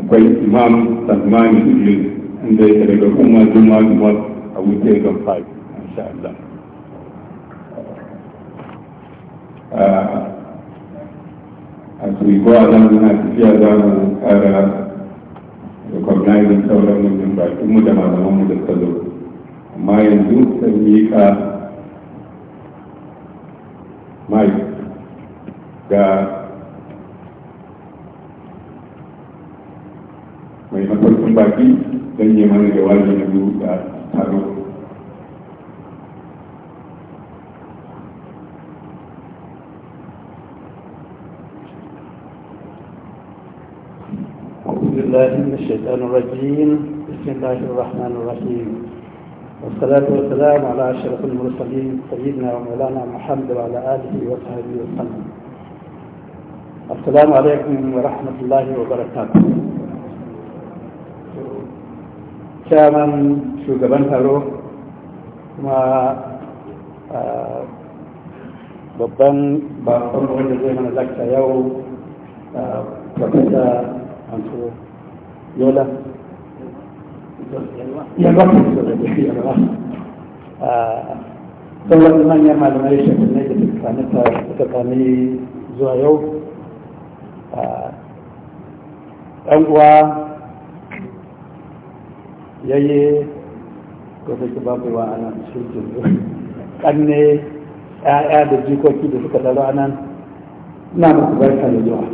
akwai imam salman idris inda yake daga umar juma juma a wuce ga five insha Allah a turiko a nan muna tafiya za mu kara recognizing sauran mutum bakinmu da mu da salo amma yanzu sun yi ka mai ga من الشيطان الرجيم بسم الله الرحمن الرحيم والصلاة والسلام على أشرف المرسلين سيدنا ومولانا محمد وعلى آله وصحبه وسلم السلام عليكم ورحمة الله وبركاته chairman shugaban taro kuma babban babban wanda zai mana zakta yau a profesa anto yola yalwa yalwa yalwa sauran manyan malamai shekunai da suka kame zuwa yau ɗan uwa yayi ko take ba kai wa ana shirkin kanne ya'ya da jikoki da suka tsaro a nan na muku barka da zuwa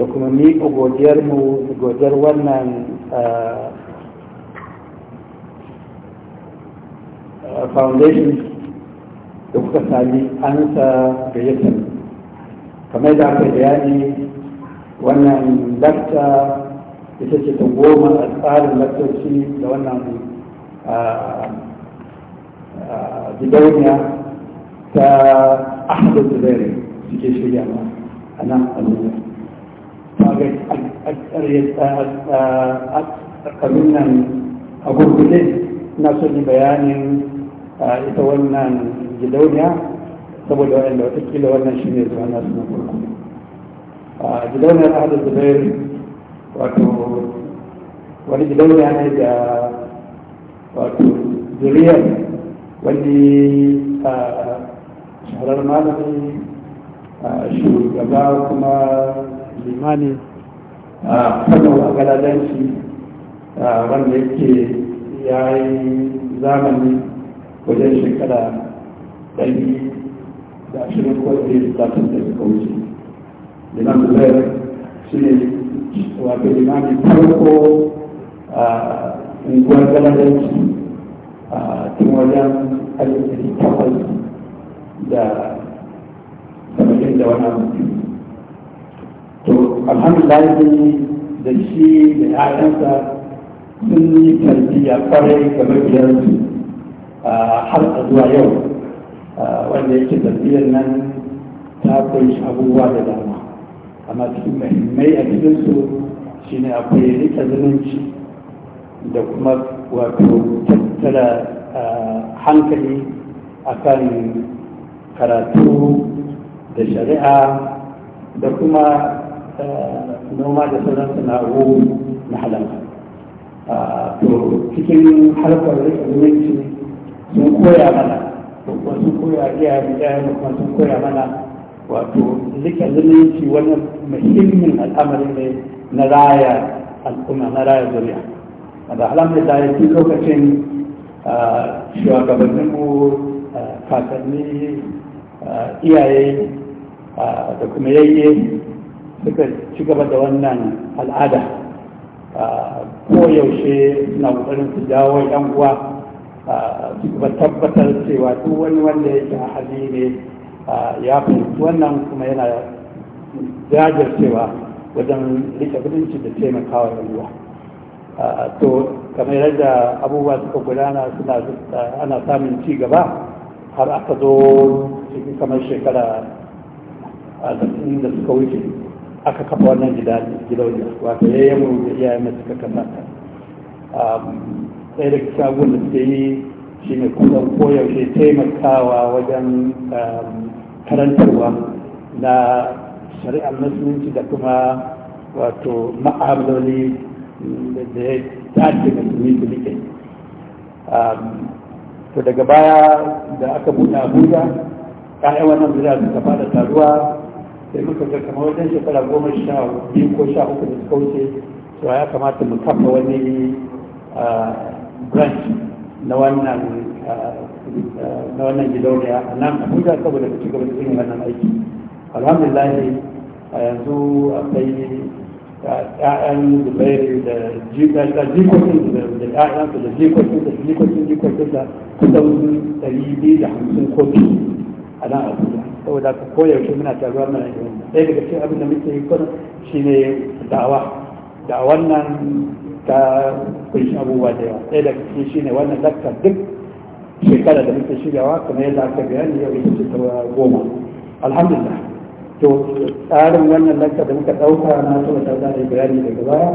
da kuma ni godiyar mu godiyar wannan eh, foundation da kuka sami ansa da yakin kamar da aka bayani wannan dakta ita ce ta goma a tsarin lantarki da wannan gidauniya ta ahmadu zubairi suke shirya ma a nan abuja ta ga ƙarƙarin nan a gurgule na son yi bayanin ita wannan gidauniya saboda wa'anda watakila wannan shi ne zuwa nasu na gurgule gidauniyar ahmadu zubairi wato wani gidauniya ne da wato zuriyar wani shaharar malami shugaba kuma limani a kano a galadanci wanda yake ya yi zamani wajen shekara ɗari da ashirin ko ɗari da talatin da suka wuce. shi wato limamin farko a unguwar galadanci a tun wajen alifin takwas da saba'in da wani abu to da shi da ya'yansa sun yi tarbiyya kwarai ga yanzu har a zuwa yau wanda yake tarbiyyar nan ta kunshi abubuwa da dama amma cikin mahimmai a cikinsu shine akwai rika zumunci da kuma wato tattara hankali akan karatu da shari'a da kuma noma da sauran sana'o na halama to cikin harkar rika zumunci sun koya mana sun koya iyayen kuma sun koya mana wato lika zumunci wani muhimmin al'amari ne na raya al'umma na raya zuriya wanda da ya fi lokacin ah, shugabannin mu, ah, kakanni ah, iyaye da kuma yayye suka ci gaba da wannan al'ada koyaushe na kokarin su jawo yan uwa su kuma tabbatar cewa duk wani wanda yake a hali ne ya fahimci wannan kuma yana jajircewa wajen rike kudinci da taimakawa rayuwa to kamar yadda abubuwa suka gudana suna ana samun ci gaba har aka zo cikin kamar shekara a da suka wuce aka kafa wannan gidauni wata yayyamu da iyayen suka kasa ta ɗaya daga shagun da suke yi shi ne kusan koyaushe taimakawa wajen um, karantarwa na shari'ar musulunci da kuma wato ma'amaloli da ya tashi da su nike um, to daga baya da aka buɗe abuja ƙa'yan wannan zuwa suka fada taruwa sai muka ga kamar wajen shekara goma sha biyu ko sha uku da suka wuce to ya kamata mu kafa wani uh, branch na wannan gidauniya a nan saboda ci gaba da yin wannan aiki alhamdulillah a yanzu akwai ƴaƴan zubairu da jikokin da da jikokin da jikokin jikokin da kusan biyu da hamsin a nan abuja saboda ka koyaushe muna taruwa mana ɗaya daga cikin abin da muke yi shi ne da'awa da wannan ta kunshi abubuwa da yawa ɗaya daga cikin ne wannan lakta duk shekara da muke shigawa, kuma yadda aka bayani yau ita ce ta goma alhamdulillah to tsarin wannan lakta da muka ɗauka na so ta za bayani daga baya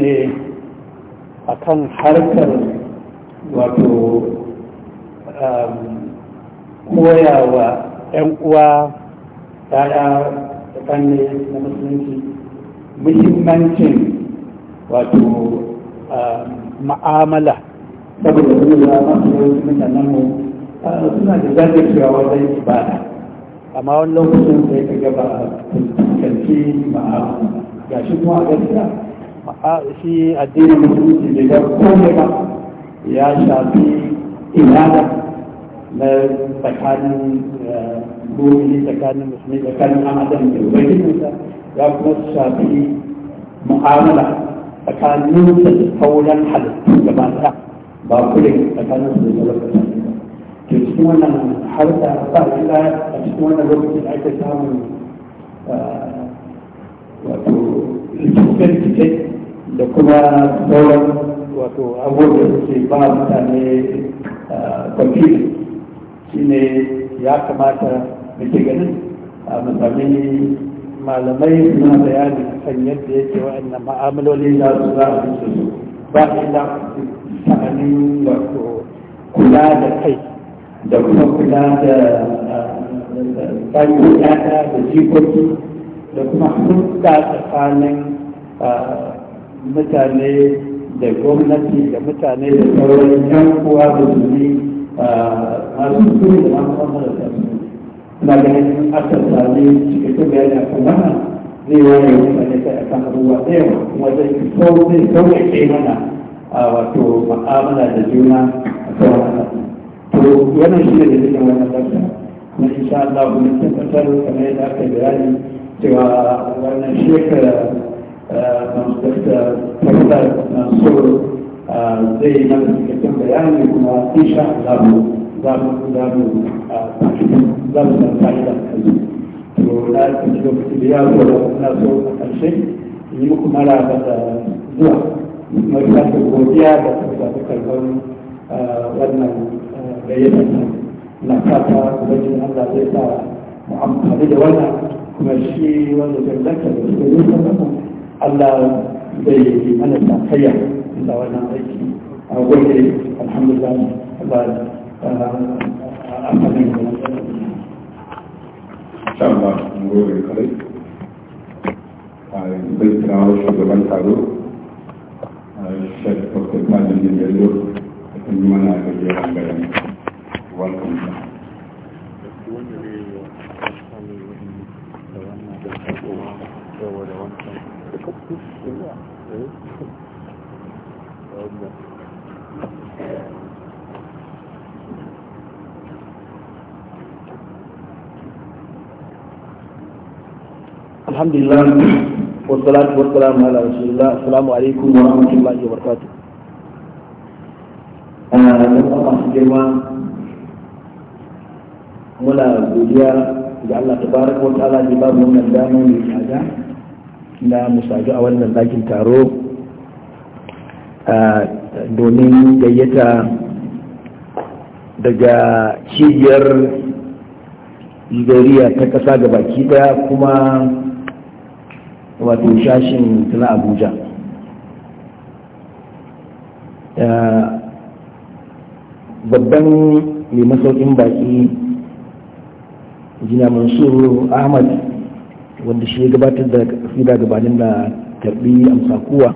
a akan harkar wato um, koya wa 'yan uwa ɗaya da na musulunci muhimmancin wato ma'amala saboda su da masu mutanen mu suna da zafi cewa wajen ibada amma wani lokacin da ya kaga ba kanci ma'amala ga shi kuma a gaskiya shi addinin musulunci da ga kome ba ya shafi ibada na tsakanin gomini tsakanin musulmi tsakanin amadan da ya kuma shafi mu'amala tsakanin su da sauran halittu da ba ta ba ku da tsakanin su da sauran halittu to cikin wannan harsa ba kila a cikin wannan lokaci da ake samun ah, wato cikin rikice da kuma sauran wato abubuwan da suke ba mutane ah, shi ne ya kamata da ke ganin a ah, matsalin malamai suna bayani kan yadda yake wa'annan ma'amaloli za su za a su ba ila sa'anin wato kula da kai da kuma kula da bayan yada da jikoki da kuma hulɗa tsakanin mutane da gwamnati da mutane da sauran yan uwa da masu kuri da masu da su na ganin aka sami cikakken bayani a kan wannan zai wani mutane sai a kan abubuwa ɗaya kuma zai sauƙi sauƙaƙe mana a wato ma'amala da juna a kan wannan to wannan shi ne da cikin wannan ɗarsa kuma insha Allah kuma tabbatar kamar yadda aka bayani cewa wannan shekara da tafsir mansur zai yi mana cikakken bayani kuma insha Allah za mu za mu to na tsanci lokaci da yaro da na so a ƙarshe yi muku mara da zuwa mai sake godiya da kuka karɓar wannan gayyatar na fata ubangiji Allah zai sa mu amfani da wannan kuma shi wanda zai zaka da shi da zai Allah zai yi mana sakayya da wannan aiki a gode alhamdulillah Allah Allah gobe kare yi Thank you. alhamdulillah wassalatu wassalamu ala rasulillah assalamu alaikum wa rahmatullahi wa barakatuh dan masu girma muna godiya ga Allah tabaraka wa ta'ala da babu wannan dama mai na musaju a wannan dakin taro domin gayyata daga cibiyar ta ƙasa gabaki daya kuma wato shashin na abuja babban mai masaukin baki jina mansur ahmad wanda shi ya gabatar da fida gabanin da karbi amsakuwa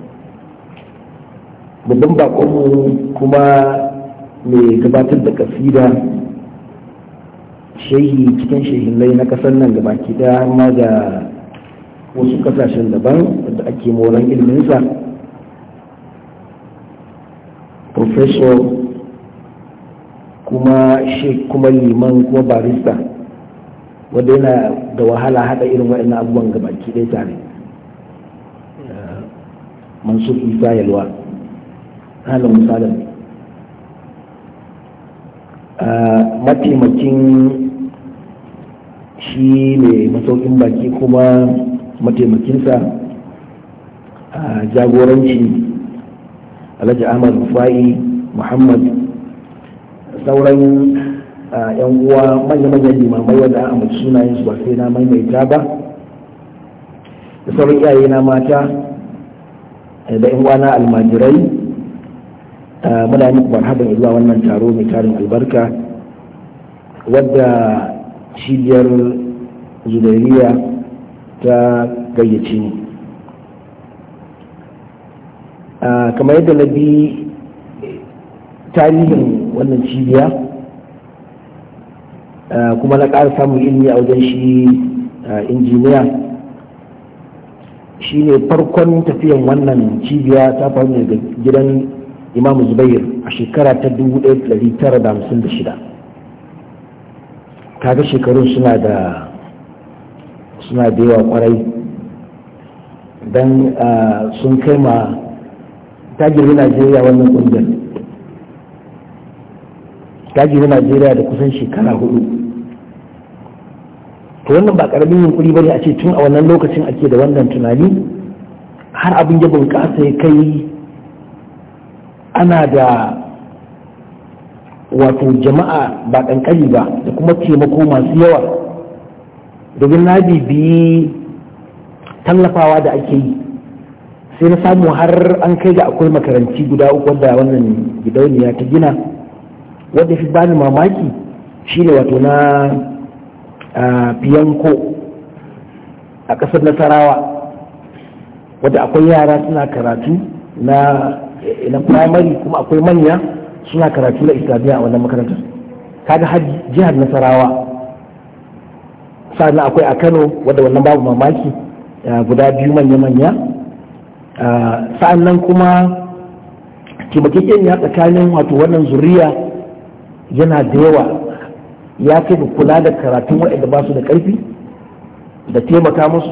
babban bakonmu kuma mai gabatar da kasida shehi cikin lai na kasar nan gabaki daya ma da wasu kasashen daban da ake moran ilminsa professor kuma sheik kuma liman kuma barista wadda yana da wahala haɗa irin waɗannan abubuwan ga baki ɗaya tare eh, mansur isa yalwa halin misalin eh, mataimakin shi ne masaukin baki kuma mataimakinsa a jagoranci alhaji ahmad rufai muhammad sauran yan uwa manya-manyan limamai wanda a mace sunayen su ba sai na maimaita ba da sauran iyaye na mata da yan uwa na almajirai muna kuma haɗin zuwa wannan taro mai tarin albarka wadda cibiyar zudairiya ta gayyace ni kamar yadda na bi tarihin wannan cibiya kuma na ƙara samun ilmi a wajen shi injiniya shi ne farkon tafiyan wannan cibiya ta faru ga gidan imamu zubair a shekara ta 1956 kaga shekarun suna da suna da yawa kwarai don ah, sun kai ma tajirin najeriya wannan kungiyar tajirin najeriya da kusan shekara hudu to wannan ba karamin yunkuri bane a ce tun a wannan lokacin ake da wannan tunani har abin ya bunƙasa ya kai ana da wato jama'a ba ƙanƙani ba da kuma taimako masu yawa domin na bibiyi tallafawa da ake yi sai na samu har an kai ga akwai makaranci guda uku wadda wannan gidauniya ta gina wadda fi bani mamaki shine wato na fiyanko a ƙasar nasarawa wadda akwai yara suna karatu na ina primary kuma akwai manya suna karatu na islamiyya a wannan makarantar kaga har jihar nasarawa sannan akwai a kano wadda wannan babu mamaki guda biyu manya-manya sa'annan kuma ya tsakanin wato wannan zuriya yana da yawa ya kai da kula da karatun waɗanda ba su da ƙarfi da taimaka musu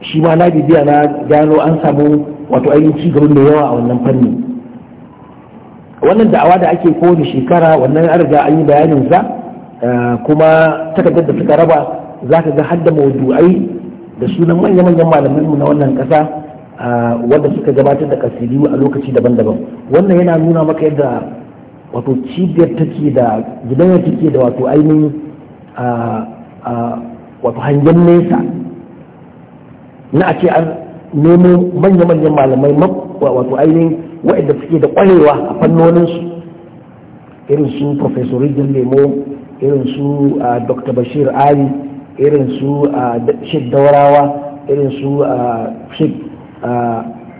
shi ma na bibiya na gano an samu wato ainihin cigaban da yawa a wannan fanni wannan da'awa da ake kowane shekara wannan an an yi bayanin za kuma takardar da suka raba za ka ga hadda maudu'ai da sunan manya-manyan malamanmu na wannan ƙasa wanda suka gabatar da kasidu a lokaci daban-daban wannan yana nuna maka yadda wato cibiyar take da gidanya take da wato ainihin wato hangen nesa na a ce an nemo manya-manyan malamai wato ainihin waɗanda suke da ƙwarewa a fannoninsu irin su professor Rijin Lemo irin su dr bashir ali irin su a shek daurawa irin su a shek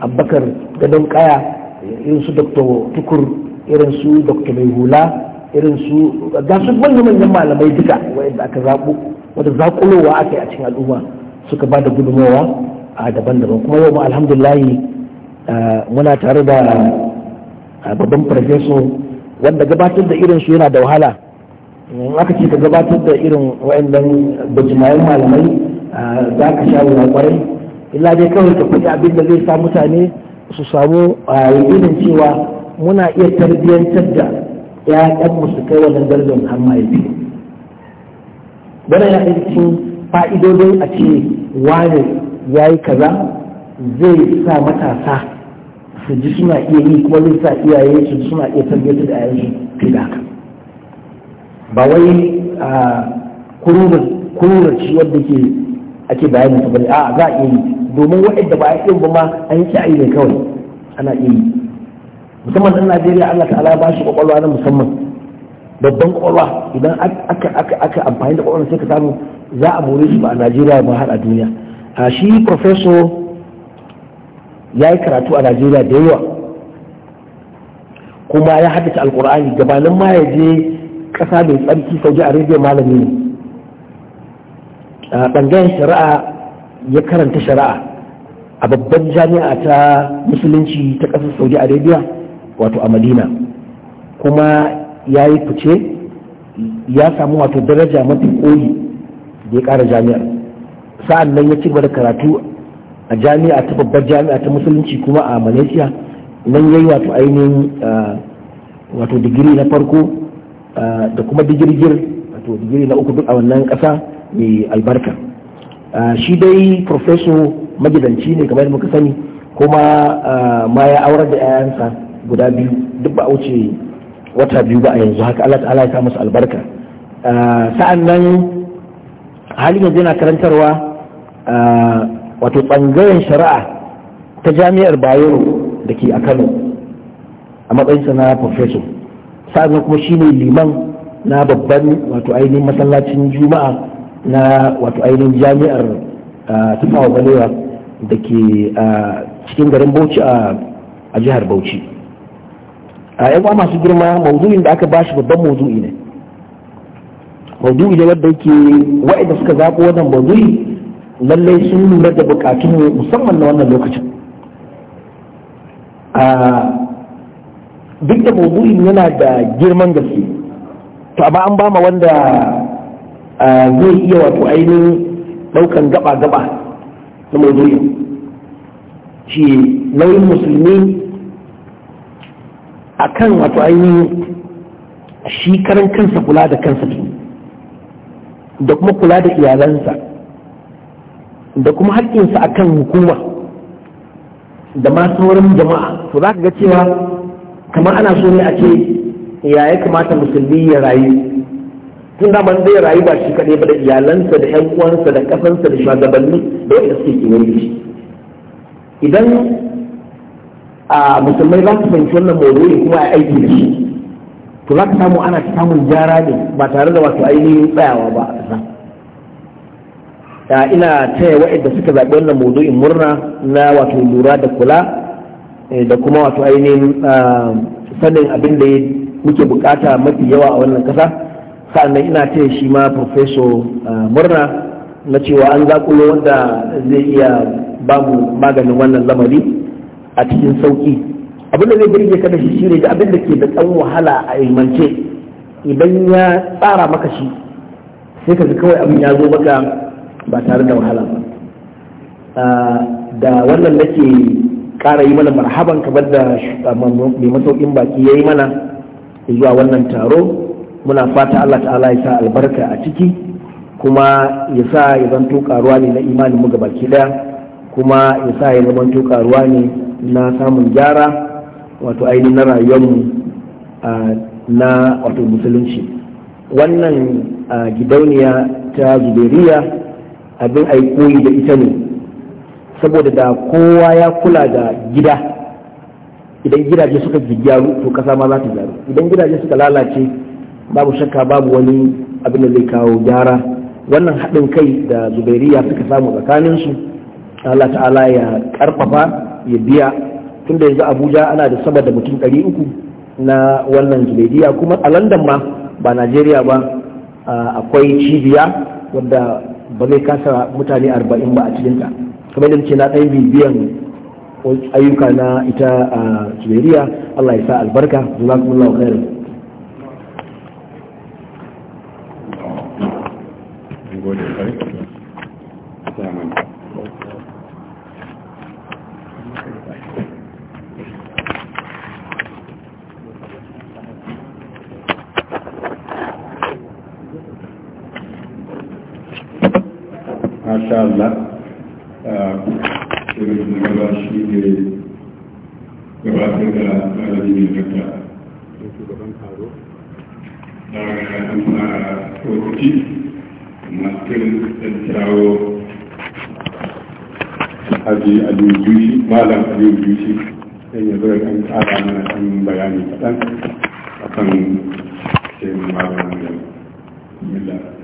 abubakar gadon kaya irin su dr tukur irin su dr mai hula irin su ga su manyan manyan malamai duka wanda aka zaɓo wanda zaƙulowa aka a cikin al'umma suka ba da gudunmawa a daban-daban kuma yau ma alhamdulillahi muna tare da babban farfeso wanda gabatar da irin su yana da wahala in aka ce ka gabatar da irin wa'annan bujimayen malamai za ka sha wuya kwarai illa dai kawai ka faɗi abin da zai sa mutane su samu yaƙinin cewa muna iya tarbiyyantar da 'ya'yan su kai wannan darajar har mahaifi bana yaƙin cikin fa'idodin a ce wani ya yi kaza zai sa matasa su ji suna iya yi kuma zai sa iyaye su suna iya tarbiyyantar da ‘ya'yansu fi da haka ba wai a shi wadda ke ake bayani ta bane a za a iya yi domin waɗanda ba a iya ba ma an yi sha'ayi ne kawai ana iya yi musamman dan najeriya allah ta'ala ba shi kwakwalwa na musamman babban kwakwalwa idan aka amfani da kwakwalwa sai ka samu za a more shi ba a najeriya ba har a duniya a shi professor ya yi karatu a najeriya da yawa kuma ya haddace alkur'ani gabanin ma ya je ƙasa mai tsarki saudi arabia malami ne a ɓangaren shari'a ya karanta shari'a a babban jami'a ta musulunci ta ƙasar saudi arabia wato a madina kuma ya yi fice ya samu wato daraja mafi ƙoli da ya ƙara jami'ar sa'an nan ya ci gaba da karatu a jami'a ta babbar jami'a ta musulunci kuma a malaysia nan ya yi wato ainihin ah, wato digiri na farko da kuma digirgir wato digiri na uku duk a wannan ƙasa mai albarka shi dai profeso magidanci ne kamar muka sani kuma ma ya aurar da 'ya'yansa guda biyu duk ba a wuce wata biyu ba a yanzu haka Allah ta'ala ya samu musu albarka sa'an nan halin yanzu yana karantarwa wato bangaren shari'a ta jami'ar bayero da ke a kano a matsayinsa na profeso sa'an kuma shine liman na babban wato ainihin masallacin juma'a na wato ainihin jami'ar tufawa balewa da ke cikin garin bauchi a jihar bauchi a yan masu girma maudu'in da aka ba shi babban maudu'i ne maudu'i ne wadda yake da suka zaɓo wannan maudu'i lallai sun lura da bukatun musamman na wannan lokacin duk da mawdu'in yana da girman gaske to amma an bama wanda zai iya wato ainihin daukan gaba-gaba na mawdu'in shi nauyin musulmi a kan wato ainihin shi karan kansa kula da kansa da kuma kula da iyalansa da kuma haƙƙinsa a kan hukuma da ma sauran jama'a to za ka ga cewa kamar ana so ne a ce ya ya kamata musulmi ya rayu tun da zai rayu ba shi kaɗai ba da iyalansa da ƴan uwansa da ƙasansa da shugabanni da yadda suke kewaye shi idan a musulmai za su fahimci wannan maudu'i kuma a aiki da shi to za ka samu ana samun gyara ne ba tare da wato ainihin tsayawa ba a ƙasa ina taya wa'anda suka zaɓi wannan maudu'in murna na wato lura da kula Eh, da kuma wato ainihin ah, sanin abin da muke bukata mafi yawa a wannan kasa sa'annan ina taya shi ma profeso ah, murna na cewa an zakulo wanda zai iya ba mu maganin wannan lamari a cikin sauki abin da zai birge ka da shi shine abin da ke da ɗan wahala a ilmance idan ya tsara maka shi sai ka kawai abin ya zo maka ba tare da wahala ba ah, da wannan nake ƙara yi mana marhaban kamar da mai masaukin baki ya yi mana zuwa wannan taro muna fata Allah ta'ala ya sa albarka a ciki kuma ya sa ya zanto karuwa ne na imanin mu baki daya kuma ya sa ya zamanto karuwa ne na samun gyara wato ainihin na rayuwarmu na wato musulunci wannan gidauniya ta zuberiya abin aikoyi da ita ne saboda da kowa ya kula da gida idan gidaje suka gyaru to kasa ma za ta gyaru idan gidaje suka lalace babu shakka babu wani abin da zai kawo gyara wannan haɗin kai da zubairiya suka samu tsakaninsu Allah ta'ala ya karfafa ya biya tunda yanzu abuja ana da sama da mutum ɗari uku na wannan zubairiya kuma a london ma ba najeriya ba akwai cibiya wadda ba zai kasa mutane arba'in ba a cikinta kamar da ce na ɗan bibiyan ayyuka na ita a tuberiya Allah ya sa albarka kuma jazakumullahu khairan Masha Allah. na gaba shi ne gabatar da malami mai tattara daga an fara lokaci masu tattarawo haji aliyu malam aliyu jushi sai ya zura kan tsara mana kan bayani kaɗan akan shi malam aliyu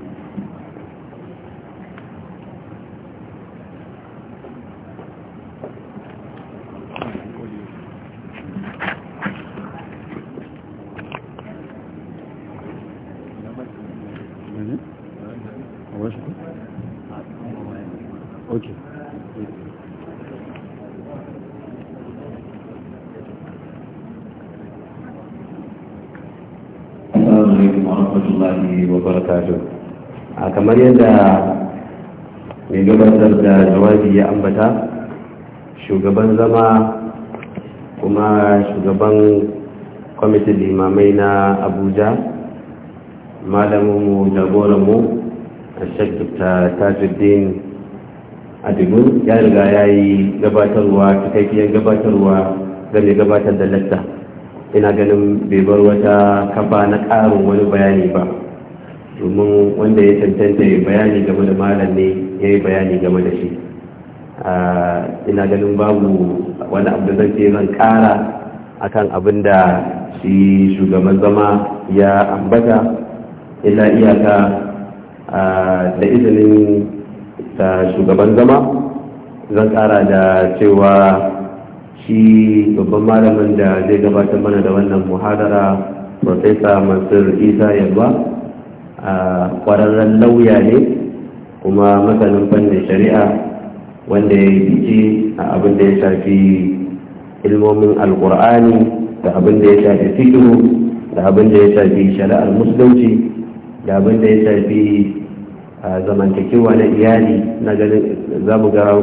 alaihi wa barakatu a kamar yadda mai gabatar da jawabi ya ambata shugaban zama kuma shugaban kwamitin limamai na abuja malaminmu jagoranmu a shakta tajuddin adigun ya riga ya yi gabatarwa cikakkiyar gabatarwa game gabatar da latta ina ganin bai bar wata kafa na ƙarin wani bayani ba domin wanda ya cancanta ya bayani game da malam ne ya yi bayani game da shi ina ganin babu wani abu da zan ce zan kara akan abin da shi shugaban zama ya ambata illa iyaka da izinin da shugaban zama zan kara da cewa shi babban malamin da zai gabatar mana da wannan muhadara profesa mansur isa yalwa ƙwararren lauya ne kuma masanin fannin shari'a wanda ya yi biki a abin da ya shafi ilmomin alkur'ani da abin da ya shafi fikiru da abin da ya shafi shari'ar musulunci da abin da ya shafi zamantakewa na iyali na ganin za mu ga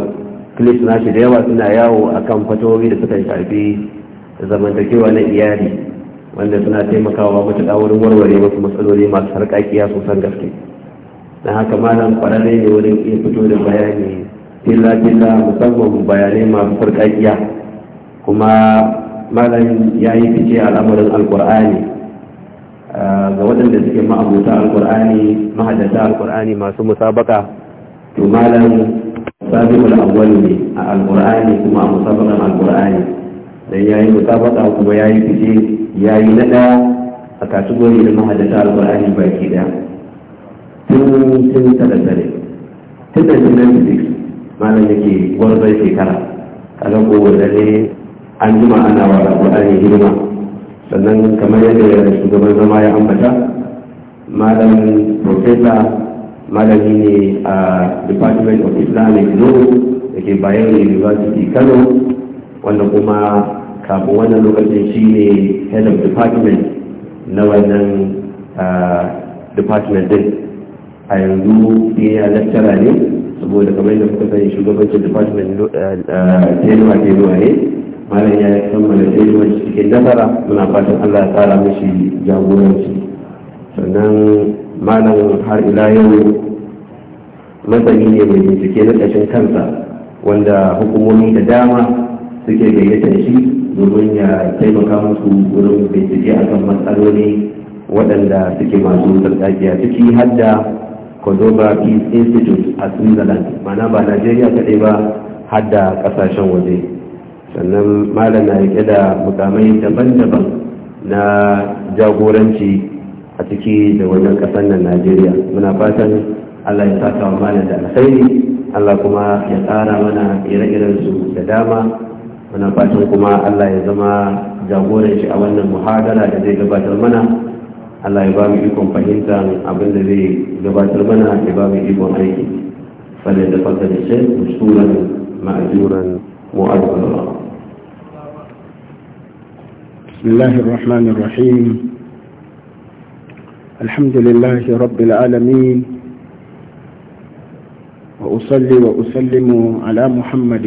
clips nashi da yawa suna yawo a kan fatowi da suka shafi zamantakewa na iyali wanda suna taimakawa matuƙa wurin warware masu matsaloli masu sarƙaƙiya sosan gaske na haka malam kwararre ne wurin iya fito da bayani filla tilla musamman bayanai masu sarƙaƙiya kuma malam ya yi fice al'amarin al'kur'ani ah, ga waɗanda suke ma'abuta al'kur'ani mahadata al'kur'ani masu musabaka to malam sabi awwal ne a al'kur'ani kuma a musabakan al'kur'ani. dan yayi musabaka kuma yayi fice yayi nada a kasuwar da mahaddata alqur'ani baki daya tun tun da dare tun da tun da malam yake gwarzon shekara kaga ko wanda ne an jima ana wa alqur'ani hidima sannan kamar yadda ya shugaban zama ya ambata malam profesa malami ne a department of islamic law da ke bayan university kano wanda kuma kafin wannan lokacin shi ne head of department na wannan ah, department din a yanzu ya lantara ne saboda kamar yadda kuka sani shugabancin department tenuwa ah, ah, tenuwa ne malam ya kammala tenuwa cikin nasara muna fatan allah ya tsara mashi jagoranci sannan malam har ila yau masani ne mai bincike na ƙashin kansa wanda hukumomi da dama suke gayyata shi domin ya taimaka musu wurin bincike a kan matsaloli waɗanda suke masu sarƙaƙiya ciki har da Cordoba Peace Institute a Switzerland mana ba Najeriya kaɗai ba har da ƙasashen waje sannan malam na riƙe da mukamai daban-daban na jagoranci a ciki da wajen ƙasar nan Najeriya muna fatan Allah ya saka wa malam da alkhairi Allah kuma ya tsara mana ire iren su da dama muna fatan kuma Allah ya zama jagoran shi a wannan muhadara da zai gabatar mana Allah ya ba mu ikon fahimtar abin da zai gabatar mana ya ba mu ikon aiki falle da fasa da shi usulan ma'ajuran mu'adwala بسم الله الرحمن الرحيم الحمد لله رب العالمين وأصلي وأسلم على محمد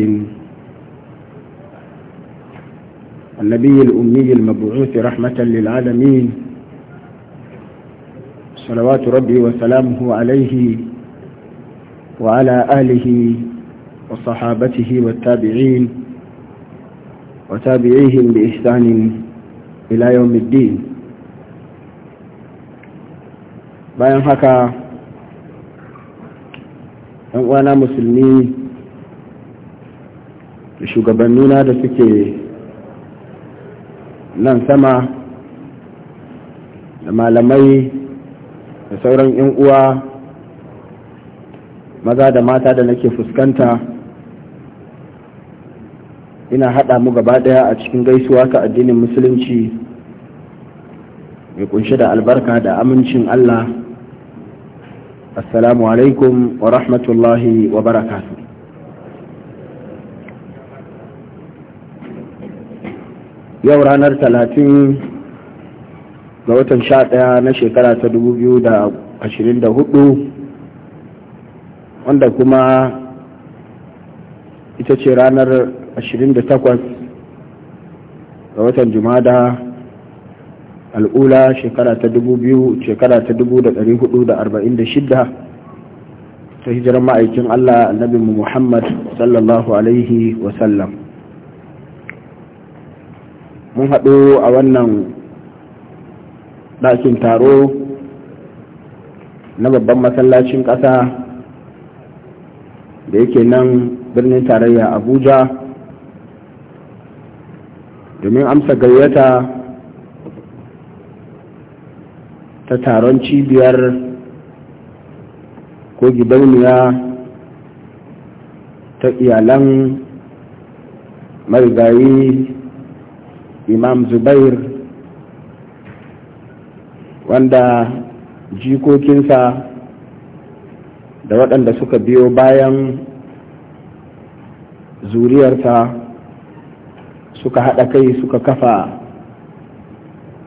النبي الأمي المبعوث رحمة للعالمين صلوات ربي وسلامه عليه وعلى آله وصحابته والتابعين وتابعيهم بإحسان إلى يوم الدين bayan haka ɗan مسلمين musulmi da shugabannina da suke nan sama da malamai da sauran 'yan uwa maza da mata da nake fuskanta ina haɗa mu gaba ɗaya a cikin gaisuwa ta addinin musulunci mai kunshi da albarka da amincin Allah assalamu alaikum wa rahmatullahi wa barakatuh yau ranar talatin ga watan sha na shekara ta dubu biyu da ashirin da hudu wanda kuma ita ce ranar ashirin da takwas ga watan jumada al'ula shekara ta dubu biyu shekara ta dubu da ɗari hudu da arba'in da shidda ta hijirar ma'aikin allah annabinmu muhammad sallallahu alaihi wasallam mun haɗo a wannan ɗakin taro na babban masallacin ƙasa da yake nan birnin tarayya abuja domin amsa gayyata ta taron cibiyar ko gidauniya ta iyalan marigayi imam zubair wanda jikokinsa da waɗanda suka biyo bayan zuriyarta suka haɗa kai suka kafa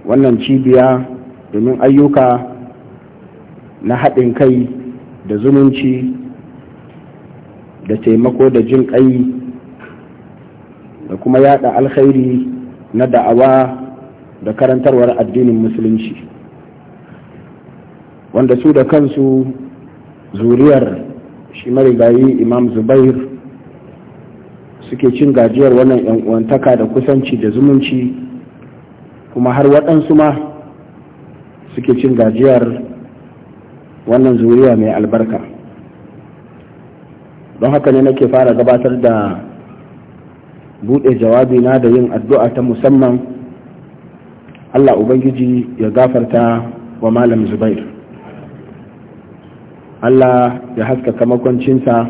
wannan cibiya domin ayyuka na haɗin kai da zumunci da taimako da jin ƙai da kuma yada alkhairi na da'awa da karantarwar addinin musulunci wanda su da kansu zuriyar shi marigayi imam zubair suke cin gajiyar wannan 'yan'uwantaka da kusanci da zumunci kuma har waɗansu ma suke cin gajiyar wannan zuriya mai albarka don haka ne nake fara gabatar da buɗe jawabi na da yin addu'a ta musamman Allah Ubangiji ya gafarta wa Malam Zubair. Allah ya haskaka makwancinsa,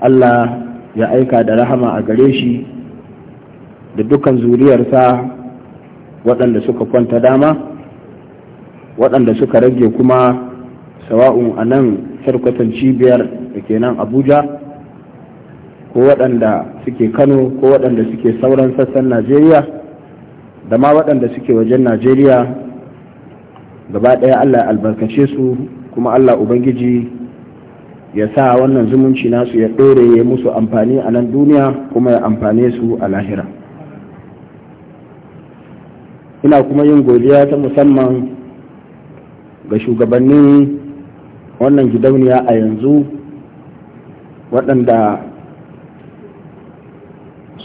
Allah ya aika da rahama a gare shi da dukan zuriyarsa waɗanda suka kwanta dama, waɗanda suka rage kuma sawa'un a nan cibiyar da ke nan Abuja. ko waɗanda suke kano ko waɗanda suke sauran sassan najeriya da ma waɗanda suke wajen najeriya gaba ɗaya allah ya albarkace su kuma allah ubangiji ya sa wannan zumunci nasu ya ɗore ya musu amfani a nan duniya kuma ya amfane su a lahira ina kuma yin godiya ta musamman ga shugabanni wannan gidauniya a yanzu waɗanda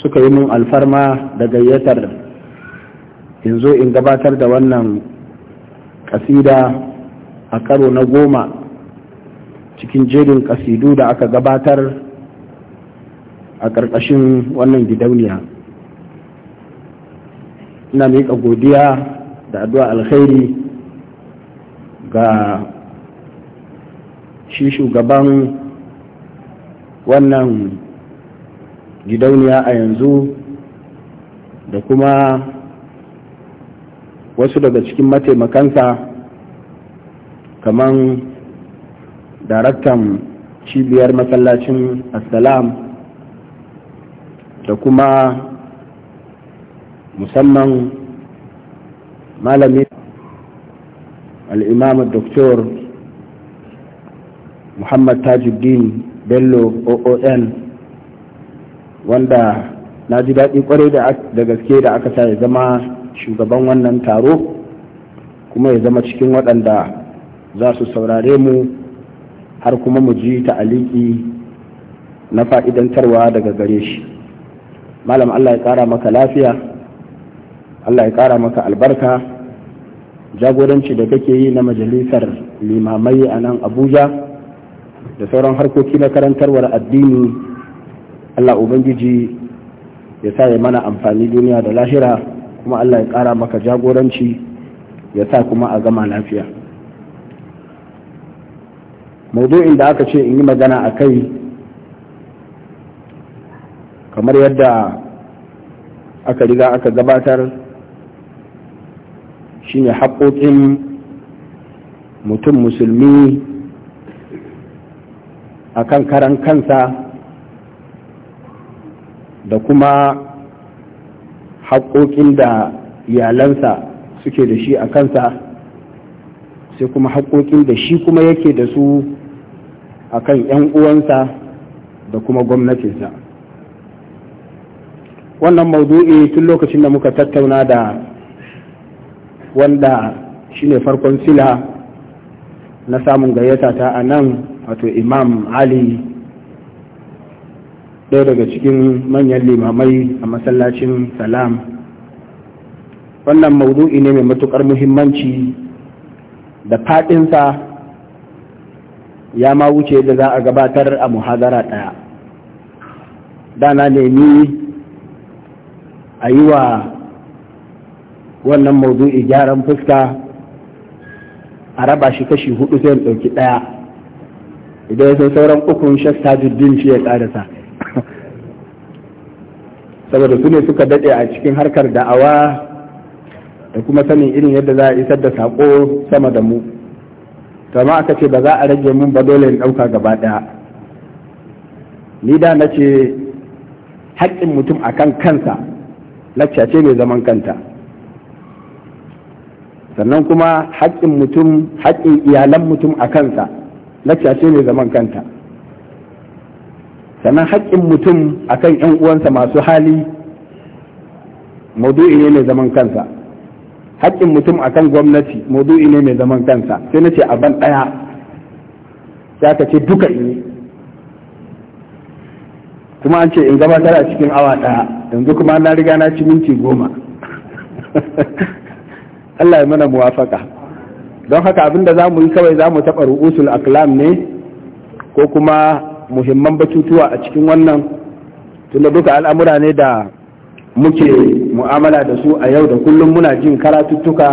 suka yi mun alfarma da gayyatar in zo in gabatar da wannan kasida a karo na goma cikin jerin kasidu da aka gabatar a ƙarƙashin wannan gidauniya ina miƙa godiya da addu'a alkhairi ga shi shugaban wannan gidauniya a yanzu da kuma wasu daga cikin mataimakansa kamar daraktan cibiyar masallacin assalam da kuma musamman malami al'imamu doktor muhammad tajuddin bello oon wanda na ji daɗi kwarai da gaske da aka sa ya zama shugaban wannan taro kuma ya zama cikin waɗanda za su saurare mu har kuma mu ji ta'aliki na fa'idantarwa daga gare shi malam allah ya ƙara maka lafiya allah ya ƙara maka albarka jagoranci da kake yi na majalisar limamai a nan abuja da sauran harkoki na karantarwar addini Allah ubangiji ya sa ya mana amfani duniya da lahira kuma Allah ya ƙara maka jagoranci ya sa kuma a gama lafiya maudu'in da aka ce in yi magana a kai kamar yadda aka riga aka gabatar shi ne haƙoƙin mutum musulmi a kan karan kansa da kuma haƙoƙin da iyalansa suke da shi a kansa sai kuma haƙoƙin da shi kuma yake da su a kan 'yan uwansa da kuma gwamnatinsa wannan maudu'i tun lokacin da muka tattauna da wanda shine farkon sila na samun gayyata ta a nan wato imam ali ɗaya daga cikin manyan limamai a masallacin salam wannan maudu'i ne mai matuƙar muhimmanci da faɗinsa ya ma wuce da za a gabatar a muhazara ɗaya dana nemi a yi wa wannan maudu'i gyaran fuska a raba shi kashi hudu sai ɗauki ɗaya idan ya sauran ukun shasta jirgin shi ya ƙarasa saboda su ne suka dade a cikin harkar da'awa da kuma sanin irin yadda za a isar da saƙo sama da mu kama aka ce ba za a rage mun ba dole in ɗauka gaba ɗaya ni da na ce haƙƙin mutum a kan kansa lacca ce mai zaman kanta sannan kuma haƙƙin mutum haƙƙin iyalan mutum a kansa lacca ce mai zaman kanta sannan haƙƙin mutum a ‘yan uwansa masu hali maudu'i ne mai zaman kansa haƙƙin mutum a kan gwamnati maudu'i ne mai zaman kansa sai na ce a ban ɗaya ya ka ce duka ne, kuma an ce in gabatar a cikin awa ɗaya yanzu kuma na riga na ci minti goma Allah ya mana muwafaka don haka abinda za mu yi kawai za mu taɓa ru'usul aklam ne ko kuma muhimman batutuwa a cikin wannan tunda duka al'amura ne da muke mu'amala da su a yau da kullum muna jin karatuttuka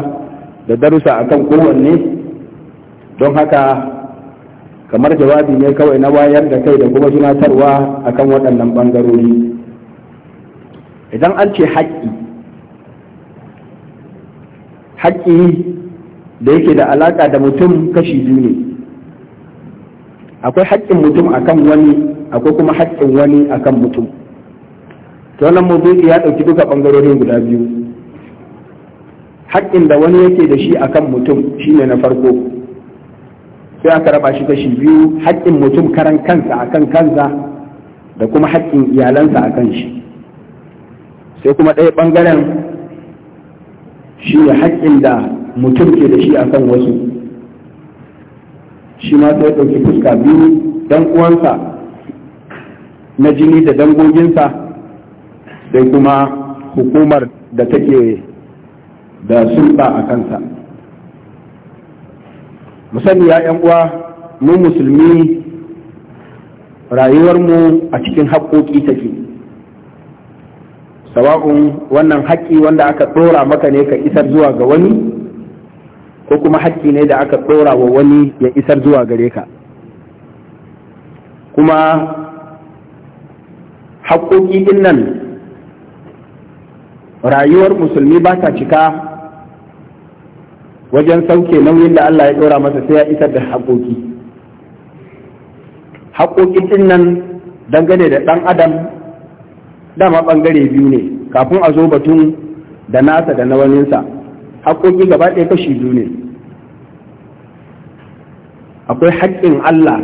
da darussa akan kowanne don haka kamar jawabi ne kawai na wayar da kai da kuma tunatarwa akan waɗannan ɓangarori idan an ce haƙƙi haƙƙi da yake da alaƙa da mutum kashi biyu ne akwai haƙƙin mutum akan wani akwai kuma haƙƙin wani akan mutum to wannan mawdu'i ya ɗauki duka ɓangarori guda biyu haƙƙin da wani yake da shi akan mutum shine na farko sai aka raba shi kashi biyu haƙƙin mutum karan kansa akan kansa da kuma haƙƙin iyalansa akan shi sai kuma ɗaya ɓangaren shi ne haƙƙin da mutum ke da shi akan wasu shi ma sai ɗauki fuska biyu dan uwansa na jini da dangoginsa sai kuma hukumar da take da sulɓa a kansa musamman ya yan uwa mu musulmi rayuwarmu a cikin haƙoƙi take sawa'un wannan haƙƙi wanda aka ɗora maka ne ka isar zuwa ga wani ko kuma hakki ne da aka ɗora wa wani ya isar zuwa gare ka kuma haƙoƙi ɗin nan rayuwar musulmi ba ta cika wajen sauke nauyin da Allah ya ɗora masa sai ya isar da haƙoƙi haƙoƙi ɗin nan dangane da ɗan adam dama ɓangare biyu ne kafin a zo batun da nasa da na waninsa haƙoƙi gaba ɗaya kashi biyu ne akwai haƙƙin Allah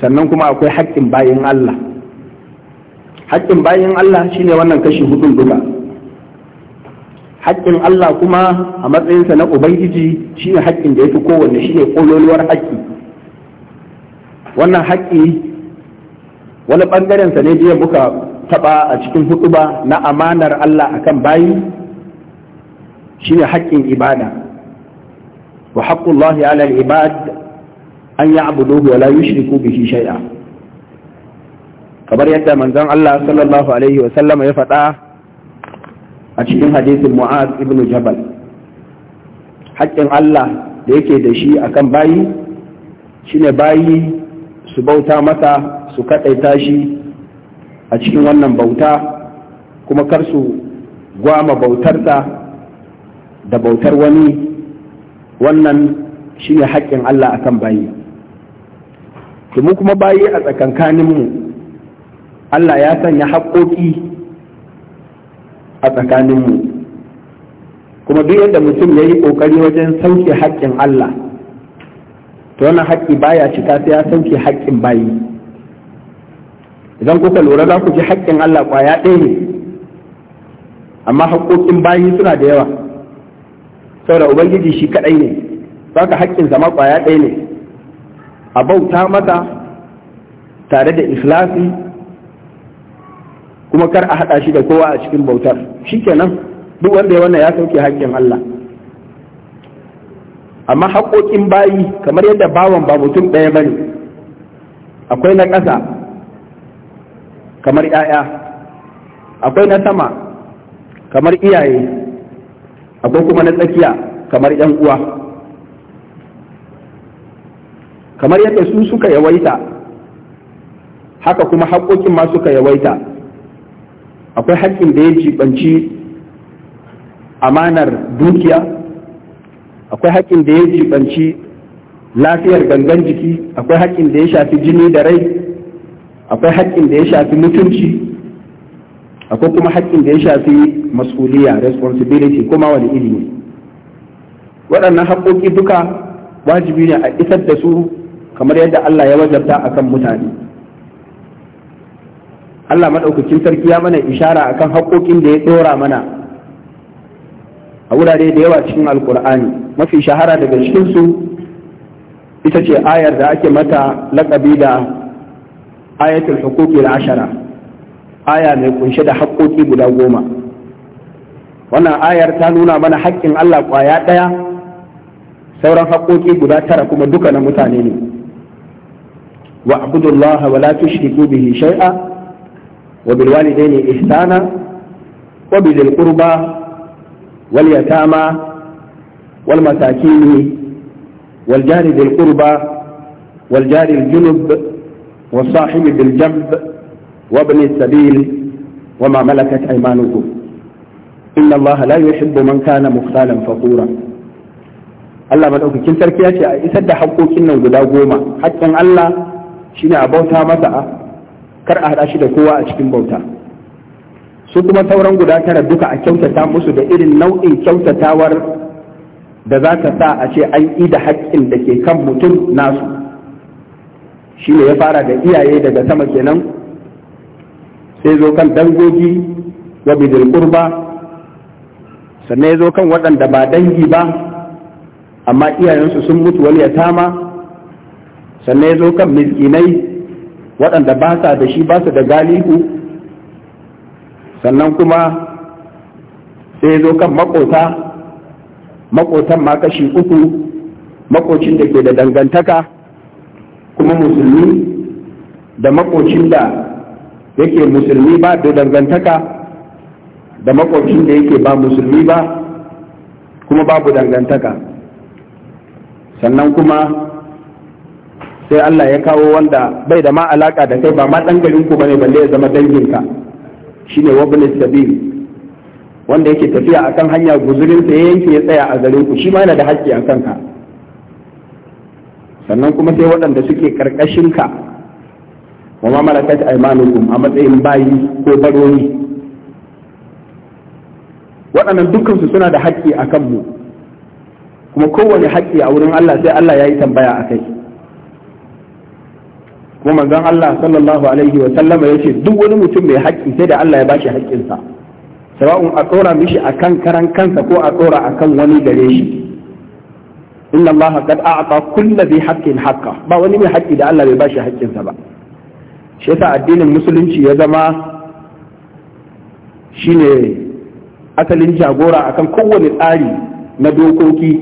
sannan kuma akwai haƙƙin bayan Allah haƙƙin bayan Allah shine wannan kashi hudun duka haƙƙin Allah kuma a matsayinsa na Ubangiji shine haƙƙin da ya fi kowanne shine ƙololuwar haƙƙi wannan haƙƙi wani ɓangarensa ne jiya muka taɓa a cikin hutuba na amanar Allah akan bayi shine haƙƙin ibada wa haqqullahi ala al-ibad an ya'buduhu wa la yushriku bihi shay'a kamar yadda manzon Allah sallallahu alaihi wa sallama ya faɗa a cikin hadisin Mu'az ibn Jabal haƙƙin Allah da yake da shi akan bayi shine bayi su bauta masa su kaɗaita shi a cikin wannan bauta kuma kar su gwama bautarsa da bautar wani wannan shi ne haƙƙin Allah akan bayi mu kuma bayi a tsakankaninmu Allah ya sanya haƙƙoƙi a tsakaninmu kuma duk yadda mutum ya yi ƙoƙari wajen sauke haƙƙin Allah to wannan haƙƙi baya cika sai ya sauke haƙƙin bayi idan kuka lura za ku ji haƙƙin Allah ƙwaya ɗaya ne amma haƙƙoƙin bayi suna da yawa saboda ubangiji shi kadai ne saka haƙƙin zama ƙwaya ɗaya ne a bauta mata tare da islafi kuma kar a haɗa shi da kowa a cikin bautar shi nan duk wanda ya wannan ya sauke haƙƙin Allah amma haƙoƙin bayi kamar yadda bawan ba mutum ɗaya bane akwai na ƙasa kamar 'ya'ya akwai na sama kamar iyaye akwai kuma na tsakiya kamar yan uwa kamar yadda su suka yawaita haka kuma haƙoƙin ma suka yawaita akwai haƙƙin da ya jibanci amanar dukiya akwai haƙƙin da ya jibanci lafiyar gangan jiki akwai haƙƙin da ya shafi jini da rai akwai haƙƙin da ya shafi mutunci akwai kuma haƙƙin da ya shafi mas'uliya responsibility kuma wani ilimi. waɗannan haƙƙoƙi duka wajibi ne a isar da su kamar yadda Allah ya wajabta akan mutane Allah maɗaukakin sarki ya mana ishara akan haƙƙoƙin da ya ɗora mana a wurare da yawa cikin Alƙur'ani. mafi shahara daga cikinsu ita ce ayar da ake mata laƙabi da ayatul hukuki ashara aya mai kunshe da haƙoƙi guda goma wannan ayar ta nuna mana haƙƙin Allah ƙwaya ɗaya sauran haƙoƙi guda tara kuma duka na mutane ne wa abudullah wa la tushriku bihi shay'a wa bil walidaini ihsana wa bil qurba wal yatama wal masakin wal jari bil qurba wal jari al junub wa sahibi bil jamb وابن السبيل وما ملكت أيمانكم إن الله لا يحب من كان مختالا فخورا Allah maɗaukakin sarki ya ce a isar da haƙoƙin nan guda goma haƙƙin Allah shine a bauta masa a kar a haɗa shi da kowa a cikin bauta su kuma sauran guda tara duka a kyautata musu da irin nau'in kyautatawar da za ka sa a ce an yi da haƙƙin da ke kan mutum nasu shine ya fara da iyaye daga sama kenan sai zo kan dangogi wa bidil qurba sannan zo kan waɗanda ba dangi ba amma iyayensu sun mutu wani ya tama sannan zo kan miskinai waɗanda ba sa da shi ba su da galihu sannan kuma sai zo kan makota makotan ma kashi uku makocin da ke da dangantaka kuma musulmi da makocin da yake musulmi ba da dangantaka da makwabcin da yake ba musulmi ba kuma babu dangantaka sannan kuma sai Allah ya kawo wanda bai da ma alaka da kai ba ma dan garin ku bane balle ya zama danginka shine wabin sabil wanda yake tafiya akan hanya guzurin sa yanke ya tsaya a garin ku shi ma yana da haƙƙi a kanka sannan kuma sai waɗanda suke karkashin ka wa ma malakat aymanukum a matsayin bayi ko baroni waɗannan dukkan su suna da haƙƙi a kanmu kuma kowane haƙƙi a wurin Allah sai Allah ya yi tambaya a kai kuma manzon Allah sallallahu alaihi wa sallama ya ce duk wani mutum mai haƙƙi sai da Allah ya ba shi haƙƙinsa sawa'un a tsora mishi kan karan kansa ko a tsora a kan wani gare shi inna Allah qad a'ta kulli bi haqqin haqqa ba wani mai haƙƙi da Allah bai shi haƙƙinsa ba shi ta addinin musulunci ya zama shi ne asalin jagora akan kowane tsari na dokoki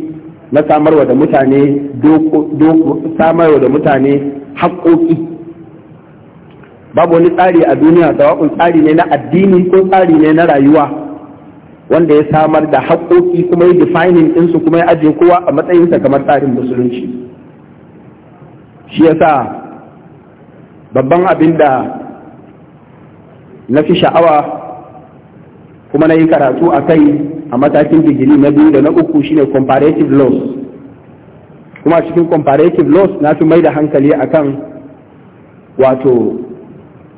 na samarwa da mutane samarwa da mutane haƙoƙi babu wani tsari a duniya sawa'un tsari ne na addini ko tsari ne na rayuwa wanda ya samar da haƙoƙi kuma ya defining ɗinsu kuma ya ajiye kowa a matsayinsa kamar tsarin musulunci shi yasa babban abin da na fi sha'awa kuma na yi karatu a kai a matakin digiri na biyu da na uku shine comparative laws kuma cikin comparative laws na fi mai da hankali akan wato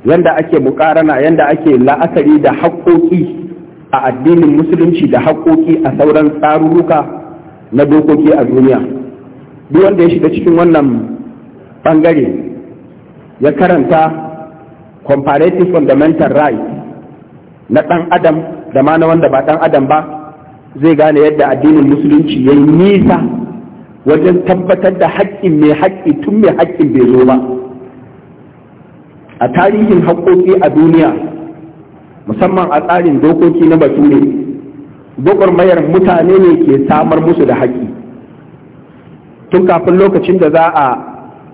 yanda ake mukarana yanda ake la'akari da haƙoƙi a addinin musulunci da haƙoƙi a sauran tsarurruka na dokoki a duniya duk wanda ya shiga cikin wannan ɓangare ya karanta comparative fundamental right. na ɗan adam da ma na wanda ba ɗan adam ba zai gane yadda addinin musulunci ya yi nisa wajen tabbatar da haƙƙin mai haƙƙi tun mai haƙƙin bai zo ba a tarihin haƙƙoƙi a duniya musamman a tsarin dokoki na bature gwagwarmayar mutane ne ke samar musu da haƙƙi tun kafin lokacin da za a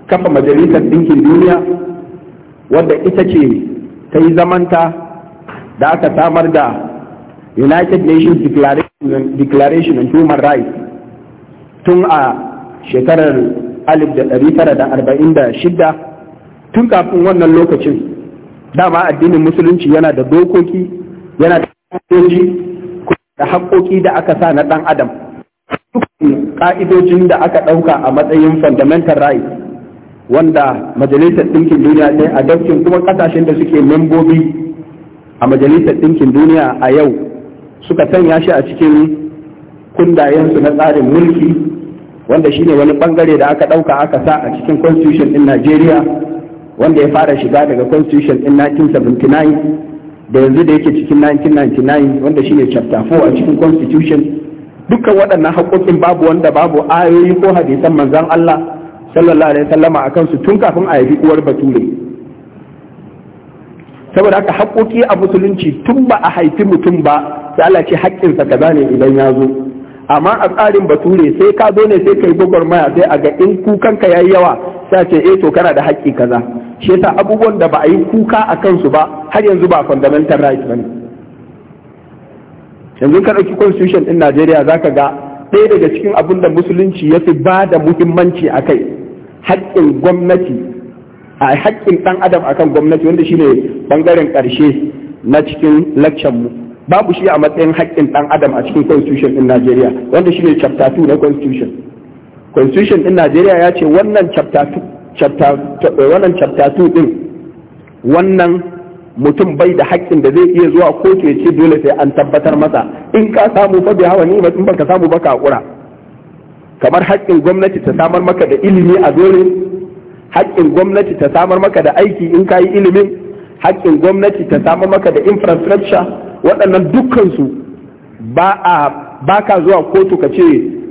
kafa majalisar ɗinkin duniya wanda ita ce ta yi zamanta da aka samar da united nations declaration on human rights tun a shekarar 1946 tun kafin wannan lokacin dama addinin musulunci yana da dokoki yana da ƙa'idoji da haƙoƙi da aka sa na ɗan adam dukkan ƙa'idojin da aka ɗauka a matsayin fundamental rights wanda majalisar ɗinkin duniya ta a daukin kuma ƙasashen da suke membobi a majalisar ɗinkin duniya a yau suka sanya shi a cikin kundayensu na tsarin mulki wanda shi ne wani bangare da aka ɗauka aka sa a cikin constitution ɗin najeriya wanda ya fara shiga daga constitution ɗin 1979 da yanzu da yake cikin 1999 wanda ne chapter 4 a cikin constitution dukkan waɗannan haƙoƙin babu wanda babu ayoyi ko hadisan manzan allah sallallahu alaihi wasallama akan su tun kafin a yabi uwar bature saboda haka haƙoƙi a musulunci tun ba a haifi mutum ba sai Allah ce haƙƙinsa kaza ne idan ya zo amma a tsarin bature sai ka zo ne sai kai maya, sai a ga in kukanka yayi yawa sai ce eh to kana da haƙƙi kaza shi yasa abubuwan da ba a yi kuka a kansu ba har yanzu ba fundamental right bane yanzu ka ɗauki constitution ɗin Najeriya zaka ga ɗaya daga cikin abin da musulunci ya fi ba da muhimmanci a kai haƙƙin gwamnati a haƙƙin ɗan adam akan gwamnati wanda shine ɓangaren ƙarshe na cikin lakcan mu babu shi a matsayin haƙƙin ɗan adam a cikin constitution ɗin Najeriya wanda shine chapter 2 na constitution constitution ɗin Najeriya ya ce wannan chapter 2 eh, wannan chapter 2 ɗin wannan mutum bai da haƙƙin da zai iya zuwa kotu ya ce dole sai an tabbatar masa in ka samu fa bai hawa ni in ka samu ka hakura kamar haƙƙin gwamnati ta samar maka da ilimi a dole haƙƙin gwamnati ta samar maka da aiki in ka yi ilimin haƙƙin gwamnati ta samar maka da infrastructure waɗannan dukkansu ba a ba ka zuwa kotu ka ce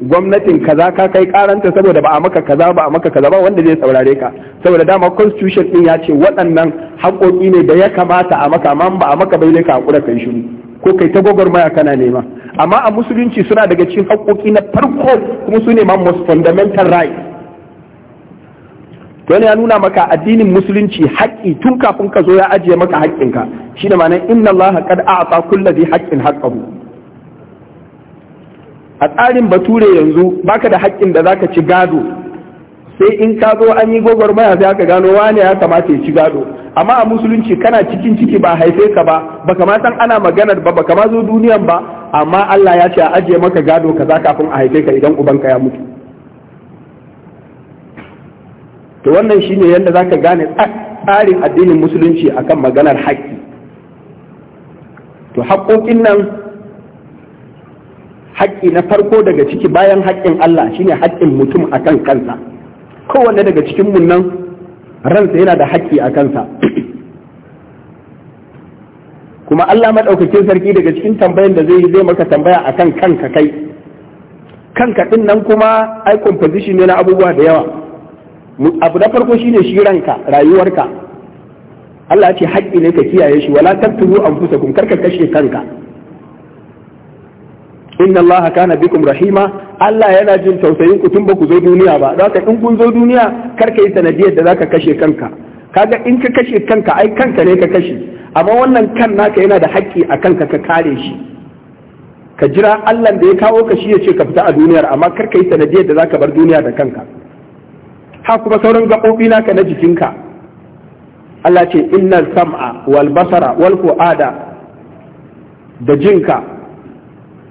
gwamnatin kaza ka kai karanta saboda ba a maka kaza ba a maka kaza ba wanda zai saurare ka saboda dama constitution din ya ce waɗannan haƙoƙi ne da ya kamata a maka amma ba a maka bai ka hakura kai shiru ko kai ta gwagwarmaya kana nema amma a musulunci suna daga cikin haƙoƙi na farko kuma su ne mamman most fundamental right to ya nuna maka addinin musulunci haƙƙi tun kafin ka zo ya ajiye maka haƙƙinka shi ne ma'anar inna allaha kad a'ta kulli dhi haqqin haqqahu a tsarin bature yanzu baka da haƙƙin da zaka ci gado sai in ka zo an yi gwagwarmaya sai aka gano wane ya kamata ya ci gado amma a musulunci kana cikin ciki ba haife ka ba baka ma san ana maganar ba baka ma zo duniyan ba amma Allah ya ce a ajiye maka gado kaza kafin a haife ka idan ubanka ya mutu to wannan shine yadda zaka gane tsarin addinin musulunci akan maganar haƙƙi to haƙƙoƙin nan haƙƙi na farko daga ciki bayan haƙƙin Allah shine haƙƙin mutum akan kansa kowanne daga cikin mun nan ransa yana da haƙƙi a kansa kuma Allah maɗaukakin sarki daga cikin tambayan da zai yi zai maka tambaya akan kanka kai kanka ɗin nan kuma ai composition ne na abubuwa da yawa abu na farko shine shi ranka rayuwarka Allah ce haƙƙi ne ka kiyaye shi wala tattubu anfusakum karka kashe kanka inna allaha kana bikum rahima Allah yana jin tausayin ku tun ba ku zo duniya ba zaka in kun zo duniya kar ka yi sanadiyar da zaka kashe kanka kaga in ka kashe kanka ai kanka ne ka kashe amma wannan kan naka yana da haƙƙi a kanka ka kare shi ka jira Allah da ya kawo ka shi ya ce ka fita a duniyar amma kar ka yi sanadiyar da zaka bar duniya da kanka ha kuma sauran gaɓoɓi naka na jikinka Allah ce innal sam'a wal basara wal fu'ada da jinka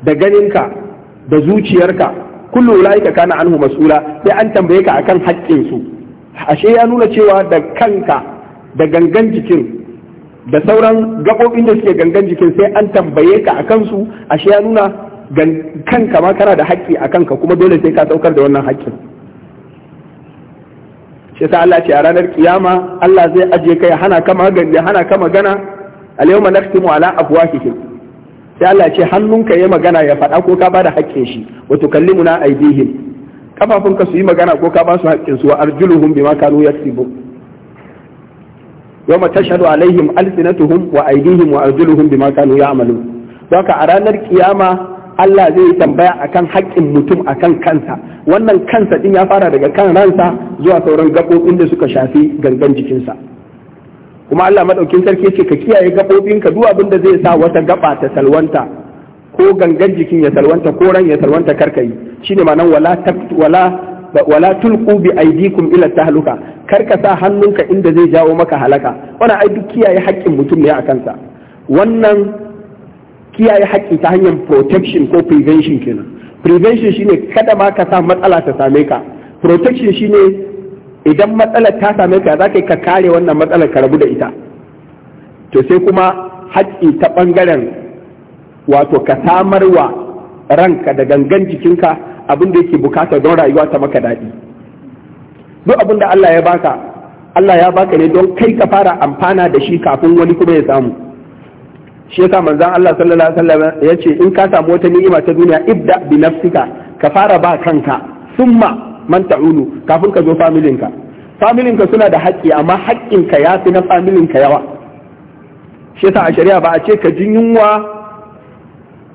da ganinka da zuciyarka kullu ulaika kana anhu mas'ula sai an tambaye ka akan haƙƙin su ashe ya nuna cewa da kanka da gangan jikin da sauran gaɓoɓin da suke gangan jikin sai an tambaye ka akan su ashe ya nuna kanka ma kana da haƙƙi a kanka kuma dole sai ka saukar da wannan haƙƙin shi sa Allah ce a ranar kiyama Allah zai ajiye kai hana ka magana hana ka magana al-yawma nakhtimu ala afwahihim sai Allah hannunka ya magana ya faɗa ko ka bada haƙƙin shi wa tukallimuna aidihim kafafunka su yi magana ko ka ba su haƙƙin su wa arjuluhum bima kanu yaksubu yawma tashhadu alaihim alsinatuhum wa aidihim wa arjuluhum bima kanu ya'malun haka a ranar ƙiyama Allah zai yi tambaya akan haƙƙin mutum akan kansa wannan kansa ɗin ya fara daga kan ransa zuwa sauran gaɓoɓin da suka shafi gangan jikinsa kuma Allah madaukin sarki ce ka kiyaye ka duk abin da zai sa wata gaba ta salwanta ko gangan jikin ya salwanta ko ran ya salwanta karka yi shine ma'anar wala wala wala tulqu bi aidikum ila tahluka karka sa hannunka inda zai jawo maka halaka wannan ai duk kiyaye haƙƙin mutum ne a kansa wannan kiyaye haƙƙi ta hanyar protection ko prevention kenan prevention shine kada ma ka sa matsala ta same ka protection shine idan matsalar ta same ka za ka kare wannan matsalar ka rabu da ita to sai kuma haƙƙi ta ɓangaren wato ka samar wa ranka da gangan jikinka abin da yake bukata don rayuwa ta maka daɗi duk abin da Allah ya baka Allah ya baka ne don kai ka fara amfana da shi kafin wani kuma ya samu shi yasa manzon Allah sallallahu alaihi wasallam yace in ka samu wata ni'ima ta duniya ibda bi nafsika ka fara ba kanka summa man ta'unu kafin ka zo familinka familinka suna da haƙƙi amma haƙƙinka ya fi na familinka yawa shi yasa a shari'a ba a ce ka jin yunwa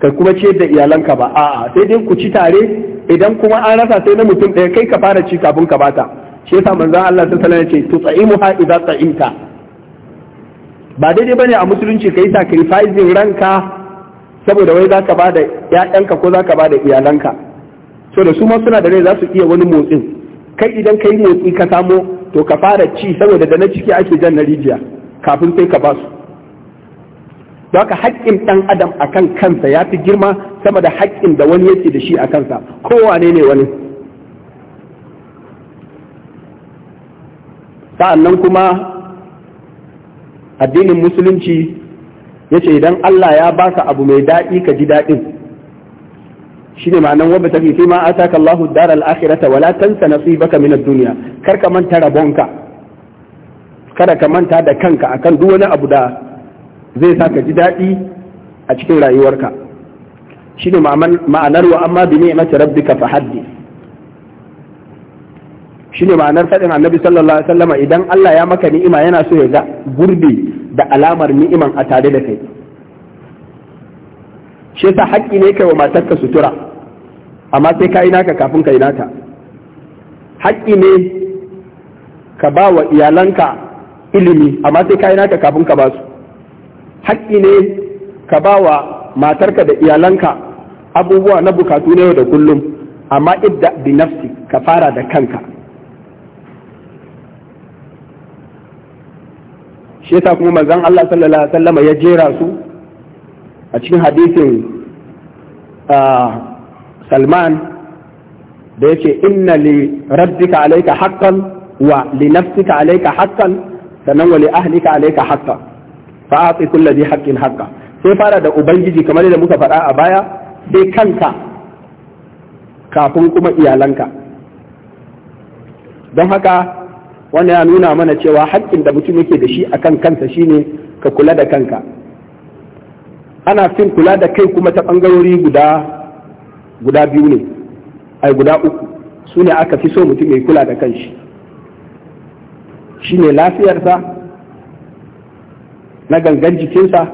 ka kuma ciyar da iyalanka ba a'a sai dai ku ci tare idan kuma an rasa sai na mutum ɗaya kai ka fara ci kafin ka bata shi yasa manzon Allah sallallahu alaihi wasallam ya ce ha idza ta'imta ba daidai bane a musulunci kai sacrificing ranka saboda wai zaka bada ƴaƴanka ko zaka bada iyalanka so da su ma suna da rai za su iya wani motsin kai idan ka yi motsi ka samo to ka fara ci saboda da na ciki ake jan na rijiya kafin sai ka ba su don haka haƙƙin ɗan adam a kan kansa ya fi girma sama da haƙƙin da wani yake da shi a kansa wane ne wani sa'annan kuma addinin musulunci ya ce idan Allah ya baka abu mai daɗi ka ji daɗin shine ma'anan wa batafi fi ma ataka Allahu dar al-akhirata wala tansa nasibaka min minar duniya. kar ka manta rabonka kada ka manta da kanka akan duk wani abu da zai sa ka ji daɗi a cikin rayuwarka ne ma'anar wa amma bi ni'mati rabbika fahaddi. haddi ne ma'anar faɗin annabi sallallahu alaihi wasallam idan Allah ya maka ni'ima yana so ya ga gurbi da alamar ni'iman a tare da kai shi sa haƙƙi ne kai wa matarka sutura amma sai ka yi naka kafin ka yi naka haƙƙi ne ka ba wa iyalanka ilimi amma sai ka yi naka kafin ka ba su haƙƙi ne ka ba wa matarka da iyalanka abubuwa na bukatu na yau da kullum amma idda bi nafsi ka fara da kanka shi yasa kuma manzon Allah sallallahu alaihi wasallam ya jera su a cikin hadisin salman da yake inna li rabbika alayka haqqan wa li nafsika alayka haqqan sannan wa li ahlika alayka haqqan fa ati kulli dhi haqqin haƙƙa. sai fara da ubangiji kamar da muka faɗa a baya sai kanka kafin kuma iyalanka don haka wannan ya nuna mana cewa haƙƙin da mutum yake da shi akan kansa shine ka kula da kanka ana fin kula da kai kuma ta bangarori guda guda biyu ne ai guda uku su ne aka fi so mutum mai kula da kanshi shi ne lafiyarsa na gangan jikinsa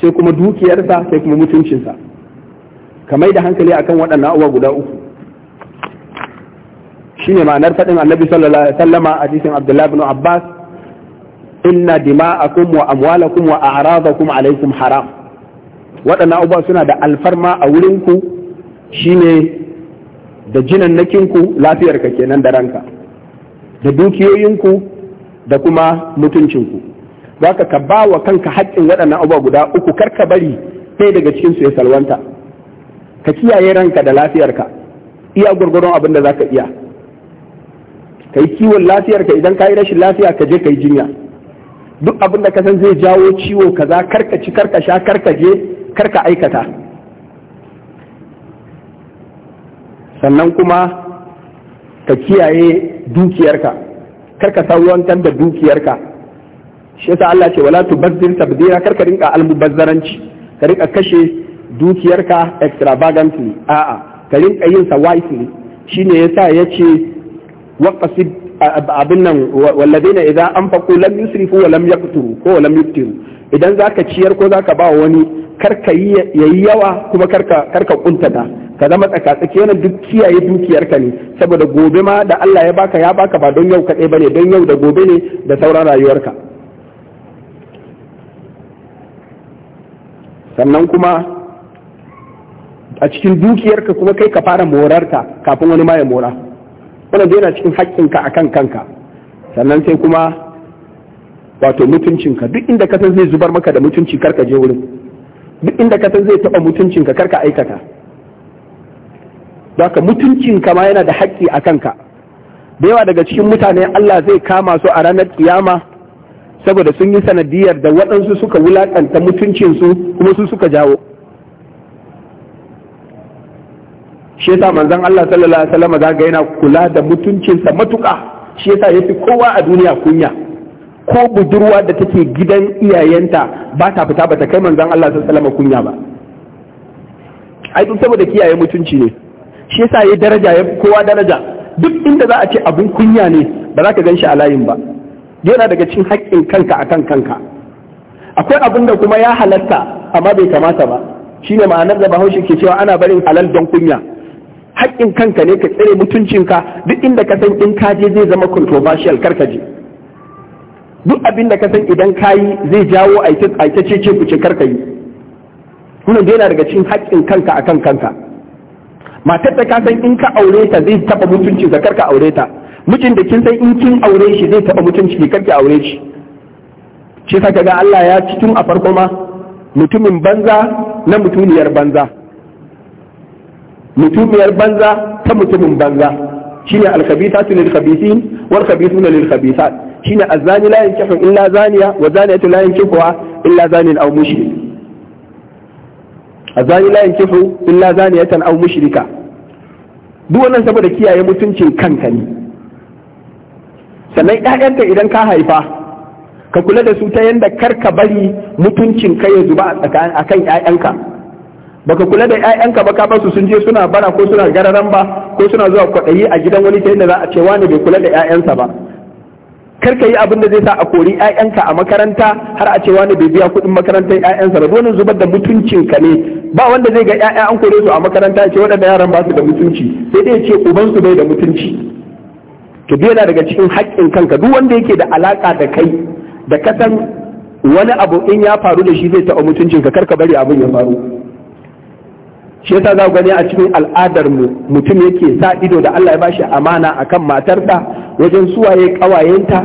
sai kuma dukiyarsa sai kuma mutuncinsa kamar da hankali akan waɗannan abubuwa guda uku shi ne ma'anar faɗin annabi sallallahu alaihi wasallama a hadisin abdullahi bin abbas inna dima'akum wa amwalakum wa a'radakum alaikum haram waɗannan abubuwa suna da alfarma a wurinku shine da lafiyar ka kenan da ranka da dukiyoyinku da kuma mutuncinku za ka ka ba wa kanka haƙƙin waɗannan abubuwa guda uku kar ka bari ɗaya daga cikinsu ya salwanta ka kiyaye ranka da lafiyarka iya gurgurun abin da za ka iya ka yi kiwon lafiyarka idan ka yi rashin lafiya ka je ka yi jinya duk abin da ka san zai jawo ciwo kaza karka ci karka sha karka aikata sannan kuma ka kiyaye dukiyarka karka sauyantar da dukiyarka shi yasa Allah ce wala tubazzir tabdira karka rinka almubazzaranci ka rinka kashe dukiyarka extravagantly a'a ka rinka yin sa wisely shine yasa yace waqasid abin nan walladina idan anfaqu lam yusrifu wa lam yaqturu ko lam yuftiru idan zaka ciyar ko zaka ba wani karka yayi yawa kuma karka karka kuntata ka zama tsakatsaki wannan duk kiyaye dukiyarka ne saboda gobe ma da Allah ya baka ya baka ba don yau kaɗai bane don yau da gobe ne da sauran rayuwarka sannan kuma a cikin dukiyarka kuma kai ka fara morarta kafin wani ma ya mora wanda da yana cikin haƙƙinka a kan kanka sannan sai kuma wato mutuncinka duk inda ka san zai zubar maka da mutunci karka je wurin duk inda ka san zai taɓa mutuncinka karka aikata haka mutuncinka ma yana da haƙƙi a kanka da yawa daga cikin mutane Allah zai kama su a ranar kiyama saboda sun yi sanadiyar da waɗansu suka wulaƙanta mutuncinsu kuma su suka jawo shi yasa manzon Allah sallallahu alaihi wasallam zaga yana kula da mutuncinsa matuƙa shi yasa yafi kowa a duniya kunya ko budurwa da take gidan iyayenta ba ta fita ba ta kai manzon Allah sallallahu alaihi kunya ba ai duk saboda kiyaye mutunci ne shi yasa ya daraja ya kowa daraja duk inda za a ce abun kunya ne ba za ka gan shi a layin ba yana daga cikin haƙƙin kanka akan kanka akwai abun da kuma ya halatta amma bai kamata ba shine ma'anar da bahaushe ke cewa ana barin halal don kunya haƙƙin kanka ne ka tsere mutuncinka duk inda ka san in ka je zai zama controversial karka je duk abin da ka san idan ka yi zai jawo aikace ce ku ce karka yi wannan yana daga cikin haƙƙin kanka akan kanka matar da ka san in ka aure ta zai taɓa mutunci ka karka aure ta mijin da kin san in kin aure shi zai taɓa mutunci ki karki aure shi shi ka ga Allah ya ci tun a farko ma mutumin banza na mutuniyar banza mutumiyar banza ta mutumin banza shine al-khabithatu lil-khabithin wal-khabithuna lil-khabithat shine a zani la yankihu illa zaniya wa zaniyatu la yankihuha illa zanin aw mushrik a zani la yankihu illa zaniyatan aw mushrika duk wannan saboda kiyaye mutuncin kanka ne sannan ƴaƴanka idan ka haifa ka kula da su ta yanda karka bari mutuncin ka ya zuba a kan ƴaƴanka baka kula da ƴaƴanka ba ka basu sun je suna bara ko suna gararan ba ko suna zuwa kwaɗayi a gidan wani ta yadda za a ce wani bai kula da ƴaƴansa ba kar ka yi abin da zai sa a kori ƴaƴanka a makaranta har a ce wani bai biya kuɗin makarantar ƴaƴansa ba wani zubar da mutuncin ne ba wanda zai ga ƴaƴa an kore su a makaranta ya ce waɗanda yaran ba su da mutunci sai dai ya ce uban su bai da mutunci to yana daga cikin haƙƙin kanka duk wanda yake da alaƙa da kai da kasan wani abu in ya faru da shi zai taɓa mutuncinka kar ka bari abin ya faru shi yasa za gani a cikin al'adar mu mutum yake sa ido da Allah ya bashi amana akan matar da wajen suwaye kawayenta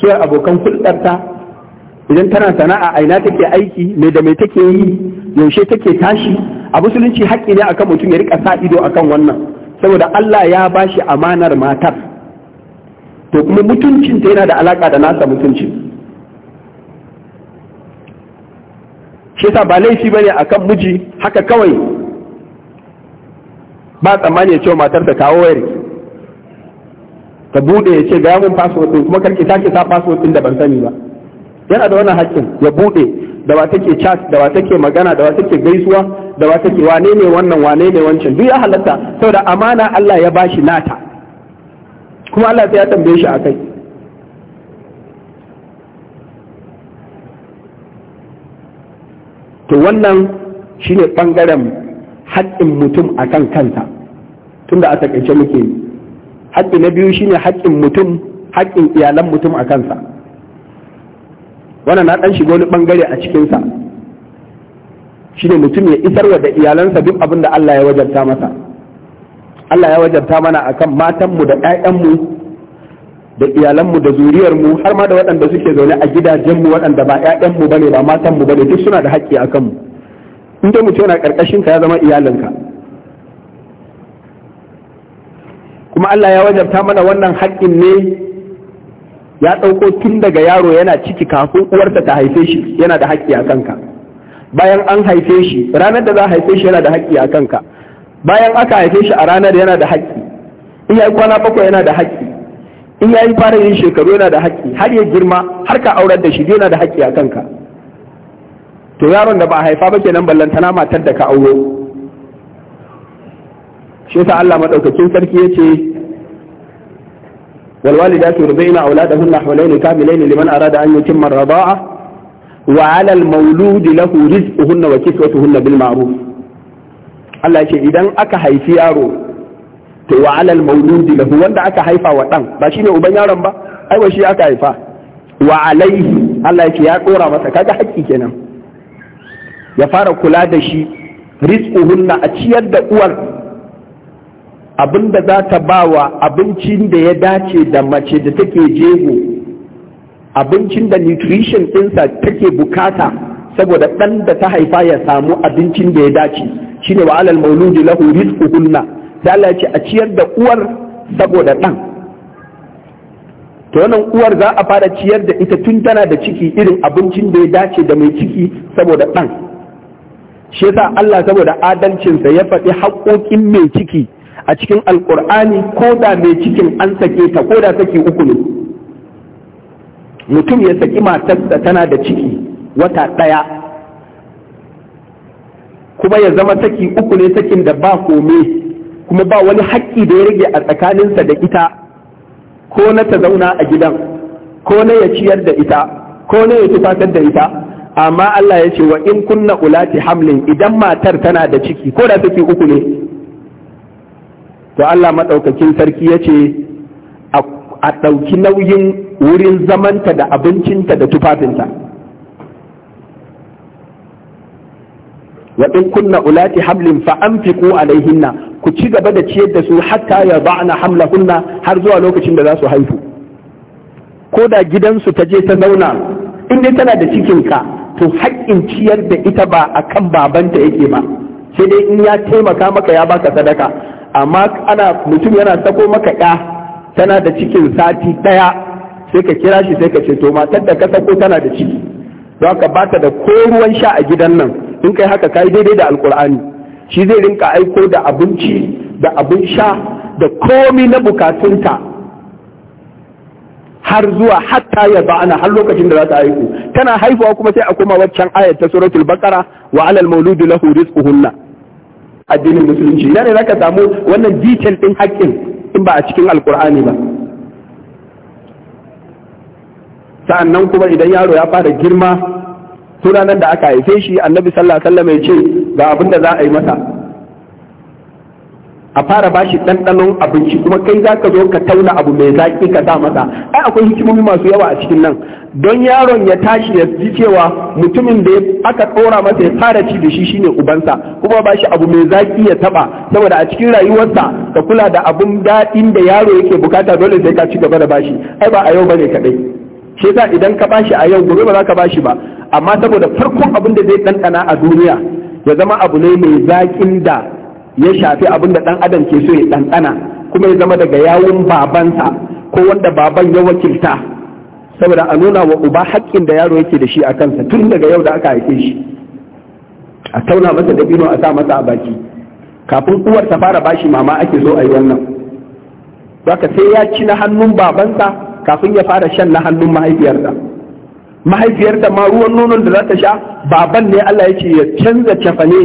suwar abokan hulɗarta idan tana sana'a aina take aiki mai da mai take yi yaushe take tashi a musulunci haƙƙi ne akan mutum ya rika sa ido akan wannan saboda Allah ya bashi amanar matar to kuma mutuncin ta yana da alaka da nasa mutuncin shi yasa ba laifi bane akan miji haka kawai ba tsammani ya ce matar da kawo wayar ta bude ya ce ga mun password din kuma karki sake sa password din da ban sani ba yana da wannan hakkin ya bude da wa take chat da wa take magana da wa take gaisuwa da wa take wane ne wannan wane ne wancan duk ya halatta saboda amana Allah ya bashi nata kuma Allah sai ya tambaye shi a kai. to wannan shine ɓangaren haƙƙin mutum a kan kansa tunda a taƙaice muke yi haƙƙi na biyu shine haƙƙin mutum haƙƙin iyalan mutum a kansa wannan na ɗan shiga wani ɓangare a cikinsa shine mutum ya wa da iyalansa duk abin da Allah ya wajabta masa Allah ya wajabta mana akan matanmu da 'ya'yanmu da iyalanmu da zuriyarmu har ma da waɗanda suke zaune a gidajenmu waɗanda ba 'ya'yanmu ba ne ba matanmu ba ne duk suna da haƙƙi a kanmu in dai mutum yana ƙarƙashin ka ya zama iyalinka kuma Allah ya wajabta mana wannan haƙƙin ne ya ɗauko tun daga yaro yana ciki kafin uwarta ta haife shi yana da haƙƙi a kanka bayan an haife shi ranar da za a haife shi yana da haƙƙi a kanka bayan aka haife shi a ranar yana da haƙƙi in ya kwana bakwai yana da haƙƙi in yayi fara yin shekaru yana da haƙƙi har ya girma har ka aurar da shi yana da haƙƙi a kanka to yaron da ba a haifa ba kenan tana matar da ka auro shi yasa Allah madaukakin sarki yace والوالدات يرضين أولادهن حولين كاملين لمن أراد أن يتم الرضاعة وعلى المولود له رزقهن وكسوتهن bilmaru, Allah ce idan aka haifi yaro to wa alal mauludi lahu wanda aka haifa wa dan ba shine uban yaron ba ai wa shi aka haifa wa alaihi Allah yake ya dora masa kaga hakki kenan ya fara kula da shi rizquhunna a ciyar da uwar abinda za ta wa abincin da ya dace da mace da take jego abincin da nutrition ɗinsa take bukata saboda ɗan da ta haifa ya samu abincin da ya dace shine wa alal mauludi lahu rizquhunna sai Allah ya ce a ciyar da uwar saboda ɗan to wannan uwar za a fara ciyar da ita tun tana da ciki irin abincin da ya dace da mai ciki saboda ɗan shi yasa Allah saboda adalcinsa ya faɗi haƙoƙin mai ciki a cikin alƙur'ani ko da mai cikin an sake ta ko da sake uku ne mutum ya saki matarsa tana da ciki wata ɗaya kuma ya zama saki uku ne sakin da ba kome kuma ba wani haƙƙi da ya rage a tsakaninsa da ita ko na ta zauna a gidan ko na ya ciyar da ita ko na ya tufatar da ita amma Allah ya ce wa in kunna ulati hamlin idan matar tana da ciki ko da take uku ne to Allah maɗaukakin sarki ya ce a ɗauki nauyin wurin zamanta da abincinta da tufafinta. wa in kunna ulati hamlin fa anfiqu alaihinna ku ci gaba da ciyar da su hatta ya ba'na hamlahunna har zuwa lokacin da za su haihu ko da gidansu ta je ta zauna in dai tana da cikinka to haƙƙin ciyar da ita ba akan babanta yake ba sai dai in ya taimaka maka ya baka sadaka amma ana mutum yana sako maka ya tana da cikin sati ɗaya sai ka kira shi sai ka ce to matar da ka sako tana da ciki don ka bata da ko ruwan sha a gidan nan in kai haka kai daidai da alkur'ani shi zai rinka aiko da abinci da abin sha da komi na bukatunta har zuwa hatta ya ba ana har lokacin da za ta aiko. tana haifuwa kuma sai a koma waccan ayat ta suratul baqara wa alal mawludu lahu rizquhunna addinin musulunci ina ne zaka samu wannan detail din hakkin, in ba a cikin alkur'ani ba sa'annan kuma idan yaro ya fara girma tun ranar da aka haife shi annabi sallallahu alaihi wasallam ya ce ga abin da za a yi masa a fara bashi ɗanɗanon abinci kuma kai za ka zo ka tauna abu mai zaƙi ka sa masa ai akwai hikimomi masu yawa a cikin nan don yaron ya tashi ya ji cewa mutumin da aka ɗora masa ya fara ci da shi shine ubansa kuma bashi abu mai zaƙi ya taɓa saboda a cikin rayuwarsa ka kula da abun daɗin da yaro yake bukata dole sai ka ci gaba da bashi ai ba a yau bane kaɗai shi yasa idan ka bashi a yau gobe ba za ka bashi ba amma saboda farkon abin da zai ɗanɗana a duniya ya zama abu ne mai zaƙin da ya shafi abin da ɗan adam ke so ya ɗanɗana kuma ya zama daga yawun babansa ko wanda baban ya wakilta saboda a nuna wa uba haƙƙin da yaro yake da shi a kansa tun daga yau da aka haife shi a tauna masa da bino a sa masa a baki kafin uwar ta fara bashi mama ake so a yi wannan zaka sai ya ci na hannun babansa kafin ya fara shan na hannun mahaifiyarta mahaifiyarta ma ruwan nonon da za ta sha baban ne Allah ya ce ya canza cafane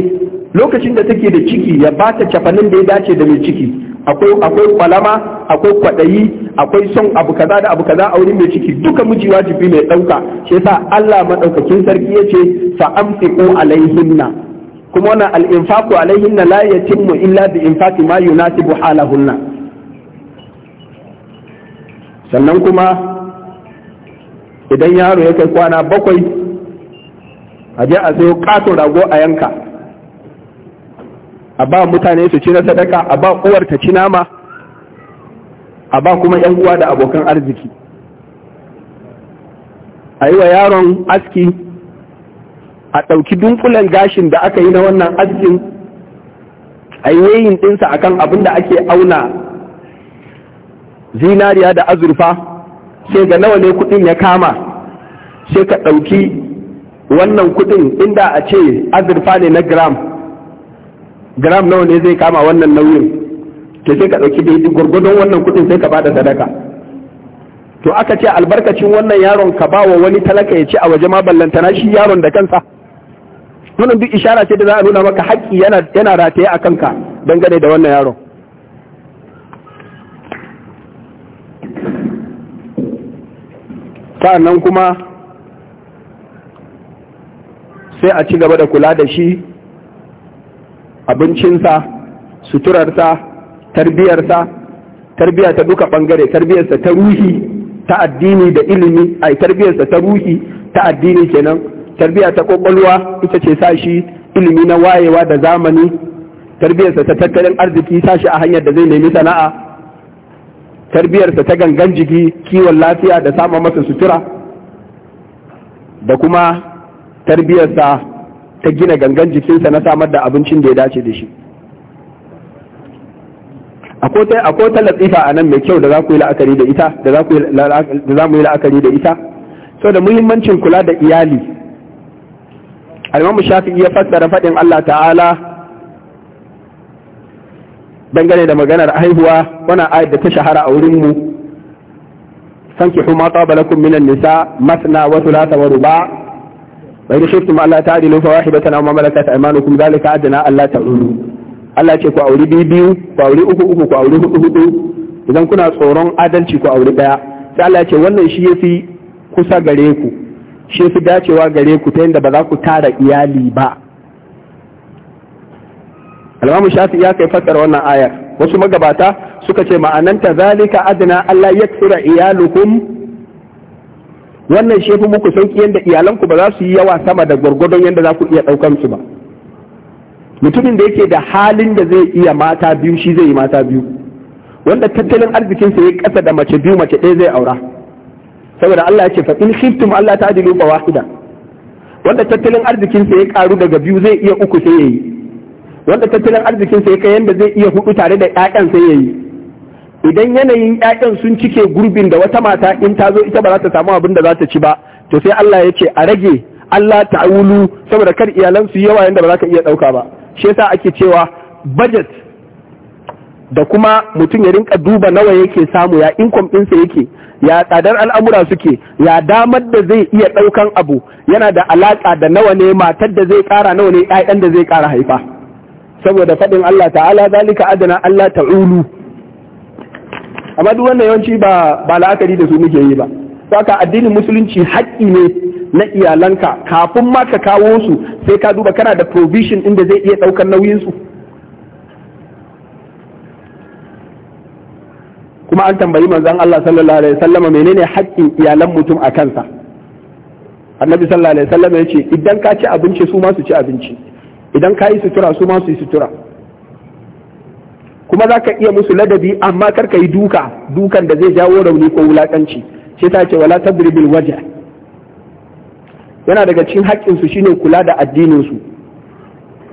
lokacin da take da ciki ya ba ta cafanin da ya dace da mai ciki akwai akwai kwalama akwai kwaɗayi akwai son abu kaza da abu kaza a wurin mai ciki duka miji wajibi mai ɗauka shi yasa Allah madaukakin sarki yace fa amsiku alaihinna kuma wannan al-infaqu alaihinna la yatimmu illa bi infaqi ma yunasibu halahunna sannan kuma idan yaro ya kai kwana bakwai a je a sayo katon rago a yanka a ba mutane su ci sadaka a ba uwar ta ci nama a ba kuma yan uwa da abokan arziki a yi wa yaron aski a ɗauki dunkulen gashin da aka yi na wannan askin a yi yayin ɗinsa akan abin da ake auna zinariya da azurfa sai ga nawa ne kuɗin ya kama sai ka ɗauki wannan kuɗin inda a ce azurfa ne na gram gram nawa ne zai kama wannan nauyin to sai ka ɗauki daidai gwargwadon wannan kuɗin sai ka bada sadaka to aka ce albarkacin wannan yaron ka ba wa wani talaka ya ce a waje ma ballantana shi yaron da kansa wannan duk ishara ce da za a nuna maka haƙƙi yana rataye a kanka dangane da wannan yaron sa'annan kuma sai a ci gaba da kula da shi abincinsa suturarsa tarbiyarsa tarbiya ta duka bangare tarbiyarsa ta ruhi ta addini da ilimi ai tarbiyarsa ta ruhi ta addini kenan tarbiya ta kwakwalwa ita ce sashi ilimi na wayewa da zamani tarbiyarsa ta tattalin arziki sashi a hanyar da zai nemi sana'a tarbiyarsa ta gangan jiki kiwon lafiya da samun masa sutura da kuma tarbiyarsa ta gina gangan jikinsa na samar da abincin da ya dace da shi akwai ta latsifa a nan mai kyau da za ku yi la'akari da ita da za mu yi la'akari da ita so da muhimmancin kula da iyali alimamu shafi iya fassara faɗin allah ta'ala dangane da maganar haihuwa wannan ayat da ta shahara a wurin mu sankihu ma taba minan nisa masna wa thulatha wa ruba wa in shiftum alla ta'dilu fawahidatan aw ma malakat aymanukum dhalika adna alla ta'ulu Allah ce ku auri biyu ku auri uku uku ku auri hudu hudu idan kuna tsoron adalci ku auri daya sai Allah ce wannan shi yafi kusa gare ku shi yafi dacewa gare ku ta yadda ba za ku tara iyali ba al shafi ya kai fassara wannan ayar wasu magabata suka ce ma'ananta zalika adana Allah ya tsira iyalukum wannan shi muku sauki yadda iyalanku ba za su yi yawa sama da gwargwadon yadda za ku iya ɗaukansu su ba mutumin da yake da halin da zai iya mata biyu shi zai yi mata biyu wanda tattalin arzikinsa ya ƙasa da mace biyu mace ɗaya zai aura saboda Allah ya ce fa in khiftum Allah ta'dilu ba wahida wanda tattalin arzikinsa ya karu daga biyu zai iya uku sai yayi wanda tattalin arzikin ya kai yanda zai iya hudu tare da 'ya'yan sai yayi idan yanayin 'ya'yan sun cike gurbin da wata mata in ta zo ita ba za ta samu abin da za ta ci ba to sai Allah ya ce a rage Allah ta'awulu saboda kar iyalan su yawa yanda ba za ka iya ɗauka ba shi yasa ake cewa budget da kuma mutum ya rinka duba nawa yake samu ya income sa yake ya tsadar al'amura suke ya damar da zai iya ɗaukan abu yana da alaka da nawa ne matar da zai kara nawa ne 'ya'yan da zai kara haifa saboda faɗin Allah ta'ala zalika adana Allah ta'ulu amma duk wannan yawanci ba ba la'akari da su muke yi ba saka addinin musulunci haƙƙi ne na iyalanka kafin ma ka kawo su sai ka duba kana da provision inda zai iya ɗaukar nauyin su kuma an tambayi manzon Allah sallallahu alaihi wasallam menene haƙƙin iyalan mutum a kansa annabi sallallahu alaihi ya ce, idan ka ci abinci su ma su ci abinci idan ka yi sutura su ma su yi sutura kuma za ka iya musu ladabi amma kar ka yi duka dukan da zai jawo rauni ko wulaƙanci sai ta ce wala tadribil waja yana daga cikin haƙƙinsu shine kula da addininsu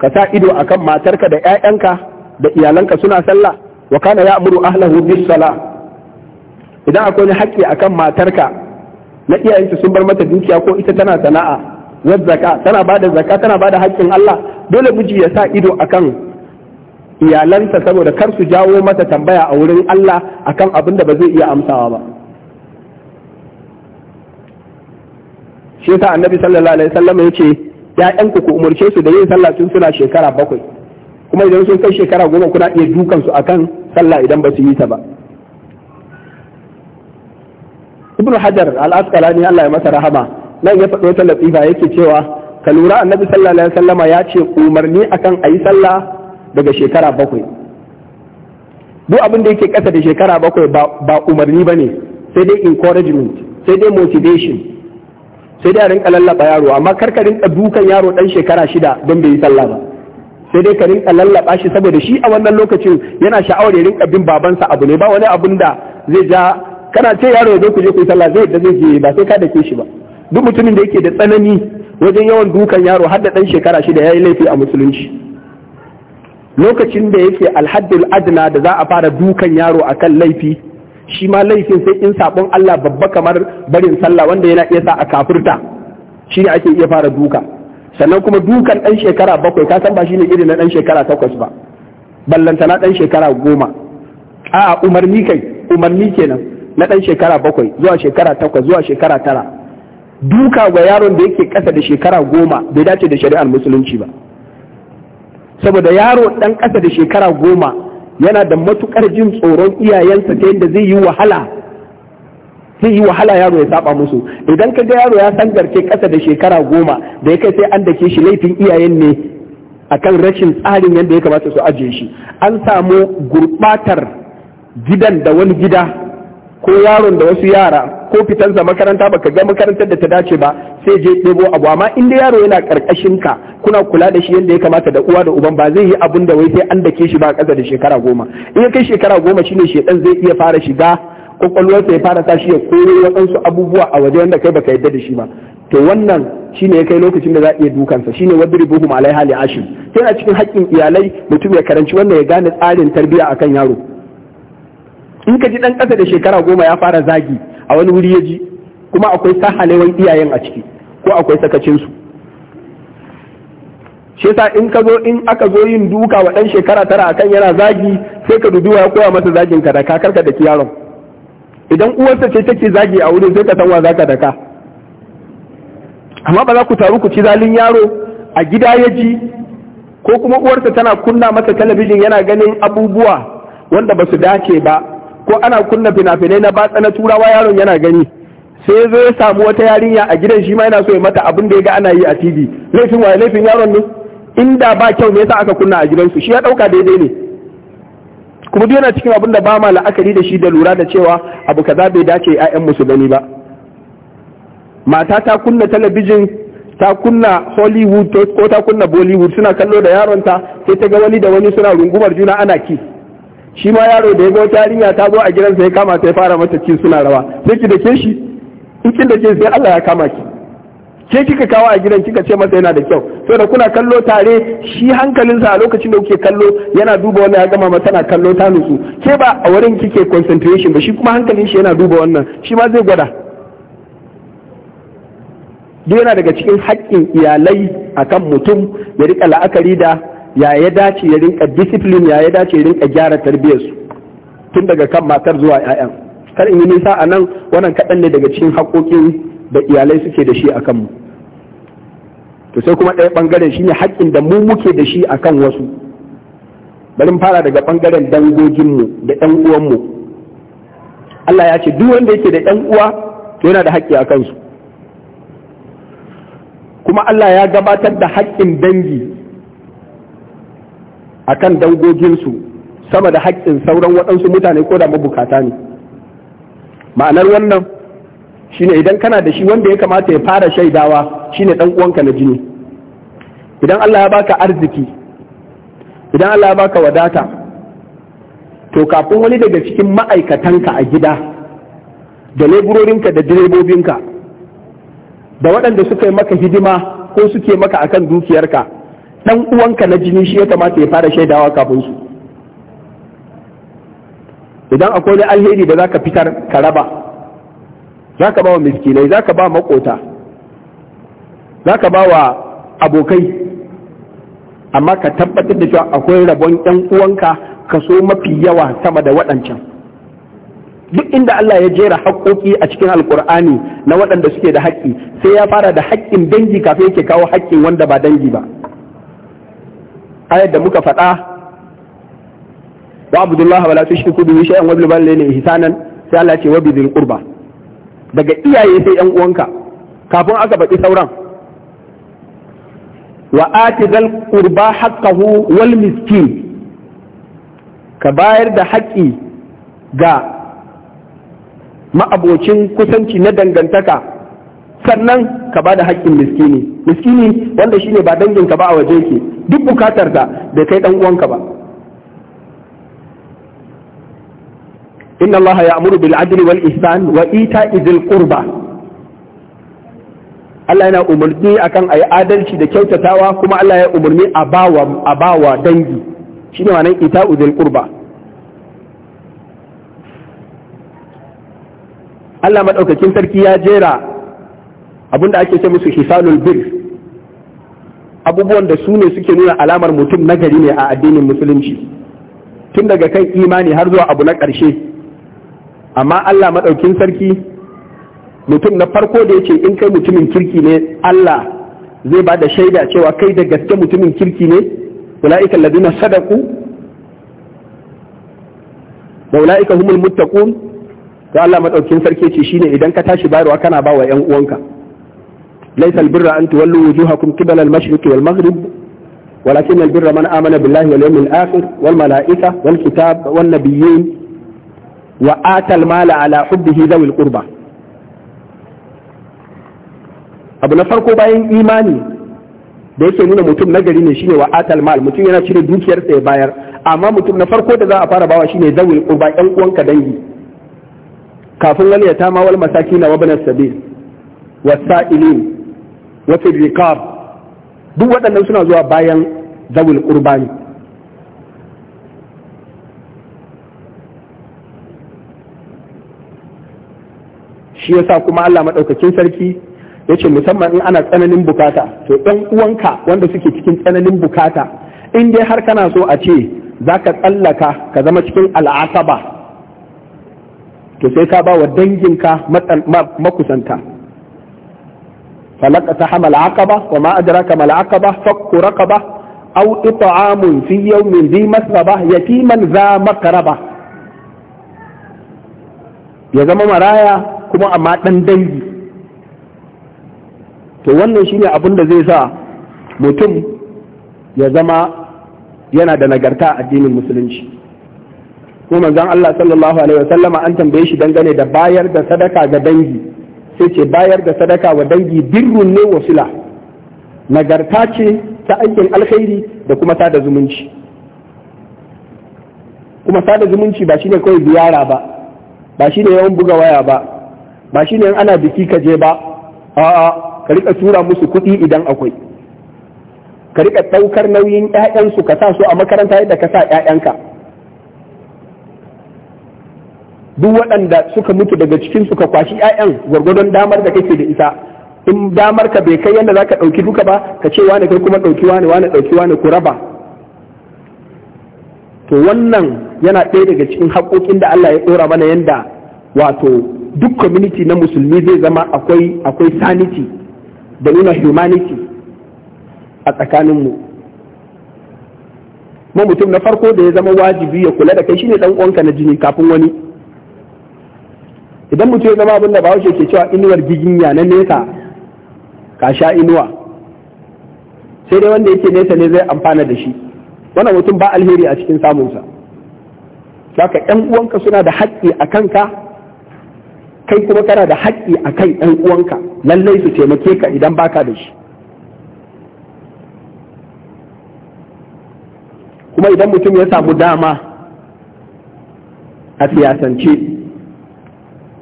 ka sa ido akan matarka da 'ya'yanka da iyalanka suna sallah wa kana ya'muru ahlahu bis sala idan akwai wani haƙƙi akan matarka na iyayenta sun bar mata dukiya ko ita tana sana'a wadda zaka tana bada zaka tana bada haƙƙin Allah dole miji ya sa ido akan iyalansa saboda kar su jawo mata tambaya a wurin Allah akan abin da ba zai iya amsawa ba shi yasa annabi sallallahu alaihi wasallam ya ce ya'yanku ku umarce su da yin sallah tun suna shekara bakwai kuma idan sun kai shekara goma kuna iya dukan su akan sallah idan ba su yi ta ba ibnu hajar al-asqalani Allah ya masa rahama nan ya faɗo ta latifa yake cewa ka lura annabi sallallahu alaihi wasallama ya ce umarni akan ayi sallah daga shekara bakwai duk abin da yake ƙasa da shekara bakwai ba umarni ba ne sai dai encouragement sai dai motivation sai dai a rinka lallaba yaro amma kar ka rinka dukan yaro dan shekara shida don bai yi sallah ba sai dai ka rinka lallaba shi saboda shi a wannan lokacin yana sha'awar ya rinka bin babansa abu ne ba wani abin da zai ja kana ce yaro ya zo ku je ku yi sallah zai da zai je ba sai ka dake shi ba duk mutumin da yake da tsanani wajen yawan dukan yaro har da ɗan shekara shida ya yi laifi a musulunci lokacin da yake alhaddul adna da za a fara dukan yaro akan laifi shi ma laifin sai in sabon Allah babba kamar barin sallah wanda yana iya sa a kafirta shi ne ake iya fara duka sannan kuma dukan ɗan shekara bakwai ka san ba shi ne irin na ɗan shekara takwas ba ballanta na ɗan shekara goma a umarni kai umarni kenan na ɗan shekara bakwai zuwa shekara takwas zuwa shekara tara duka ga yaron da yake kasa da shekara goma bai dace da shari'ar musulunci ba saboda yaro ɗan ƙasa da shekara goma yana da matukar jin tsoron iyayensa ta yadda zai yi wahala zai yi wahala yaro ya saba musu idan ka ga yaro ya garke kasa da shekara goma da ya kai sai an dake shi laifin iyayen ne akan rashin tsarin yadda ya kamata su ajiye shi an samu gurɓatar gidan da wani gida ko yaron da wasu yara ko fitansa makaranta baka ga makarantar da ta dace ba sai je ɗebo abu amma in da yaro yana ƙarƙashin ka kuna kula da shi yadda ya kamata da uwa da uban ba zai yi abun da wai sai an dake shi ba ƙasa da shekara goma in ya kai shekara goma shine shedan zai iya fara shiga kwakwalwarsa ya fara sa shi ya koyo waɗansu abubuwa a waje wanda kai baka yadda da shi ba to wannan shine ya kai lokacin da za a iya dukansa shine wadri buhum alaiha hali ashim yana cikin haƙƙin iyalai mutum ya karanci wannan ya gane tsarin tarbiyya akan yaro in ka ji dan ƙasa da shekara goma ya fara zagi a wani wuri ya ji kuma akwai sahalewan iyayen a ciki ko akwai sakacinsu shi yasa in ka zo in aka zo yin duka wa ɗan shekara tara akan yana zagi sai ka duduwa ya koya masa zagin ka da ka da yaron idan uwarsa ce take zagi a wurin sai ka san wa zaka daka amma ba za ku taru ku ci zalin yaro a gida ya ji ko kuma uwarsa tana kunna masa talabijin yana ganin abubuwa wanda ba su dace ba ko ana kunna fina-finai na batsa na turawa yaron yana gani sai zo ya samu wata yarinya a gidan shi ma yana so ya mata abin da ya ga ana yi a tv laifin waye laifin yaron ne inda ba kyau me yasa aka kunna a gidansu shi ya dauka daidai ne kuma duk yana cikin abin da ba ma la'akari da shi da lura da cewa abu kaza bai dace ƴaƴan musu gani ba mata ta kunna talabijin ta kunna hollywood ko ta kunna bollywood suna kallo da yaron ta, sai ta ga wani da wani suna rungumar juna ana ki shi ma yaro da ya ga wata yarinya ta zo a gidansa ya kama ta ya fara mata ci suna rawa sai ki dake shi in kin dake sai Allah ya kama ki ke kika kawo a gidan kika ce masa yana da kyau saboda kuna kallo tare shi hankalinsa a lokacin da kuke kallo yana duba wannan ya gama ma tana kallo ta nutsu ke ba a wurin kike concentration ba shi kuma hankalin shi yana duba wannan shi ma zai gwada duk yana daga cikin haƙƙin iyalai akan mutum ya rika la'akari da ya ya dace ya rinka discipline ya ya dace ya rinka gyara tarbiyyarsu tun daga kan matar zuwa 'ya'yan kar in yi nisa a nan wannan kaɗan ne daga cikin haƙoƙin da iyalai suke da shi a kanmu to sai kuma ɗaya ɓangaren shi ne haƙƙin da mu muke da shi a kan wasu bari fara daga ɓangaren dangoginmu da ɗan uwanmu Allah ya ce duk wanda yake da ɗan uwa to yana da haƙƙi a kansu kuma Allah ya gabatar da haƙƙin dangi akan dangoginsu sama da haƙƙin sauran waɗansu mutane ko da mabukata ne ma'anar wannan shine idan kana da shi wanda ya kamata ya fara shaidawa shine ɗan uwanka na jini idan Allah ya baka arziki idan Allah ya baka wadata to kafin wani daga cikin ma'aikatanka a gida da leburorinka da direbobinka da waɗanda suka yi maka hidima ko suke maka akan dukiyarka Ɗan uwanka na jini shi ya kamata ya fara shaidawa kafin su idan akwai wani alheri da zaka fitar ka raba zaka ba wa miskinai zaka ba makota zaka ba wa abokai amma ka tabbatar da cewa akwai rabon yan uwanka kaso mafi yawa sama da waɗancan duk inda Allah ya jera haƙoƙi a cikin Alƙur'ani na waɗanda suke da haƙƙi sai ya fara da haƙƙin dangi kafin yake kawo haƙƙin wanda ba dangi ba ayar da muka faɗa wa abdullahi wala tushriku bihi shay'an wa bil walidayni ihsanan sai Allah ce wa bizil qurba daga iyaye sai yan uwanka kafin aka baki sauran wa ati zal qurba haqqahu wal miskin ka bayar da haƙƙi ga ma'abocin kusanci na dangantaka sannan ka ba da haƙƙin miskini miskini wanda shi ne ba danginka ba a waje ke duk bukatar da bai kai dan uwanka ba inna Allah amuru bil adli wal ihsan wa ita idil qurba Allah yana umarni akan ayi adalci da kyautatawa kuma Allah ya umarni a bawa dangi shine wannan ita dhil qurba Allah maɗaukacin sarki ya jera abinda ake ce musu hisalul bir abubuwan da su ne suke nuna alamar mutum nagari ne a addinin musulunci tun daga kan imani har zuwa abu na ƙarshe amma Allah maɗaukin sarki mutum na farko da ya ce in kai mutumin kirki ne Allah zai ba da shaida cewa kai da gaske mutumin kirki ne ula'ika ladina sadaku da ula'ika humul muttaqun to Allah maɗaukin sarki ce shine idan ka tashi bayarwa kana ba wa 'yan uwanka ليس البر أن تولوا وجوهكم قبل المشرق والمغرب ولكن البر من آمن بالله واليوم الآخر والملائكة والكتاب والنبيين وآتى المال على حبه ذوي القربى abu na farko bayan imani da yake nuna mutum nagari ne shine wa atal mal mutum yana cire dukiyarsa ya bayar amma mutum na farko da za a fara bawa shine zawil qurba yan uwanka dangi kafin wani ya tama wal masakina wa ibn sabil wasa'ilin wa fi duk waɗannan suna zuwa bayan zawul ƙurbani shi yasa kuma Allah maɗaukacin sarki ya ce musamman in ana tsananin bukata to ɗan uwanka wanda suke cikin tsananin bukata in dai har kana so a ce za ka tsallaka ka zama cikin al'asaba to sai ka ba wa danginka makusanta فلقتح العقبة وما أدرك ما العقبة فك رقبة أو إطعام في يوم ذي مسغبة يتيما ذا مقربة ya zama maraya kuma amma ɗan dangi to wannan shine abin da zai sa mutum ya zama yana da nagarta a addinin musulunci ko manzon Allah sallallahu alaihi wasallama an tambaye shi dangane da bayar da sadaka ga dangi sai ce bayar da sadaka wa dangi birrun ne wa sila nagarta ce ta aikin alkhairi da kuma sada zumunci kuma sada zumunci ba shine kawai ziyara ba ba shine yawan buga waya ba ba shine yan ana biki ka je ba a'a ka rika tura musu kuɗi idan akwai ka rika ɗaukar nauyin 'ya'yansu ka sa su a makaranta yadda ka sa 'ya'yanka duk waɗanda suka mutu daga cikin suka kwashi 'ya'yan gwargwadon damar da kake da ita in damar ka bai kai yadda ka ɗauki duka ba ka ce wani kai kuma ɗauki wani wani ɗauki wani ku raba to wannan yana ɗaya daga cikin haƙoƙin da Allah ya ɗora mana yadda wato duk community na musulmi zai zama akwai akwai sanity da nuna humanity a tsakaninmu mu mutum na farko da ya zama wajibi ya kula da kai shine ɗan uwanka na jini kafin wani idan mutum ya zama abin da bahaushe ke cewa inuwar giginya na nesa ka sha inuwa sai dai wanda yake nesa ne zai amfana da shi wannan mutum ba alheri a cikin samunsa saka yan uwanka suna da haƙƙi a kanka kai kuma kana da haƙƙi a kan yan uwanka lallai su taimake ka idan baka da shi kuma idan mutum ya samu dama a siyasance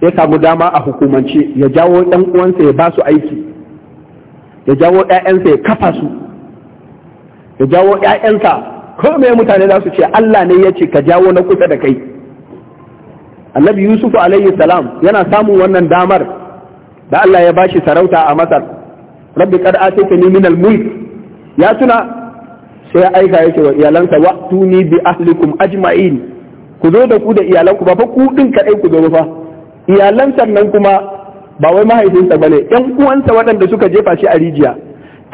ya samu dama a hukumance ya jawo ɗan uwansa ya ba su aiki ya jawo ‘ya'yansa ya kafa su ya jawo ‘ya'yansa ko mutane za su ce Allah ne ya ce ka jawo na kusa da kai annabi yusuf alayhi salam yana samun wannan damar da Allah ya bashi sarauta a masar rabbi qad ni min al-mulk ya tuna sai aika yake wa iyalansa wa tuni bi ahlikum ajma'in ku zo da ku da iyalanku ba fa ku din kadai ku zo ba iyalansa nan kuma ba wai mahaifinsa ba ne ‘yan uwansa waɗanda suka jefa shi a rijiya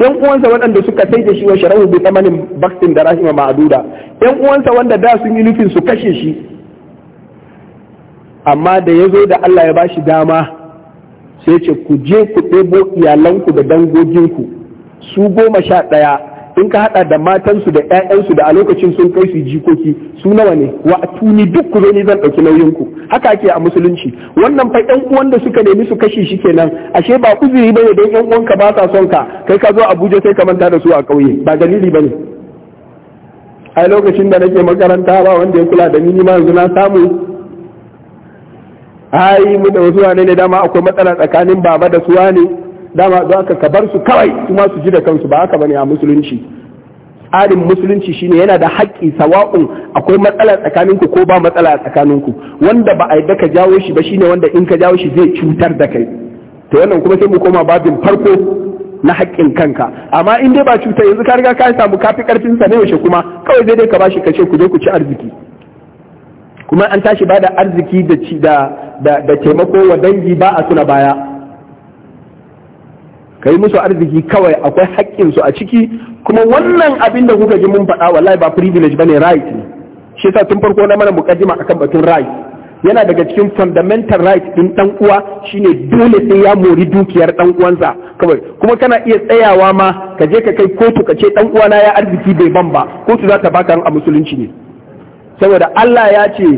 ‘yan uwansa waɗanda suka sai da shi wa sharahu bi tsamanin baksin da rahima ma'aduda ‘yan uwansa wanda da sun yi nufin su kashe shi amma da ya zo da Allah ya ba shi dama sai ce ku je ku ɗebo iyalanku da dangoginku su goma sha ɗaya in ka hada da matansu da ƴaƴansu da a lokacin sun kai su jikoki su nawa ne wa tuni duk ku zo zan dauki nauyin ku haka ake a musulunci wannan fa ƴan uwan da suka nemi su kashi shi kenan ashe ba uzuri bane don ƴan uwanka ba sa son ka kai ka zo Abuja sai ka manta da su a ƙauye ba dalili bane ai lokacin da nake makaranta ba wanda ya kula da ni ma yanzu na samu ai mu da wasu ne dama akwai matsala tsakanin baba da suwa ne dama za ka ka bar su kawai kuma su ji da kansu ba haka bane a musulunci tsarin musulunci shine yana da haƙƙi sawa'un akwai matsala tsakanin ku ko ba matsala ku wanda ba a yadda ka jawo shi ba shine wanda in ka jawo shi zai cutar da kai to wannan kuma sai mu koma babin farko na haƙƙin kanka amma in dai ba cuta yanzu ka riga ka samu kafi karfin sa ne yaushe kuma kawai zai dai ka bashi kace ku je ku ci arziki kuma an tashi ba da arziki da taimako wa dangi ba a tuna baya ka yi musu arziki kawai akwai haƙƙin su a ciki kuma wannan abin da kuka ji mun faɗa wallahi ba privilege bane right ne shi yasa tun farko na mana a kan batun right yana daga cikin fundamental right ɗin ɗan uwa shine dole sai ya mori dukiyar ɗan uwansa kawai kuma kana iya tsayawa ma ka je ka kai kotu ka ce dan uwana ya arziki bai ban ba kotu za ta baka a musulunci ne saboda Allah ya ce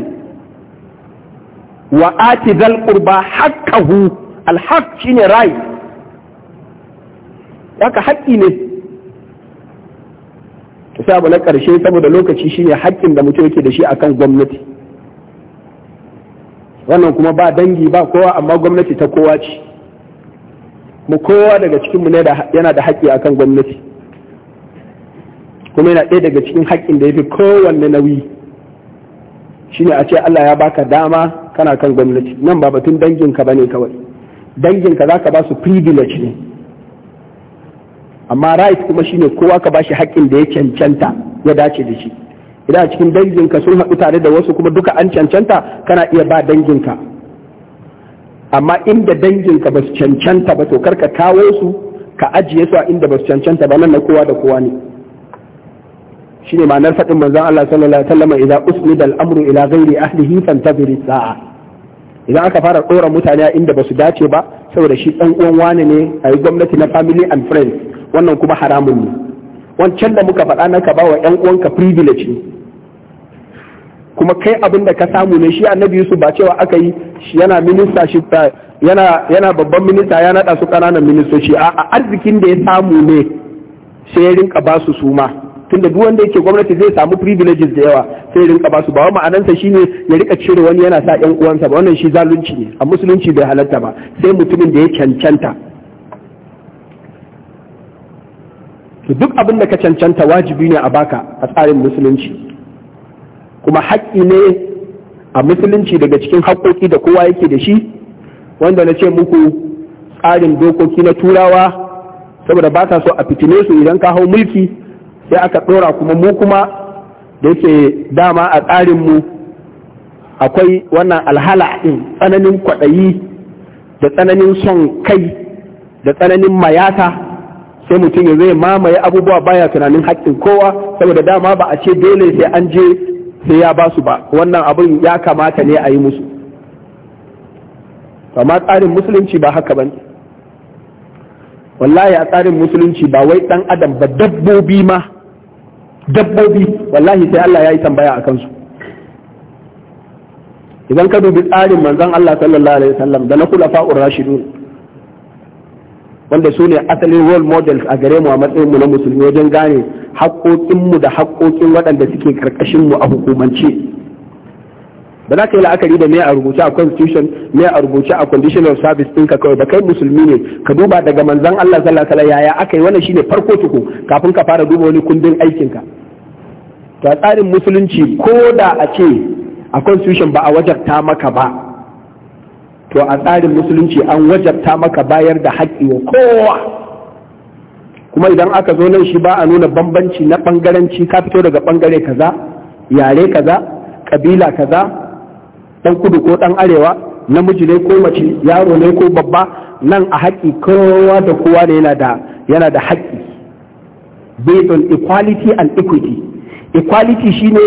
wa ati zal qurba haqqahu al haqq shine right haka haƙƙi ne ta abu na ƙarshe saboda lokaci shine haƙƙin da mutum yake da shi akan gwamnati wannan kuma ba dangi ba kowa amma gwamnati ta kowa ce mu kowa daga cikinmu yana da haƙƙi akan gwamnati kuma yana ɗaya daga cikin haƙƙin da ya fi kowanne nauyi shine a ce Allah ya baka dama kana kan gwamnati nan ba batun danginka ba ne kawai danginka za ka ba su privilege ne amma right kuma shine kowa ka bashi haƙƙin da ya cancanta ya dace da shi idan a cikin ka sun haɗu tare da wasu kuma duka an cancanta kana iya ba danginka amma inda danginka ba su cancanta ba to karka kawo su ka ajiye su a inda ba su cancanta ba nan na kowa da kowa ne shine ma'anar faɗin manzon Allah sallallahu alaihi wasallam idan usnida al-amru ila ghairi ahlihi fantaziri sa'a idan aka fara ɗora mutane a inda ba su dace ba saboda shi ɗan uwan wani ne a yi gwamnati na family and friends wannan kuma haramun ne wancan da muka faɗa na ka ba wa ‘yan uwanka privilege ne kuma kai abin da ka samu ne shi annabi yusuf ba cewa aka yi yana minista shi yana babban minista ya naɗa su ƙananan ministoci a arzikin da ya samu ne sai ya rinka ba su suma tunda duk wanda yake gwamnati zai samu privileges da yawa sai ya rinka ba su ba wa ma'anansa shine ya rika cire wani yana sa yan uwansa ba wannan shi zalunci ne a musulunci bai halatta ba sai mutumin da ya cancanta to duk abin da ka cancanta wajibi ne a baka a tsarin musulunci kuma haƙƙi ne a musulunci daga cikin haƙƙoƙi da kowa yake da shi wanda na ce muku tsarin dokoki na turawa saboda ba sa so a fitine su idan ka hau mulki sai aka ɗora kuma mu kuma da yake dama a tsarinmu akwai wannan alhala ɗin tsananin kwaɗayi da tsananin son kai da tsananin mayata sai mutum ya zai mamaye abubuwa baya tunanin haƙƙin kowa saboda dama ba a ce dole sai an je sai ya ba su ba wannan abin ya kamata ne a yi musu amma tsarin musulunci ba haka ba ne wallahi a tsarin musulunci ba wai ɗan adam ba dabbobi ma dabbobi wallahi sai Allah ya yi tambaya a kansu idan ka dubi tsarin manzon Allah sallallahu alaihi wasallam da na kula fa'ur rashidun wanda su ne asalin role models a gare mu a matsayinmu na musulmi wajen gane haƙoƙinmu da haƙoƙin waɗanda suke ƙarƙashinmu a hukumance ba za ka yi la'akari da mai a rubuce a constitution mai a rubuce a conditional service ɗinka kawai ba kai musulmi ne ka duba daga manzon Allah sallallahu alaihi yaya aka yi wannan shine farko tuku kafin ka fara duba wani kundin aikinka ta tsarin musulunci ko da a ce a constitution ba a wajarta maka ba to a tsarin musulunci an wajabta maka bayar da haƙƙi kowa kuma idan aka zo nan shi ba a nuna bambanci na ɓangarenci ka fito daga ɓangare kaza yare kaza ƙabila kaza ɗan kudu ko ɗan arewa namiji ne ko mace yaro ne ko babba nan a haƙƙi kowa da kowa ne yana da haƙƙi based on equality and equity equality shine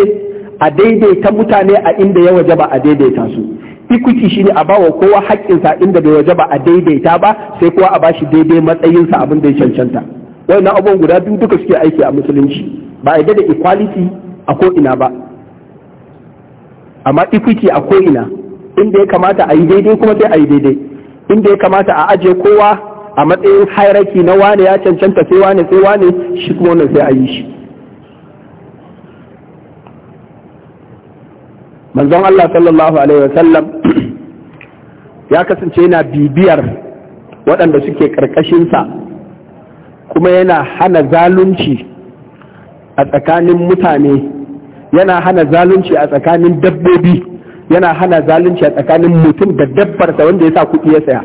a daidaita mutane a inda ya waje ba a daidaita su equity shine a bawa kowa haƙƙinsa inda bai waje ba a daidaita ba sai kowa a bashi daidai matsayinsa abin da ya cancanta wannan abubuwan guda biyu duka suke aiki a musulunci ba a da equality a ko ba amma equity a ko'ina. inda ya kamata a yi daidai kuma sai a yi daidai inda ya kamata a ajiye kowa a matsayin hierarchy na wane ya cancanta sai wane sai wane shi kuma wannan sai a yi shi manzon Allah sallallahu alaihi wasallam ya kasance yana bibiyar waɗanda suke ƙarƙashinsa kuma yana hana zalunci a tsakanin mutane yana hana zalunci a tsakanin dabbobi yana hana zalunci a tsakanin mutum da dabbarsa wanda ya sa kuɗi ya saya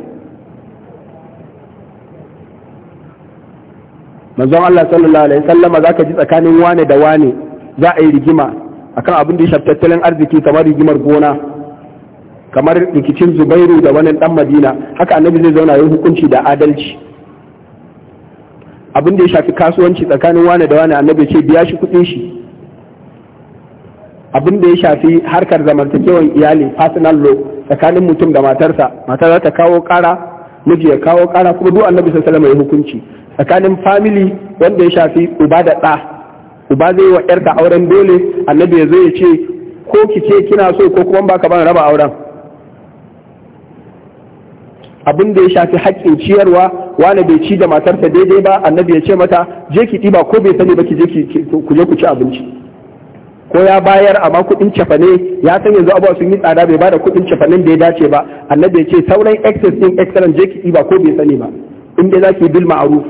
manzon Allah sallallahu alaihi wasallam za ka ji tsakanin wane da wane za a yi rigima akan abin da ya shafi tattalin arziki kamar rigimar gona kamar rikicin zubairu da wani dan madina haka annabi zai zauna ya hukunci da adalci abin da ya shafi kasuwanci tsakanin wane da wane annabi ce biya shi kuɗin shi abin da ya shafi harkar zamantakewar iyali personal law tsakanin mutum da matarsa mata za ta kawo ƙara miji ya kawo ƙara kuma duk annabi sallallahu alaihi ya hukunci tsakanin family wanda ya shafi uba da ɗa uba zai yi wa ƴarka auren dole annabi ya zo ya ce ko ki ce kina so ko kuma baka ban raba auren abin da ya shafi haƙƙin ciyarwa wani bai ci da matarsa daidai ba annabi ya ce mata je ki ɗiba ko bai sani ba ki je ku je ku ci abinci ko ya bayar amma kuɗin cefane ya san yanzu abuwa sun yi tsada bai bada kuɗin cefanen da ya dace ba annabi ya ce sauran excess din excellent je ki ɗiba ko bai sani ba in dai za ki bil ma'aruf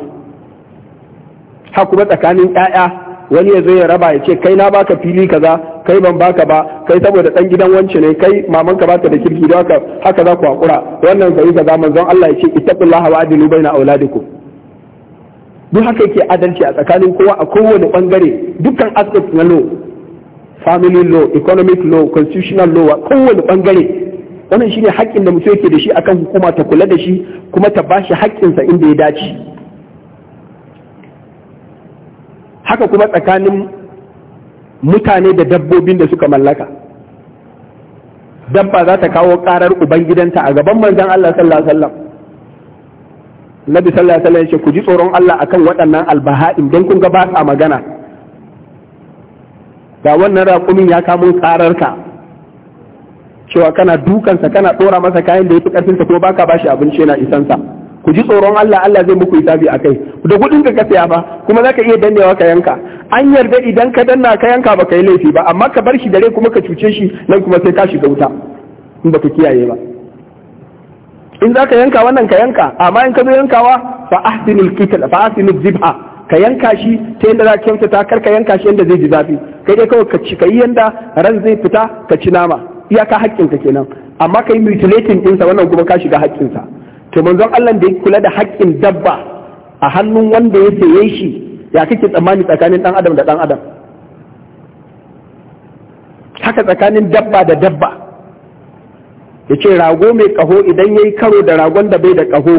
ha kuma tsakanin 'ya'ya. wani ya zo ya raba ya ce kai na baka fili kaza kai ban baka ba kai saboda dan gidan wance ne kai mamanka ka baka da kirki da haka za ku hakura wannan sai zaman zan Allah ya ce ittaqullaha wa adilu baina auladikum duk haka yake adalci a tsakanin kowa a kowane bangare dukkan aspect na law family law economic law constitutional law a kowane bangare wannan shine haƙƙin da mutum yake da shi akan hukuma ta kula da shi kuma ta bashi haƙƙinsa inda ya dace haka kuma tsakanin mutane da dabbobin da suka mallaka dabba za ta kawo karar ubangidanta a gaban manzan Allah sallallahu alaihi wasallam Nabi sallallahu alaihi wasallam ya ce ku ji tsoron Allah akan waɗannan albaha'in don kun ga ba sa magana ga wannan raƙumin ya kamo ka, cewa kana dukansa kana ɗora masa kayan da ya fi ƙarfinsa ko baka bashi abinci yana isansa ku ji tsoron Allah Allah zai muku hisabi a kai da kuɗin ka saya ba kuma za ka iya dannewa ka yanka an yarda idan ka danna ka yanka ba ka yi laifi ba amma ka bar shi dare kuma ka cuce shi nan kuma sai ka shiga wuta in ba ka kiyaye ba in za ka yanka wannan ka yanka amma in ka zo yankawa fa qital fa zibha ka yanka shi ta yadda za ka kyautata kar ka yanka shi yadda zai ji zafi kai dai kawai ka ci ka yi yanda ran zai fita ka ci nama iyaka haƙƙinka kenan amma ka yi mutilating ɗinsa wannan kuma ka shiga haƙƙinsa to manzon Allah da ya kula da haƙƙin dabba a hannun wanda ya saye shi ya kike tsammani tsakanin dan adam da dan adam haka tsakanin dabba da dabba ya ce rago mai kaho idan ya yi karo da ragon da bai da kaho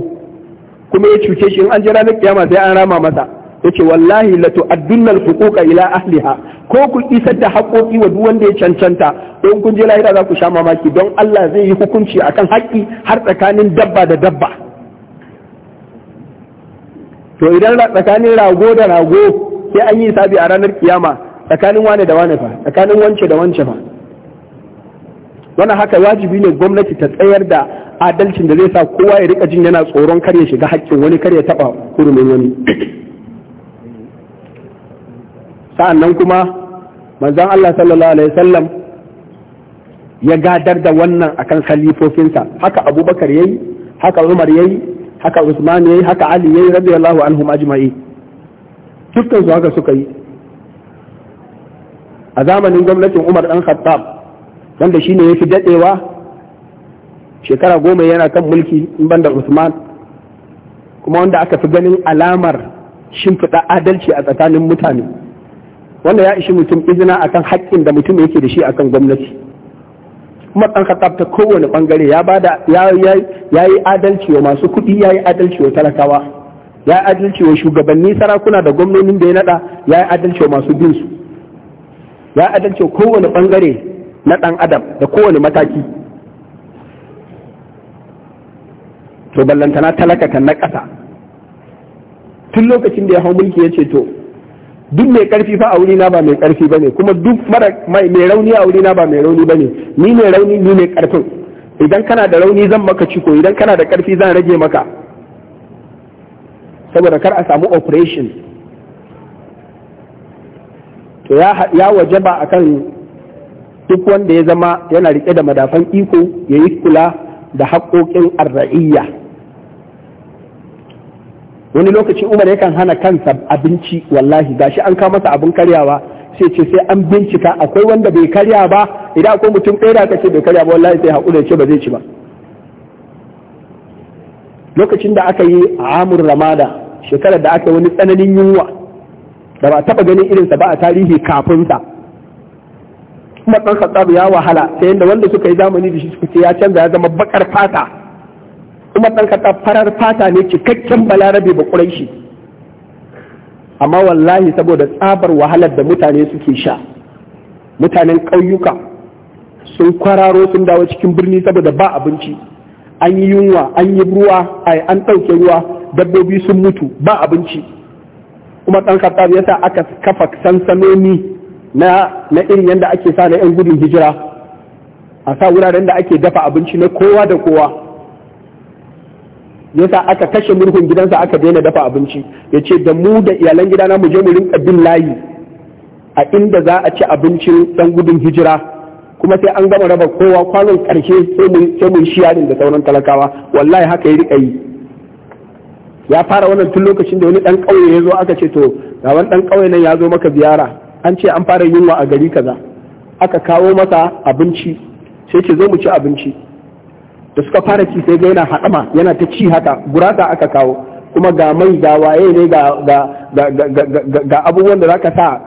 kuma ya cuce shi in an jira na kiyama sai an rama masa ya ce wallahi la tu'addunna huquqa ila ahliha ko ku isar da haƙoƙi wa duk wanda ya cancanta don kun je lahira za ku sha mamaki don Allah zai yi hukunci akan haƙƙi har tsakanin dabba da dabba to idan tsakanin rago da rago sai an yi sabi a ranar kiyama tsakanin wane da wane fa tsakanin wance da wance fa wannan haka wajibi ne gwamnati ta tsayar da adalcin da zai sa kowa ya rika jin yana tsoron kar ya shiga haƙƙin wani kar ya taɓa kurumin wani nan kuma manzon Allah sallallahu alaihi wasallam ya gadar da wannan akan khalifofinsa haka abubakar yayi haka umar yayi haka usman yi, haka ali yayi radiyallahu anhum ajma'i dukkan su haka suka yi a zamanin gwamnatin umar dan khattab wanda shine yafi dadewa shekara goma yana kan mulki in da usman kuma wanda aka fi ganin alamar shimfiɗa adalci a tsakanin mutane wanda ya ishi mutum izina akan haƙƙin da mutum yake da shi akan gwamnati kuma ɗan khattab ta kowane bangare ya bada ya yi adalci wa masu kuɗi ya yi adalci wa talakawa ya yi adalci wa shugabanni sarakuna da gwamnonin da ya naɗa ya yi adalci wa masu bin su ya yi adalci wa kowane bangare na ɗan adam da kowane mataki to ballantana talaka kan na ƙasa tun lokacin da ya hau mulki ya ce to duk mai karfi fa a wuri na ba mai karfi ne, kuma duk mai rauni a wuri na ba mai rauni ba ne, ni mai rauni ni mai karfin idan kana da rauni zan maka ciko idan kana da karfi zan rage maka saboda kar a samu operation to ya ya wajaba akan duk wanda ya zama yana rike da madafan iko ya yi kula da haƙoƙin arra'iyya wani lokaci umar yakan hana kansa abinci wallahi gashi an kawo masa abin karyawa sai ce sai an bincika akwai wanda bai karya ba idan akwai mutum ɗaya da aka ce bai karya ba wallahi sai haƙura ce ba zai ci ba lokacin da aka yi a amur ramada shekarar da aka yi wani tsananin yunwa da ba a taɓa ganin irinsa ba a tarihi kafin sa kuma ɗan ya wahala sai yadda wanda suka yi zamani da shi suka ce ya canza ya zama bakar fata Umar ɗan kaɗa farar fata ne cikakken balarabe ba shi. amma wallahi saboda tsabar wahalar da mutane suke sha mutanen ƙauyuka sun kwararo sun dawo cikin birni saboda ba abinci an yi yunwa an yi ruwa ai an ɗauke ruwa dabbobi sun mutu ba abinci kuma ɗan khattab yasa aka kafa sansanoni na irin yadda ake sa na yan gudun hijira a sa wuraren da ake dafa abinci na kowa da kowa yasa aka kashe murhun gidansa aka daina dafa abinci ya ce da mu da iyalan gidana mu je mu rinka bin layi a inda za a ci abincin dan gudun hijira kuma sai an gama raba kowa kwanon karshe sai mun shi yarin da sauran talakawa wallahi haka ya rika yi ya fara wannan tun lokacin da wani dan kauye ya zo aka ce to ga wani dan kauye nan ya zo maka ziyara an ce an fara yunwa a gari kaza aka kawo masa abinci sai ce zo mu ci abinci da suka fara ci sai ga yana haɗama yana ta ci haka gurasa aka kawo kuma ga mai ga waye ne ga abubuwan da za ka sa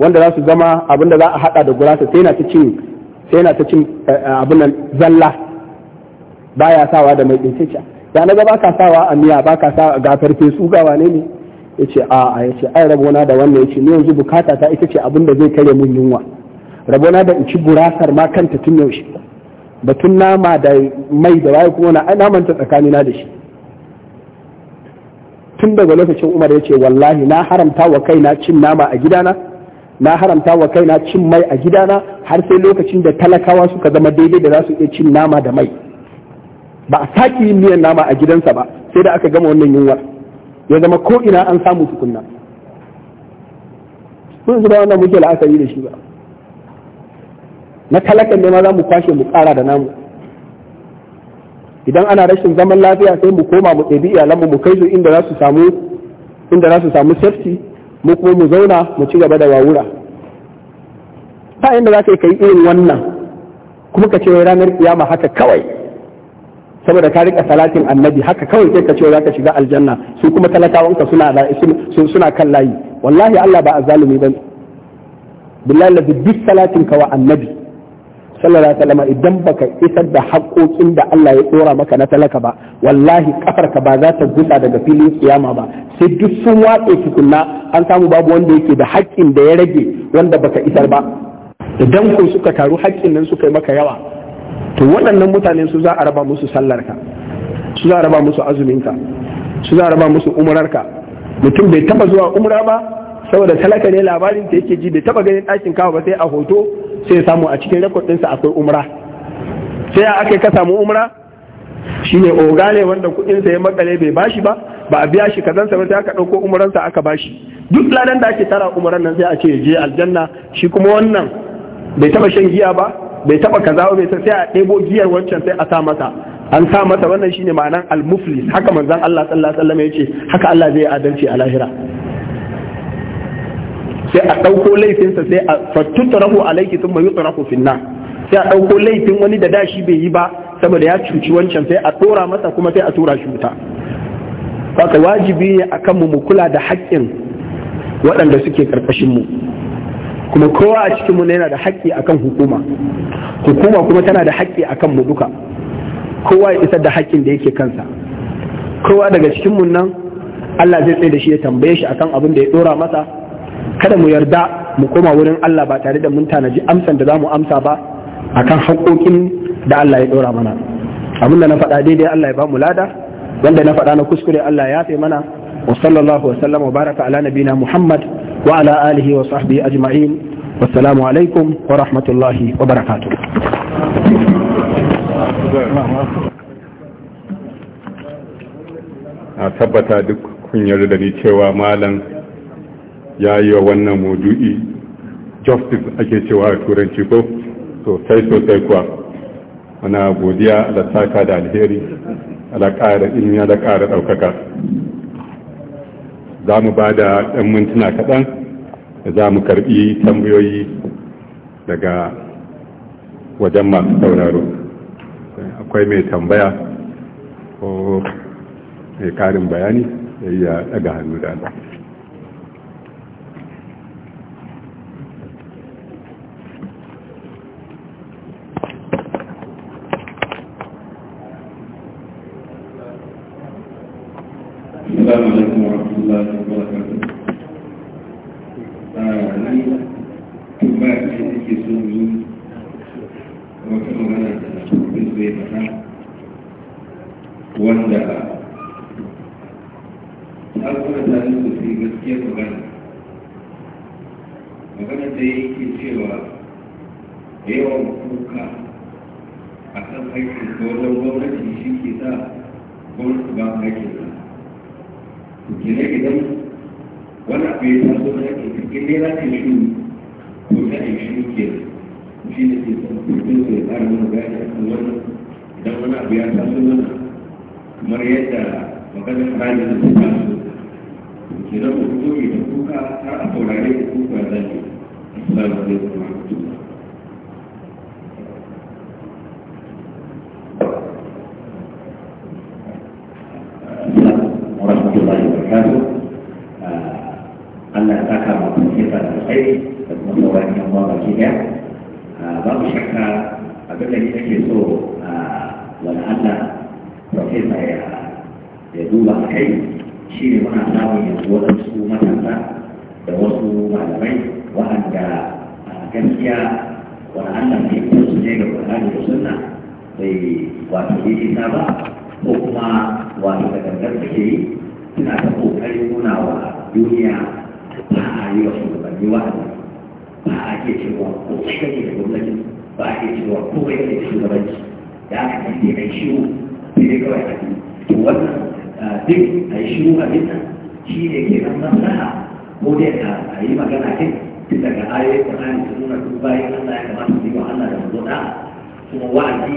wanda za su zama abin da za a haɗa da gurasa sai na ta cin sai ta cin eh, eh, abin nan zalla baya sawa da mai ɗince ya na ba ka sawa a miya ba ka sawa ga farfesu ga wane ne ya ce a a ya ce ai rabona da wannan ya ce ni yanzu bukata ta ita ce abin da zai kare mun yunwa rabona da in ci gurasar ma kanta tun yaushe batun nama da mai da waye kuma na tsakani tsakanina da shi tun daga lokacin umar ya ce wallahi na haramta wa kaina cin nama a gidana na haramta wa kai na cin mai a gidana har sai lokacin da talakawa suka zama daidai da za su iya cin nama da mai ba a saki yin miyan nama a gidansa ba sai da aka gama wannan yunwar ya zama ko ina an samu tukunna mun zuba wannan muke la'asari da shi ba na talakan ne ma za mu kwashe mu ƙara da namu idan ana rashin zaman lafiya sai mu koma mu ɗebi iyalanmu mu kai su inda za su samu inda za su samu safety mu kuma mu zauna mu ci gaba da wawura ta inda za ka yi kai irin wannan kuma ka ce ranar kiyama haka kawai saboda ka rika salatin annabi haka kawai sai ka ce za ka shiga aljanna su kuma talakawanka suna suna kan layi wallahi Allah ba azzalumi bane billahi duk salatin ka wa annabi sallallahu alaihi wasallam idan baka isar da haƙoƙin da Allah ya dora maka na talaka ba wallahi kafarka ba za ta gusa daga filin kiyama ba sai duk sun watse tukunna an samu babu wanda yake da haƙƙin da ya rage wanda baka isar ba idan ku suka taru haƙƙin nan suka yi maka yawa to waɗannan mutane su za a raba musu sallarka su za a raba musu azuminka su za a raba musu umrarka mutum bai taba zuwa umra ba saboda talaka ne labarin ta yake ji bai taba ganin ɗakin kawo ba sai a hoto sai samu a cikin rekod akwai umra sai aka ka samu umra shi oga ne wanda kudinsa ya makale bai bashi ba ba a biya shi kazansa ba sai aka ɗauko umaransa aka bashi duk ladan da ake tara umaran nan sai a ce je aljanna shi kuma wannan bai taba shan giya ba bai taba kaza ba bai sai a ɗebo giyar wancan sai a sa masa an sa masa wannan shine ma'anan al-muflis haka manzon Allah sallallahu alaihi wasallam ce haka Allah zai adalci a lahira sai a ɗauko laifinsa sai a fattutarahu alaiki sun mayu tsarafu finna sai a ɗauko laifin wani da dashi bai yi ba saboda ya cuci wancan sai a ɗora masa kuma sai a tura shi wuta kaka wajibi ne a kanmu mu kula da haƙƙin waɗanda suke ƙarƙashin mu kuma kowa a cikinmu ne yana da haƙƙi akan hukuma hukuma kuma tana da haƙƙi akan mu duka kowa ya isar da haƙƙin da yake kansa kowa daga cikinmu nan Allah zai tsaye da shi ya tambaye shi akan abin da ya ɗora masa kada mu yarda mu koma wurin Allah ba tare da mun tanaji amsan da za mu amsa ba a kan haƙoƙin da Allah ya ɗora mana abin da na faɗa daidai Allah ya ba mu lada wanda na faɗa na kuskure Allah ya fi mana wa sallallahu wa sallam wa baraka ala nabina Muhammad wa ala alihi wa sahbihi ajma'in salamu alaikum wa rahmatullahi wa barakatuh a tabbata duk kun yarda da ni cewa malam ya yi wa wannan mudu'i justice ake cewa a turanci ko sosai sosai kuwa ana godiya da saka da alheri alaƙara ilmi alaƙara ɗaukaka za mu ba da ɗan mintuna kaɗan da za mu karɓi tambayoyi daga wajen masu sauraro akwai mai tambaya ko mai ƙarin bayani ya yi ya ɗaga hannu da Allah shugabanci da aka yi sai a yi shiru kawai a to wannan ah, duk a yi shiru a nan shi ne ke nan ko dai a yi magana kai tun daga ayoyin Qur'ani sun nuna duk bayan Allah ya kamata su yi da kuma wa'azi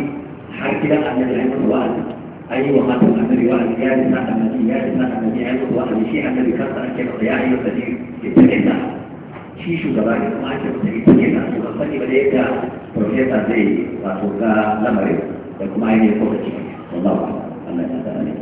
har gidan annabi ya yi wa'azi an yi wa matan annabi wa'azi ya yi sa annabi ya yi sa annabi ya yi wa'azi shi annabi kansa ake ya yi wa sadi ke tare shi shugaba ne kuma ake mutum ita ke na su sani ba da yadda profesa zai wato ga lamarin da kuma ainihin kowace wallahu Allah ya tsara ne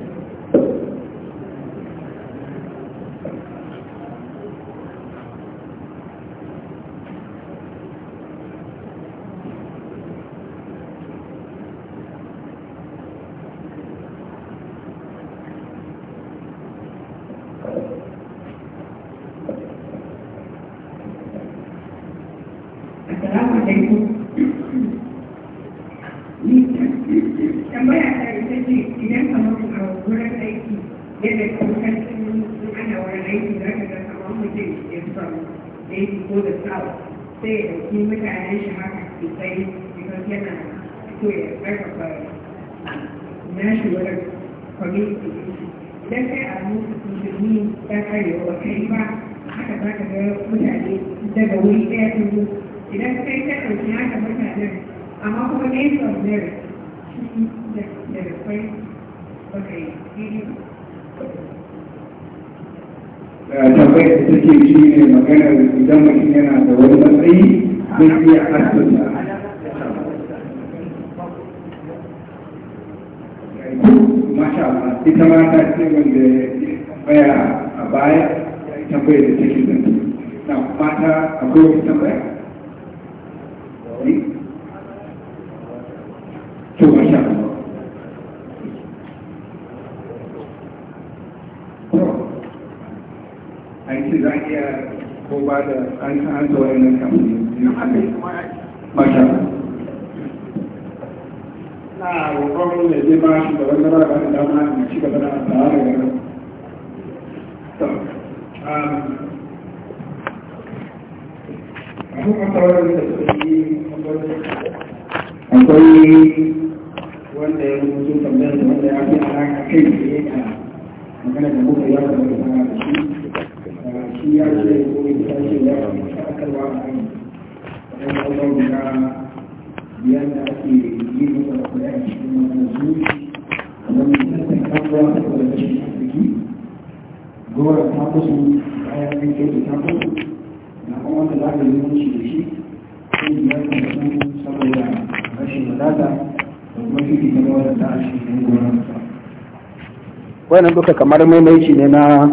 kamar maimaici ne na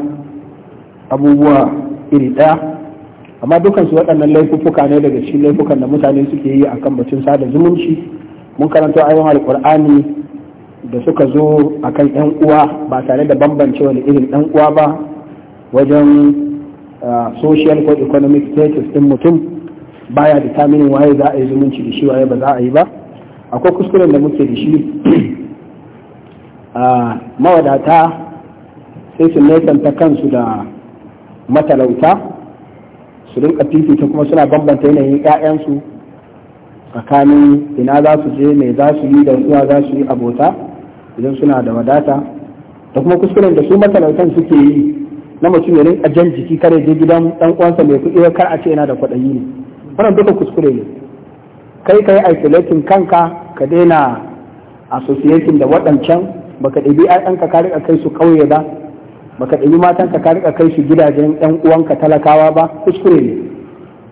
abubuwa iri ɗaya amma dukansu waɗannan laifuffuka ne daga cikin laifukan da mutane suke yi a kan batun sada zumunci mun karanta ayon alkur'ani da suka zo a kan ‘yan uwa ba tare da bambance wani irin ɗan uwa ba wajen social ko economic status ɗin mutum baya da taminin waye za a yi zumunci da shi waye ba za a yi ba akwai kuskuren da muke da shi mawadata sai su nesanta kansu da matalauta su rinka fifita kuma suna bambanta yanayin 'ya'yansu tsakanin ina za su je mai za su yi da ruwa za su yi abota idan suna da wadata da kuma kuskuren da su matalautan suke yi na mutum ya rinka jan jiki kare je gidan ɗan uwansa mai kuɗi kar a ce yana da kwaɗayi ne wannan duka kuskure ne kai ka yi isolating kanka ka daina associating da waɗancan baka ɗabi ai ɗanka ka rika kai su ƙauye ba baka ɗabi matanka ka rika kai shi gidajen yan uwanka talakawa ba kuskure ne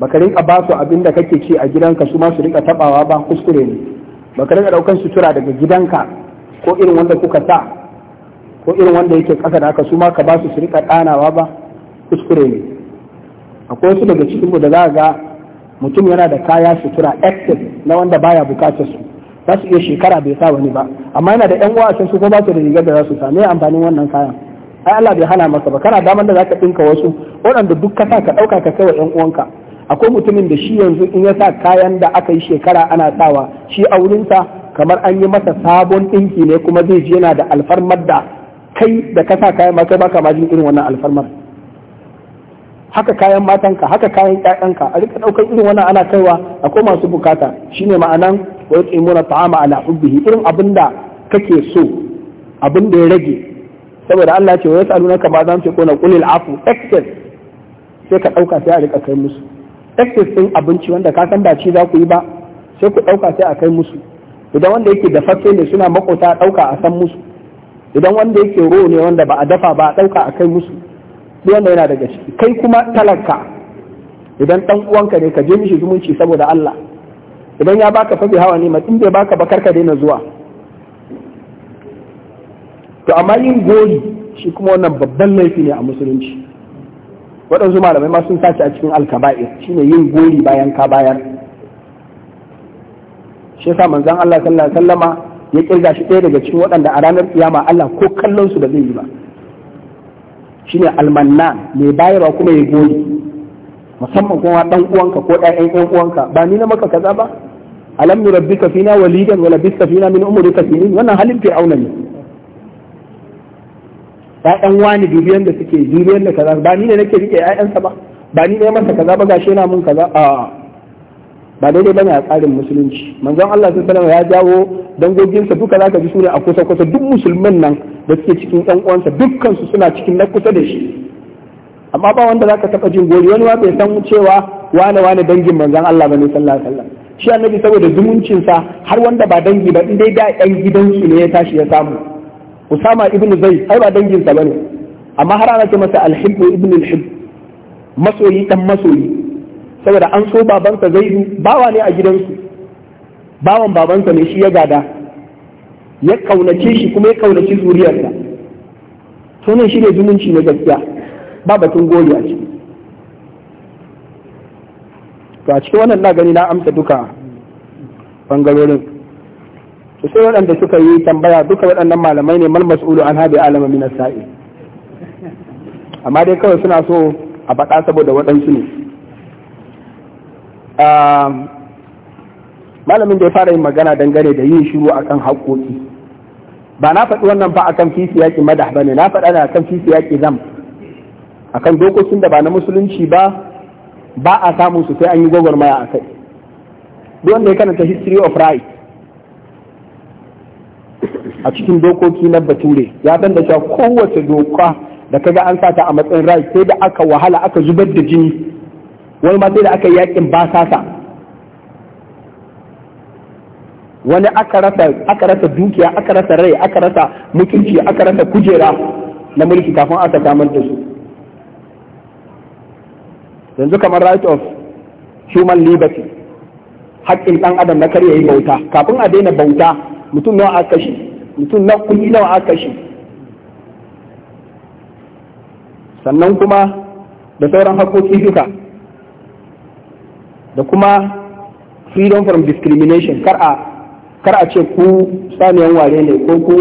baka rika ba su abin da kake ci a gidanka su ma su rika tabawa ba kuskure ne baka rika daukan sutura daga gidanka ko irin wanda kuka sa ko irin wanda yake ƙasa da haka su ma ka ba su su rika ɗanawa ba kuskure ne akwai wasu daga cikinmu da za ga mutum yana da kaya sutura excess na wanda baya bukatar su za su iya shekara bai sa wani ba amma yana da yan uwa a can su ko ba su da rigar da za su sa me amfanin wannan kayan ai Allah bai hana masa ba kana damar da zaka dinka wasu waɗanda duk ka sa ka ɗauka ka kai wa ƴan uwanka akwai mutumin da shi yanzu in ya sa kayan da aka yi shekara ana sawa shi a wurinsa kamar an yi masa sabon ɗinki ne kuma zai je yana da alfarmar da kai da ka sa kayan ma kai baka ma jin irin wannan alfarmar haka kayan matanka haka kayan ƴaƴanka a rika ɗaukar irin wannan ana kaiwa akwai masu bukata shine ma'anan wa yutimuna ta'ama ala hubbihi irin abinda kake so abinda ya rage saboda Allah ce wa ya na naka ba za mu ce ko na kulil afu excess sai ka ɗauka sai a rika kai musu excess ɗin abinci wanda ka san dace za ku yi ba sai ku ɗauka sai a kai musu idan wanda yake dafaffe ne suna makota ɗauka a san musu idan wanda yake ro ne wanda ba a dafa ba a ɗauka a kai musu duk wanda yana daga ciki kai kuma talaka idan ɗan uwanka ne ka je mishi zumunci saboda Allah idan ya baka fa hawa ne in bai baka ba karka daina zuwa to amma yin gori shi kuma wannan babban laifi ne a musulunci waɗansu malamai ma sun sace a cikin alkaba'ir shine yin goyi bayan ka bayar shi yasa manzon Allah sallallahu alaihi wasallama ya ƙirga shi ɗaya daga cikin waɗanda a ranar kiyama Allah ko kallon su da zai yi ba shine almanna mai bayarwa kuma ya gori musamman kuma dan uwanka ko ɗayan ɗan uwanka ba ni na maka kaza ba alam nurabbika fina walidan wala bista fina min umrika sinin wannan halin fir'auna ne ƴaƴan wani dubiyan da suke dubiyan da kaza ba ni ne nake rike ƴaƴansa ba ba ni ne masa kaza ba gashi yana mun kaza a ba daidai bane a tsarin musulunci manzon Allah sallallahu alaihi ya jawo dangoginsa duka zaka ji sune a kusa kusa duk musulman nan da suke cikin ƴan uwansa dukkan su suna cikin na kusa da shi amma ba wanda zaka taba jin gori wani ma bai san cewa wane wane dangin manzon Allah bane sallallahu alaihi wasallam shi annabi saboda zumuncinsa har wanda ba dangi ba indai dai da ƴan gidansu ne ya tashi ya samu usama ibn Zayd ai ba danginsa bane amma har ana ce masa al alhibbu ibn Al-Hibb, masoyi dan masoyi saboda an so babansa zaidu bawa ne a gidansu bawan babansa ne shi ya gada ya kaunace shi kuma ya kaunace zuriyarsa sunan shi ne zumunci na gaskiya ba batun gori a ciki to a cikin wannan na gani na amsa duka bangarorin sai waɗanda suka yi tambaya duka waɗannan malamai ne mal mas'ulu an habi alama min sa'i amma dai kawai suna so a faɗa saboda waɗansu ne malamin da ya fara yin magana dangane da yin shiru akan haƙoƙi ba na faɗi wannan ba akan fifi yaƙi madah ba ne na faɗa ne akan fifi yaƙi zam akan dokokin da ba na musulunci ba ba a samun su sai an yi gwagwarmaya a kai duk wanda ya karanta history of right a cikin dokoki na bature ya dan da kowace doka da kaga an sata a matsayin rai sai da aka wahala aka zubar da jini wani ma sai da aka yakin ba sa, wani aka rasa aka rasa dukiya aka rasa rai aka rasa mutunci aka rasa kujera na mulki kafin aka samar da su yanzu kamar right of human liberty haƙƙin ɗan adam na karya yi bauta kafin a daina bauta mutum nawa aka kashe mutum na kuɗi nawa aka kashe sannan kuma da sauran haƙoƙi duka da kuma freedom from discrimination kar a ce ku saniyan ware ne ko ku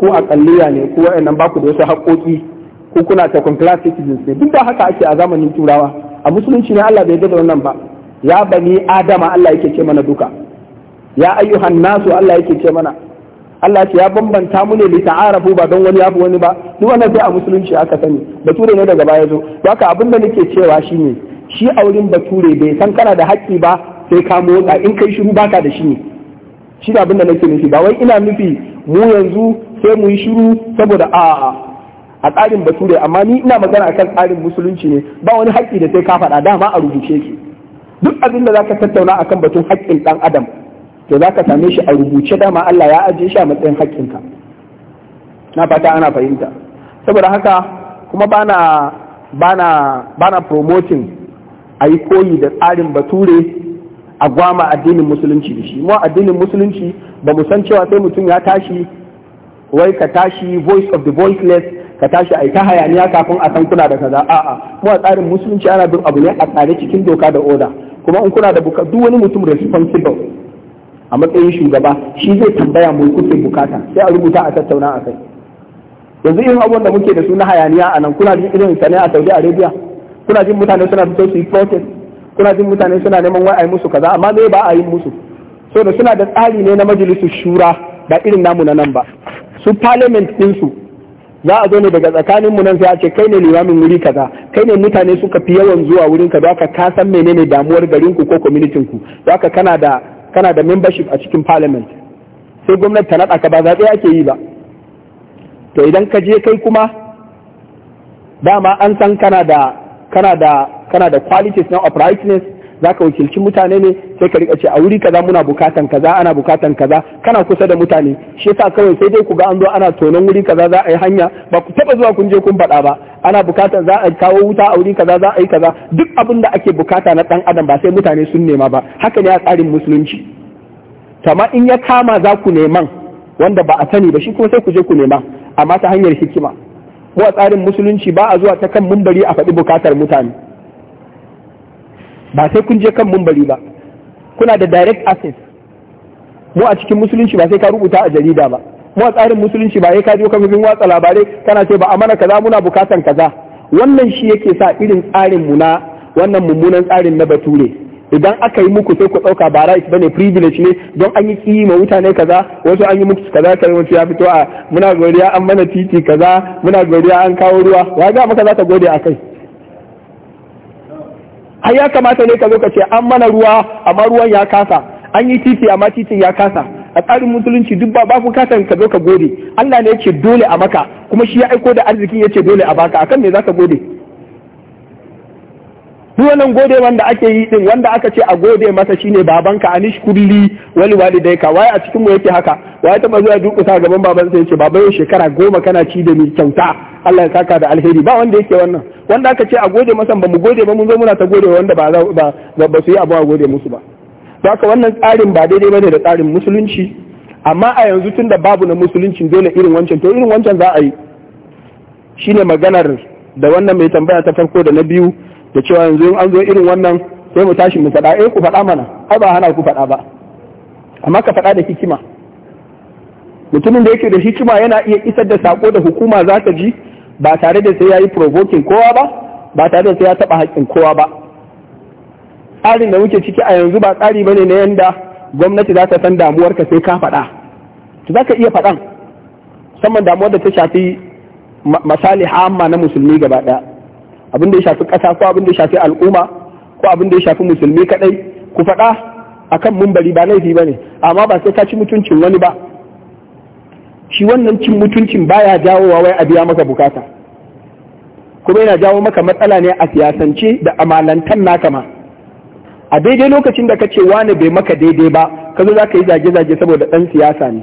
ku akalliya ne ko waɗannan baku da wasu haƙoƙi ko kuna second class citizens ne duk da haka ake a zamanin turawa a musulunci ne Allah bai da wannan ba ya bani adama Allah yake ce mana duka ya ayyuhan nasu Allah yake ce mana Allah ce ya bambanta mu ne li ta'arafu ba don wani yafi wani ba duk wanda sai a musulunci aka sani bature ne daga baya zo haka abin da nake cewa shine shi aurin bature bai san kana da haƙƙi ba sai ka motsa in kai shiru baka da shi ne shi da abin da nake nufi ba wai ina nufi mu yanzu sai mu yi shiru saboda a a tsarin bature amma ni ina magana akan tsarin musulunci ne ba wani haƙƙi da sai ka faɗa dama a rubuce ki duk abin da zaka tattauna akan batun haƙƙin ɗan adam to za ka same shi a rubuce dama Allah ya ajiye shi a matsayin haƙƙinka na fata ana fahimta saboda haka kuma bana bana bana promoting a yi koyi da tsarin bature a gwama addinin musulunci da shi mu addinin musulunci ba mu san cewa sai mutum ya tashi wai ka tashi voice of the voiceless ka tashi a ta hayaniya kafin a san kuna da kaza a'a mu a tsarin musulunci ana bin abu ne a tsare cikin doka da oda kuma in kuna da buka duk wani mutum responsible a matsayin shugaba shi zai tambaya mu kuke bukata sai a rubuta a tattauna a kai yanzu irin abubuwan da muke da su na hayaniya a nan kuna jin irin sane a saudi arabia kuna jin mutane suna fito su yi protest kuna jin mutane suna neman wai a yi musu kaza amma me ba a yi musu so da suna da tsari ne na majalisu shura ba irin namu na nan ba su parliament din su. za a zo ne daga tsakanin mu nan sai a ce kai ne limamin wuri kaza kai ne mutane suka fi yawan zuwa wurin ka don ka san menene damuwar garin ku ko community ku don kana da kana da membership a cikin parliament sai gwamnati ta naɗa ka ba zaɓe ake yi ba to idan ka je kai kuma dama an san kana da kana da kana da qualities na uprightness za ka wakilci mutane ne sai ka rika ce a wuri kaza muna bukatan kaza ana bukatan kaza kana kusa da mutane shi yasa kawai sai dai ku ga an zo ana tonon wuri kaza za a yi hanya ba ku taba zuwa kun je kun faɗa ba ana bukatan za a kawo wuta a wuri kaza za a yi kaza duk abin da ake bukata na dan adam ba sai mutane sun nema ba haka ne a tsarin musulunci amma in ya kama za ku neman wanda ba a sani ba shi kuma sai ku je ku nema amma ta hanyar hikima mu a tsarin musulunci ba a zuwa ta kan mumbari a faɗi bukatar mutane ba sai kun je kan mumbari ba kuna da direct access mu a cikin musulunci ba sai ka rubuta a jarida ba mu a tsarin musulunci ba sai ka je kafofin watsa labarai kana ce ba a mana kaza muna bukatan kaza wannan shi yake sa irin tsarin mu na wannan mummunan tsarin na bature idan aka yi muku sai ku ɗauka ba right bane privilege ne don an yi kima mutane kaza wasu an yi muku kaza kai wasu ya fito a muna godiya an mana titi kaza muna godiya an kawo ruwa wa ga maka za ka gode a kai ai ya kamata ne ka zo ka ce an mana ruwa amma ruwan ya kasa an yi titi amma titin ya kasa a tsarin musulunci duk ba ku kasa ka zo ka gode Allah ne ya ce dole a maka kuma shi ya aiko da arzikin ya ce dole a baka akan me za ka gode duk wannan gode wanda ake yi din wanda aka ce a gode masa shine babanka anish kulli wali walidayka waye a cikin mu yake haka waye taba zuwa dukusa gaban baban sai ce baba yau shekara goma kana ci da ni kyauta Allah ya saka da alheri ba wanda yake wannan wanda aka ce a gode masa ba mu gode ba mun zo muna ta gode wanda ba ba ba su yi abu a gode musu ba haka wannan tsarin ba daidai bane da tsarin musulunci amma a yanzu tunda babu na musulunci dole irin wancan to irin wancan za a yi shine maganar da wannan mai tambaya ta farko da na biyu da cewa yanzu an zo irin wannan sai mu tashi mu faɗa eh ku faɗa mana ai ba hana ku faɗa ba amma ka faɗa da hikima mutumin da yake da hikima yana iya isar da sako da hukuma za ta ji ba tare da sai ya yi provoking kowa ba ba tare da sai ya taɓa haƙƙin kowa ba tsarin da muke ciki a yanzu ba tsari bane na yanda gwamnati za ta san damuwarka sai ka faɗa to za ka iya faɗan musamman damuwar da ta shafi masali amma na musulmi gaba ɗaya abinda ya shafi ƙasa ko abinda da ya shafi al'umma ko abin ya shafi musulmi kaɗai, ku faɗa A kan mumbari ba laifi ba ne amma ba sai ka ci mutuncin wani ba shi wannan cin mutuncin baya jawowa wai a biya maka bukata kuma yana jawo maka matsala ne a siyasance da amalantan naka ma a daidai lokacin da ka ce wani bai maka daidai ba ka zo za ka yi zage-zage saboda ɗan siyasa ne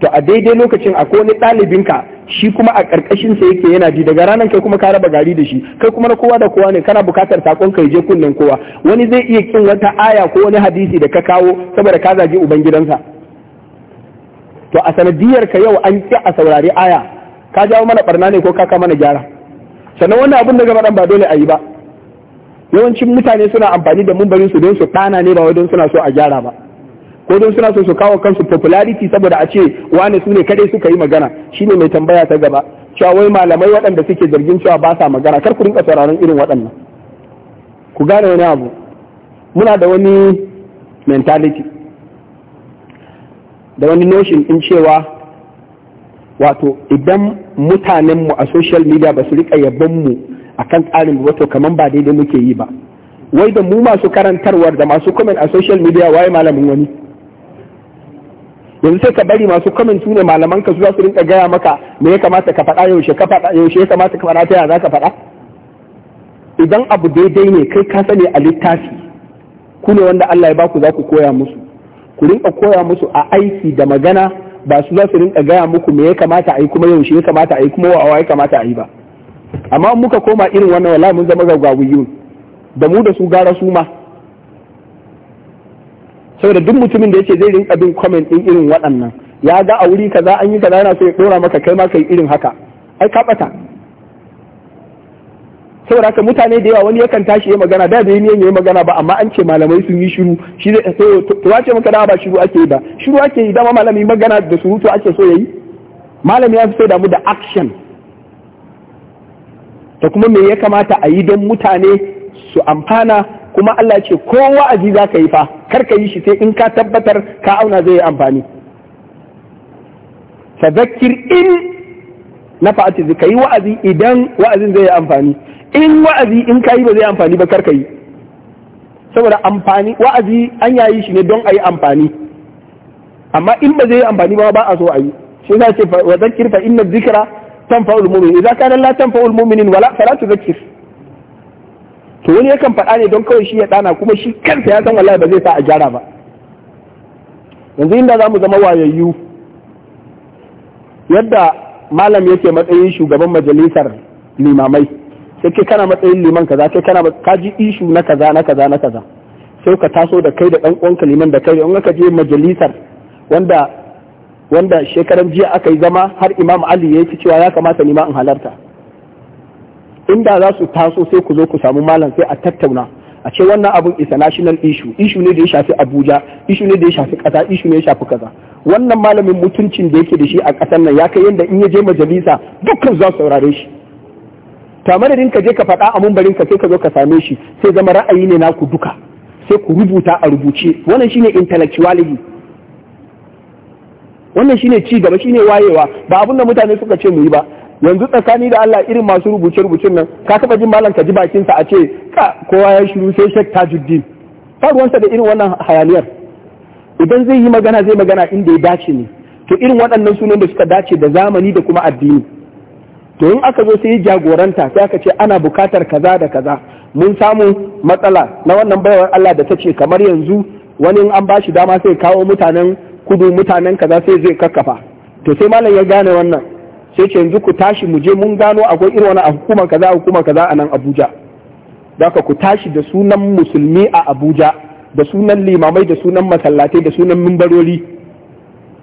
to a daidai lokacin akwai wani ɗalibinka shi kuma a ƙarƙashinsa yake yana ji daga ranar kai kuma ka raba gari da shi kai kuma na kowa da kowa ne kana buƙatar sakon ka je kunnen kowa wani zai iya kin wata aya ko wani hadisi da ka kawo saboda ka zagi ubangidansa to a sanadiyar ka yau an ƙi a saurari aya ka jawo mana barna ne ko ka ka mana gyara sannan wannan abin da gaba ɗan ba dole a yi ba yawancin mutane suna amfani da mumbarin su don su ɗana ne ba wai don suna so a gyara ba ko don suna so su kawo kansu popularity saboda a ce wane su ne kadai suka yi magana shine mai tambaya ta gaba cewa wai malamai waɗanda suke zargin cewa ba sa magana kar ku rinka sauraron irin waɗannan ku gane wani abu muna da wani mentality da wani notion in cewa wato idan mutanenmu a social media ba su rika yabonmu a kan tsarin wato kaman ba daidai muke yi ba wai da mu masu karantarwar da masu comment a social media waye malamin wani yanzu sai ka bari masu kamin su ne malaman ka su za su rinka gaya maka me ya kamata ka faɗa yaushe ka faɗa yaushe ya kamata ka faɗa ta yaya za ka faɗa idan abu daidai ne kai ka sani a littafi ku ne wanda Allah ya baku za ku koya musu ku rinka koya musu a aiki da magana ba su za su rinka gaya muku me ya kamata a yi kuma yaushe ya kamata a yi kuma wawa ya kamata a yi ba amma muka koma irin wannan wallahi mun zama gagwawiyun da mu da su gara su ma saboda duk mutumin da yake zai rinka bin comment din irin waɗannan ya ga a wuri kaza an yi kaza yana so ya dora maka kai ma kai irin haka ai ka bata saboda haka mutane da yawa wani yakan tashi ya magana da bai niyan ya magana ba amma an ce malamai sun yi shiru shi zai so to wace maka da ba shiru ake yi ba shiru ake yi dama malami magana da surutu ake so yayi malami ya fi so damu da action da kuma me ya kamata a yi don mutane su amfana kuma Allah ce ko wa'azi za ka yi fa kar ka yi shi sai in ka tabbatar ka auna zai yi amfani fadakir in na fa'ati ka yi wa'azi idan wa'azin zai yi amfani in wa'azi in ka yi ba zai amfani ba kar ka yi saboda amfani wa'azi an yayi shi ne don a yi amfani amma in ba zai yi amfani ba ba a so a yi shi za ce wa zakir fa inna zikra tanfa'ul mu'min idan kana la tanfa'ul mu'minin wala fala tuzakkir to wani yakan faɗa ne don kawai shi ya ɗana kuma shi kansa ya san wallahi ba zai sa a gyara ba yanzu inda za mu zama wayayyu yadda malam yake matsayin shugaban majalisar limamai sai kai kana matsayin liman kaza kai kana ka ji ishu na kaza na kaza na kaza sai ka taso da kai da ɗan uwanka liman da kai in ka je majalisar wanda shekaran jiya aka yi zama har imam ali ya yi cewa ya kamata liman in halarta inda za su taso sai ku zo ku samu malam sai a tattauna a ce wannan abun isa national issue issue ne da ya shafi abuja issue ne da ya shafi kasa issue ne ya shafi kaza wannan malamin mutuncin da yake da shi a kasar nan ya kai yadda in ya je majalisa dukkan za saurare shi ta madadin ka je ka faɗa a mumbarin ka sai ka zo ka same shi sai zama ra'ayi ne naku duka sai ku rubuta a rubuce wannan shine intellectuality wannan shine ci gaba shine wayewa ba abun da mutane suka ce mu yi ba yanzu tsakani da Allah irin masu rubuce-rubucen nan ka taba jin malam ka ji bakinsa a ce ka kowa ya shiru sai Sheikh Tajuddin faruwansa da irin wannan hayaniyar idan zai yi magana zai magana inda ya dace ne to irin waɗannan sunan da suka dace da zamani da kuma addini to in aka zo sai ya jagoranta sai aka ce ana bukatar kaza da kaza mun samu matsala na wannan bayawar Allah da ta ce kamar yanzu wani in an bashi dama sai kawo mutanen kudu mutanen kaza sai zai kakkafa to sai malam ya gane wannan sai ce yanzu ku tashi mu je mun gano akwai irin wani a hukumar kaza hukumar kaza a nan Abuja ka ku tashi da sunan musulmi a Abuja da sunan limamai da sunan masallatai da sunan mimbarori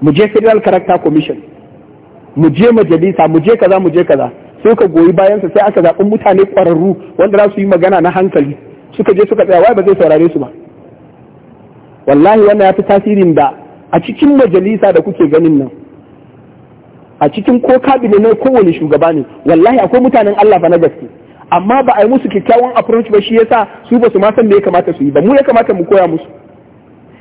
mu je Federal Character Commission mu je majalisa mu je kaza mu je kaza sai ka goyi bayansa sai aka zaɓi mutane ƙwararru wanda za su yi magana na hankali suka je suka tsaya wai ba zai saurare su ba wallahi wannan ya fi tasirin da a cikin majalisa da kuke ganin nan a cikin ko kabile na kowane shugaba ne wallahi akwai mutanen Allah fa na gaske amma ba a yi musu kyakkyawan approach ba shi yasa su ba su ma san me ya kamata su yi ba mu ya kamata mu koya musu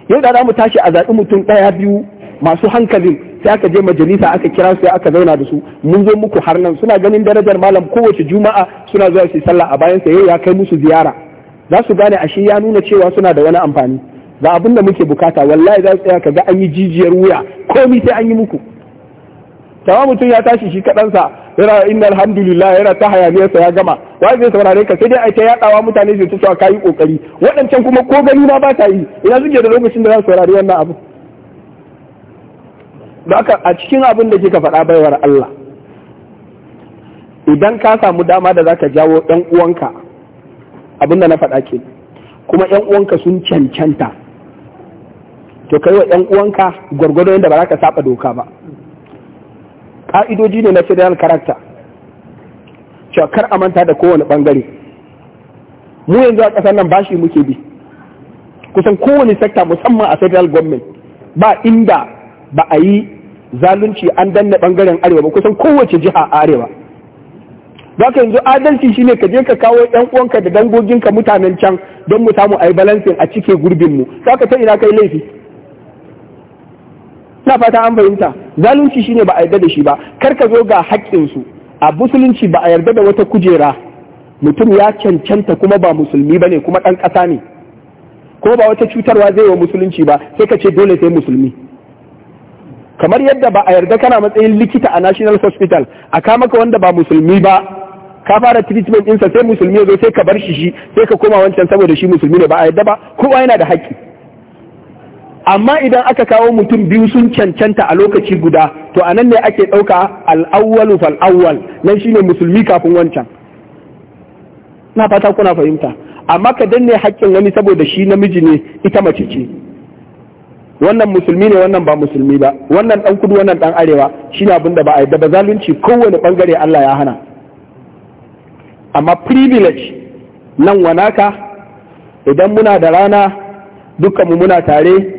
yau da za mu tashi a zaɓi mutum ɗaya biyu masu hankalin sai aka je majalisa aka kira su aka zauna da su mun zo muku har nan suna ganin darajar malam kowace juma'a suna zuwa su sallah a bayan sa yau ya kai musu ziyara za su gane ashe ya nuna cewa suna da wani amfani ga abin da muke bukata wallahi za su tsaya ka ga an yi jijiyar wuya komai sai an yi muku kama mutum ya tashi shi kaɗansa yana inna alhamdulillah yana ta hayaniyarsa ya gama wani zai saurare ka sai dai ai ta ɗawa mutane su ta kayi kokari waɗancan kuma ko gani ma ba ta yi ina suke da lokacin da za su saurari wannan abu haka a cikin abin da kika faɗa baiwar Allah idan ka samu dama da zaka jawo ɗan uwanka abin da na faɗa ke kuma ɗan uwanka sun cancanta to kai wa ɗan uwanka gwargwado yadda ba za ka saba doka ba ka'idoji ne na federal character cewa kar a manta da kowane bangare mu yanzu a ƙasar nan bashi muke bi kusan kowane sekta musamman a federal government ba inda ba a yi zalunci an danna bangaren arewa ba kusan kowace jiha a arewa ka yanzu adalci shine ka je ka kawo yan uwanka da dangoginka mutanen can don mu samu ayi balansin a cike gurbinmu, mu ka ta ina kai laifi ta fata an fahimta zalunci shine ba a yarda da shi ba kar ka zo ga haƙƙin su a musulunci ba a yarda da wata kujera mutum ya cancanta kuma ba musulmi bane kuma ɗan ƙasa ne ko ba wata cutarwa zai wa musulunci ba sai ka ce dole sai musulmi kamar yadda ba a yarda kana matsayin likita a national hospital a kama ka wanda ba musulmi ba ka fara treatment ɗinsa sai musulmi ya zo sai ka bar shi shi sai ka koma wancan saboda shi musulmi ne ba a yarda ba kowa yana da haƙƙi amma idan aka kawo mutum biyu sun cancanta a lokaci guda to anan ne ake ɗauka al'awwalu fal awwal nan shine musulmi kafin wancan na fata kuna fahimta amma ka danne haƙƙin wani saboda shi namiji ne ita mace ce wannan musulmi ne wannan ba musulmi ba wannan dan kudu wannan dan arewa shine abin da ba a yi ba zalunci kowane bangare Allah ya hana amma privilege nan wanaka idan muna da rana dukkanmu muna tare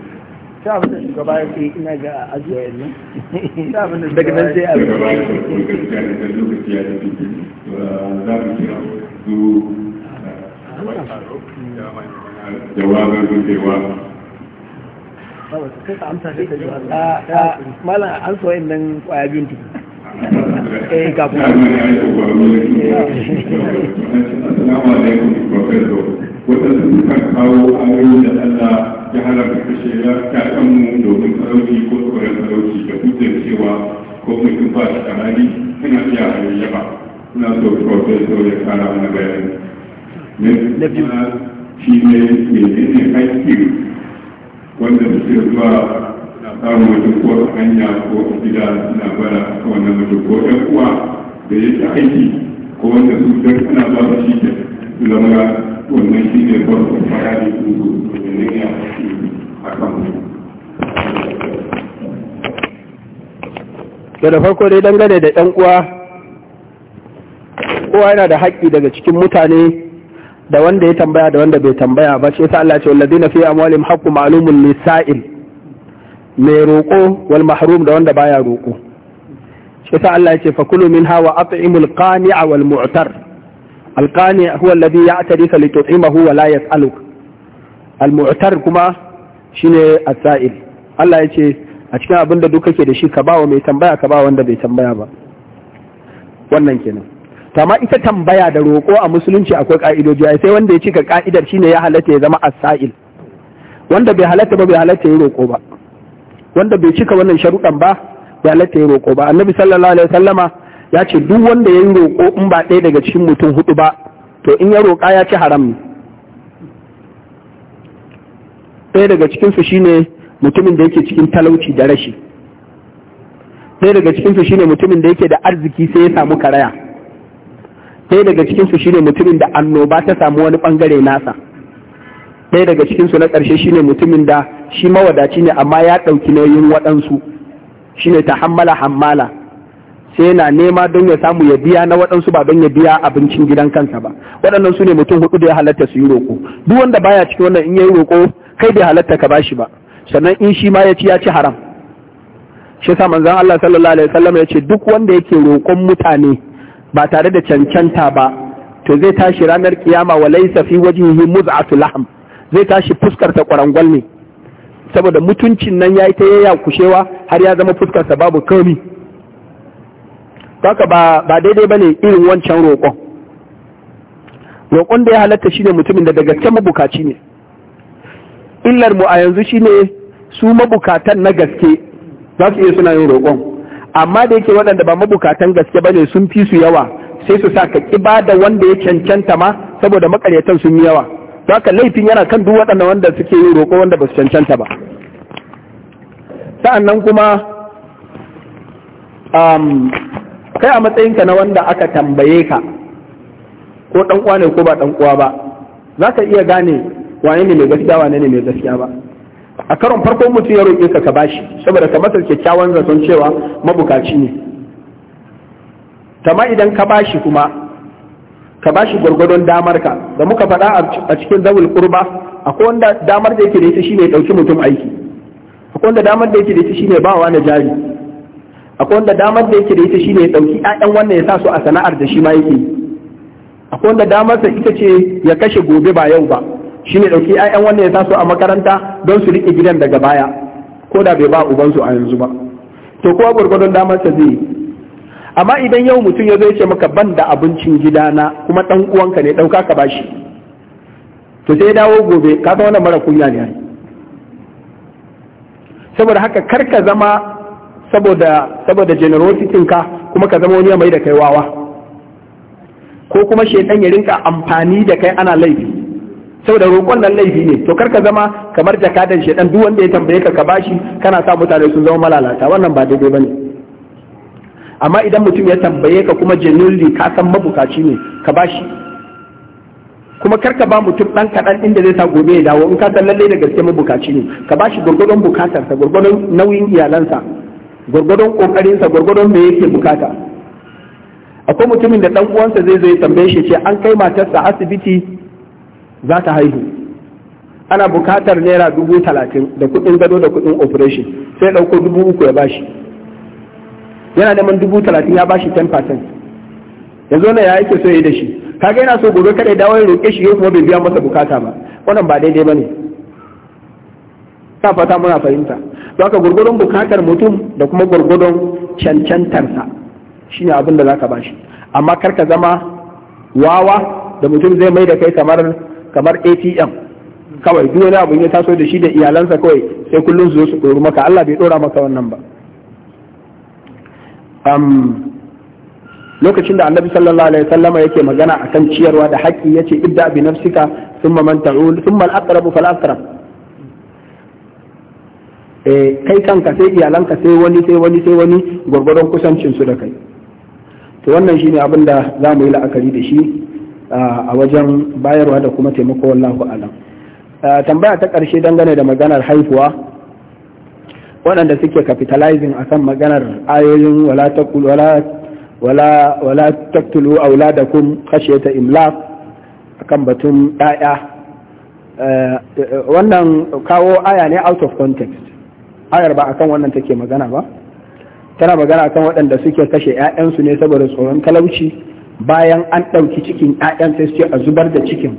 sai abin da shugaba ya ce ga ajiya yanzu da ya ce malam an so yin nan kwaya biyun tuku eh kafin waɗanda suka kawo ayoyi da Allah ya halarta kashe ya mu domin talauci ko tsoron talauci da hujjar cewa ko mai mutum ba shi da hali suna iya hayayyaba suna so profesor ya kara wani bayani na biyu shi ne mai menene haiti wanda suke zuwa na samun wajen ko hanya ko gida suna bara a wannan wajen ko ƴan uwa da yake aiki ko wanda su dan ana ba su shi ke zama domin shi ne ba su fara da su ya fi a kan da farko dai dangane da ɗan uwa kowa yana da haƙƙi daga cikin mutane da wanda ya tambaya da wanda bai tambaya ba shi yasa Allah ce na fi amwalihim haqqu ma'lumun lisa'il mai roƙo wal mahrum da wanda baya roƙo shi yasa Allah ya ce hawa minha wa at'imul qani'a wal mu'tar alqani huwa alladhi ya'tadika li tut'imahu huwa la yas'aluk almu'tar kuma shine as-sa'il Allah ya ce a cikin abin da duk kake da shi ka bawa mai tambaya ka bawa wanda bai tambaya ba wannan kenan amma ita tambaya da roƙo a musulunci akwai ka'idoji ai sai wanda ya cika ka'idar shine ya halatta ya zama as-sa'il wanda bai halatta ba bai halatta ya roƙo ba wanda bai cika wannan sharuɗan ba bai halatta ya roƙo ba annabi sallallahu alaihi wasallama ya ce duk wanda ya yi roƙo in ba ɗaya daga cikin mutum hudu ba to in ya roƙa ya ci haram ne ɗaya daga cikinsu shine mutumin da yake cikin talauci da rashi ɗaya daga cikinsu shine mutumin da yake da arziki sai ya samu karaya ɗaya daga cikinsu shine mutumin da annoba ta samu wani ɓangare nasa ɗaya daga cikinsu na ƙarshe shine mutumin da shi mawadaci ne amma ya ɗauki nauyin waɗansu shine ta hammala hammala sai yana nema don ya samu ya biya na waɗansu ba don ya biya abincin gidan kansa ba waɗannan su ne mutum hudu da ya halatta su yi roƙo duk wanda baya cikin wannan in ya yi roƙo kai bai halatta ka bashi ba sannan in shi ma ya ci ya ci haram shi sa manzon Allah sallallahu alaihi wasallam ya ce duk wanda yake roƙon mutane ba tare da cancanta ba to zai tashi ranar kiyama wa laysa fi wajhihi muz'atu lahm zai tashi fuskar ta kwarangwal ne saboda mutuncin nan yayi ta yaya kushewa har ya zama fuskar sa babu komi haka ba ba daidai bane irin wancan roƙon roƙon da ya halatta shine mutumin da daga gaske mabukaci ne illar mu a yanzu shine su mabukatan na gaske za su iya suna yin roƙon amma da yake waɗanda ba mabukatan gaske ba ne sun fi su yawa sai su sa ka ƙiba da wanda ya cancanta ma saboda makaryatan sun yi yawa don laifin yana kan duk waɗanda wanda suke yin roƙo wanda ba su cancanta ba sa'an nan kuma um, kai a matsayinka na wanda aka tambaye ka ko dan uwa ne ko ba dan uwa ba za ka iya gane wane ne mai gaskiya wane ne mai gaskiya ba a karon farko mutum ya roƙe ka ka bashi saboda ka masa kyakkyawan zaton cewa mabukaci ne kama idan ka bashi kuma ka bashi gwargwadon damar ka da muka faɗa a cikin zawul kurba akwai wanda damar da yake da ita shine ɗauki mutum aiki akwai wanda damar da yake da ita shine ba wa na jari akwai wanda damar da yake da ita shine ya dauki ƴaƴan wannan ya sa su a sana'ar da shi ma yake akwai wanda damar sa ita ce ya kashe gobe ba yau ba shine dauki ƴaƴan wannan ya sa su a makaranta don su rike gidan daga baya ko da bai ba uban su a yanzu ba to kowa gurgurdon damar sa zai amma idan yau mutum ya zo ya ce maka ban da abincin gidana kuma dan uwanka ne dauka ka bashi to sai dawo gobe ka san wannan mara kunya ne saboda haka karka zama saboda saboda ka kuma ka zama wani mai da kai wawa ko kuma shedan ya rinka amfani da kai ana laifi saboda roƙon nan laifi ne to karka zama kamar jakadan shedan duk wanda ya tambaye ka ka bashi kana sa mutane sun zama malalata wannan ba daidai bane amma idan mutum ya tambaye ka kuma genuinely ka san mabukaci ne ka bashi kuma karka ba mutum ɗan kaɗan inda zai sa gobe ya dawo in ka san lallai da gaske mabukaci ne ka bashi gurgurdon bukatarsa gurgurdon nauyin iyalansa gwargwadon kokarinsa gwargwadon me yake bukata akwai mutumin da dan uwansa zai zai tambaye shi ce an kai matarsa asibiti za ta haihu ana bukatar naira dubu talatin da kudin gado da kudin operation sai dauko dubu uku ya bashi yana neman dubu talatin ya bashi 10% yanzu na ya yake so ya yi da shi kaga yana so gobe kada ya dawo ya roƙe shi yau kuma bai biya masa bukata ba wannan ba daidai ba ne ta fata muna fahimta to haka gurgudun bukatar mutum da kuma gurgudun cancantarsa shine abin da zaka bashi amma kar ka zama wawa da mutum zai mai da kai kamar kamar ATM kawai duk wani abu ya taso da shi da iyalansa kawai sai kullum su zo su ɗoru maka Allah bai ɗora maka wannan ba lokacin da annabi sallallahu alaihi wasallama yake magana akan ciyarwa da haƙƙi yace ibda bi nafsika thumma man ta'ul thumma al-aqrabu fal-aqrab Eh, kai kanka sai iyalanka sai wani sai wani sai wani gwargwadon kusancin da kai to wannan shine abin da za mu yi la'akari da shi a wajen bayarwa da kuma taimako wallahu alam tambaya ta ƙarshe dangane da maganar haifuwa waɗanda suke capitalizing akan maganar ayoyin wala taqul wala wala wala taqtulu auladakum khashyata imlaq akan batun ɗaya eh, eh, wannan kawo aya ne out of context ayar ba akan wannan take magana ba tana magana akan waɗanda suke kashe 'ya'yansu ne saboda tsoron talauci bayan an ɗauki cikin 'ya'yan sai suke a zubar da cikin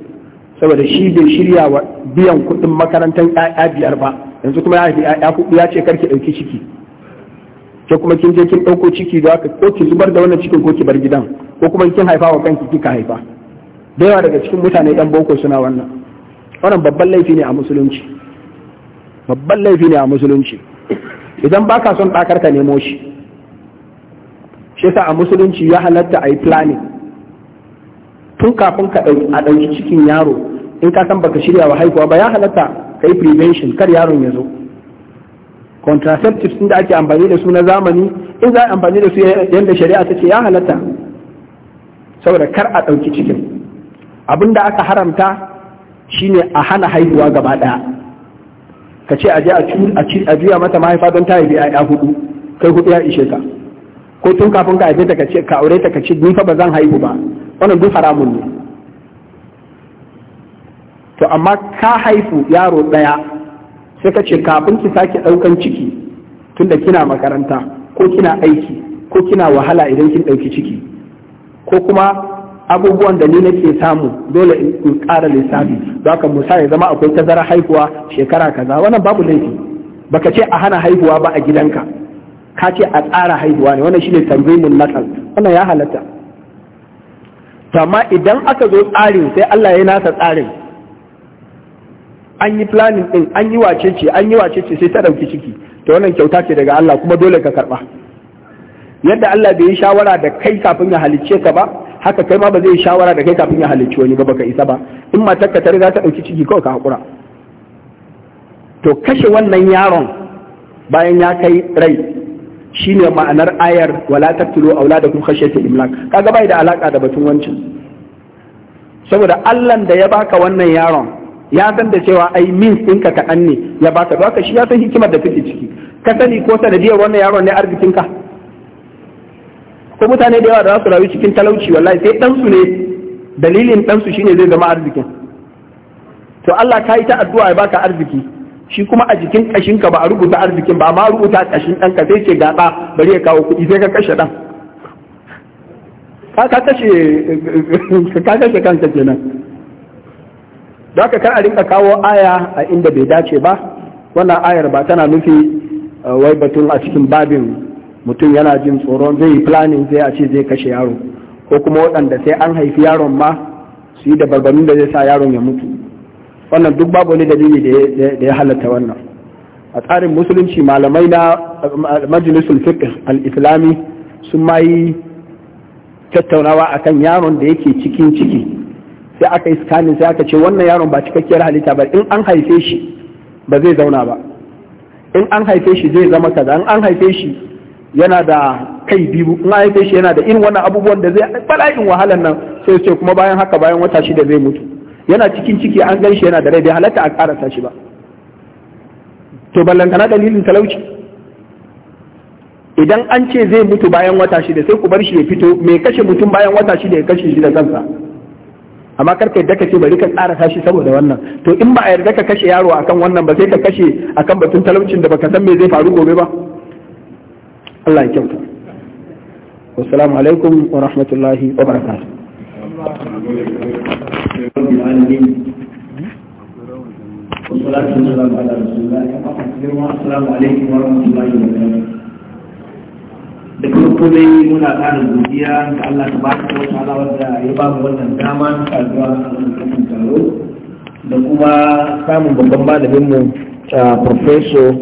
saboda shi bai shirya wa biyan kuɗin makarantar 'ya'ya biyar ba yanzu kuma ya haifi 'ya'ya huɗu ya ce ki ɗauki ciki ke kuma kin je kin ɗauko ciki da aka ko ki zubar da wannan cikin ko ki bar gidan ko kuma kin haifa wa kanki kika haifa da yawa daga cikin mutane ɗan boko suna wannan wannan babban laifi ne a musulunci babban laifi ne a musulunci idan baka son ɗakar ka nemo shi shi yasa a musulunci ya halatta a yi planning tun kafin ka a ɗauki cikin yaro in ka san baka shirya wa haihuwa ba ya halatta ka yi prevention kar yaron ya zo contraceptives da ake amfani da su na zamani in za a amfani da su yadda shari'a ta ce ya halatta saboda kar a ɗauki cikin abin da aka haramta shine a hana haihuwa gaba ɗaya ka ce a je a juya mata mahaifa don ta haifi ya hudu kai hudu ya ishe ka ko tun kafin ka haife ta ka ce ka aure ta ka ce ni fa ba zan haihu ba wannan duk haramun ne to amma ka haifu yaro daya sai ka ce kafin ki sake daukan ciki tunda kina makaranta ko kina aiki ko kina wahala idan kin dauki ciki ko kuma abubuwan da ni nake samu dole in ƙara lissafi don haka musa ya zama akwai tazara haihuwa shekara kaza wannan babu laifi baka ce a hana haihuwa ba a gidanka ka ce a tsara haihuwa ne wannan shine tanzimul nakal wannan ya halatta amma idan aka zo tsarin sai Allah ya nasa tsarin an yi planning din an yi wacece an yi wacece sai ta dauki ciki to wannan kyauta ce daga Allah kuma dole ka karba yadda Allah bai yi shawara da kai kafin ya halicce ka ba haka kai ma ba zai shawara da kai kafin ya halicci wani ba baka isa ba in matarka ta riga ta dauki ciki kawai ka haƙura to kashe wannan yaron bayan ya kai rai shine ma'anar ayar wala taqtulu auladakum khashyata imlak kaga bai da alaka da batun wancan saboda Allah da ya baka wannan yaron ya san da cewa ai min ɗinka ka ne ya baka don haka shi ya san hikimar da take ciki ka sani ko sanadiyar wannan yaron ne ka. ko mutane da yawa da za su rayu cikin talauci wallahi sai ɗansu ne dalilin ɗansu shine zai zama arzikin to Allah ka yi ta addu'a ya baka arziki shi kuma a jikin ka ba a rubuta arzikin ba amma rubuta kashin ɗanka sai ce gaɗa bari ya kawo kuɗi sai ka kashe ɗan ka kashe ka kashe kanka kenan da haka kar a rinka kawo aya a inda bai dace ba wannan ayar ba tana nufi eh, wai batun a cikin babin mutum yana jin tsoron zai yi planning zai a ce zai kashe yaro ko kuma waɗanda sai an haifi yaron ma su yi da da zai sa yaron ya mutu wannan duk babu ne dalili da ya halatta wannan a tsarin musulunci malamai na majalisul fiqh al-islami sun ma yi tattaunawa akan yaron da yake cikin ciki sai aka yi scanning sai aka ce wannan yaron ba cikakkiyar halitta ba in an haife shi ba zai zauna ba in an haife shi zai zama kaza in an haife shi yana da kai biyu in haife shi yana da irin wannan abubuwan da zai bala'in wahalan nan sai ce kuma bayan haka bayan wata shida zai mutu yana cikin ciki an gan shi yana da rai bai halatta a karasa shi ba to ballantana dalilin talauci idan an ce zai mutu bayan wata shida sai ku bar shi ya fito mai kashe mutum bayan wata shida ya kashe shi da kansa amma karka yadda ka ce bari ka karasa shi saboda wannan to in ba a yarda ka kashe yaro akan wannan ba sai ka kashe akan batun talaucin da baka san me zai faru gobe ba Allah ya kyauta wassalamu alaikum wa rahmatullahi wa barakatuh والصلاة والسلام على رسول الله السلام عليكم ورحمة da farko dai muna ƙara godiya ga Allah ta baka ta wata ala wanda ya ba mu wannan dama ta zuwa wannan taro da kuma samun babban malamin mu ah, professor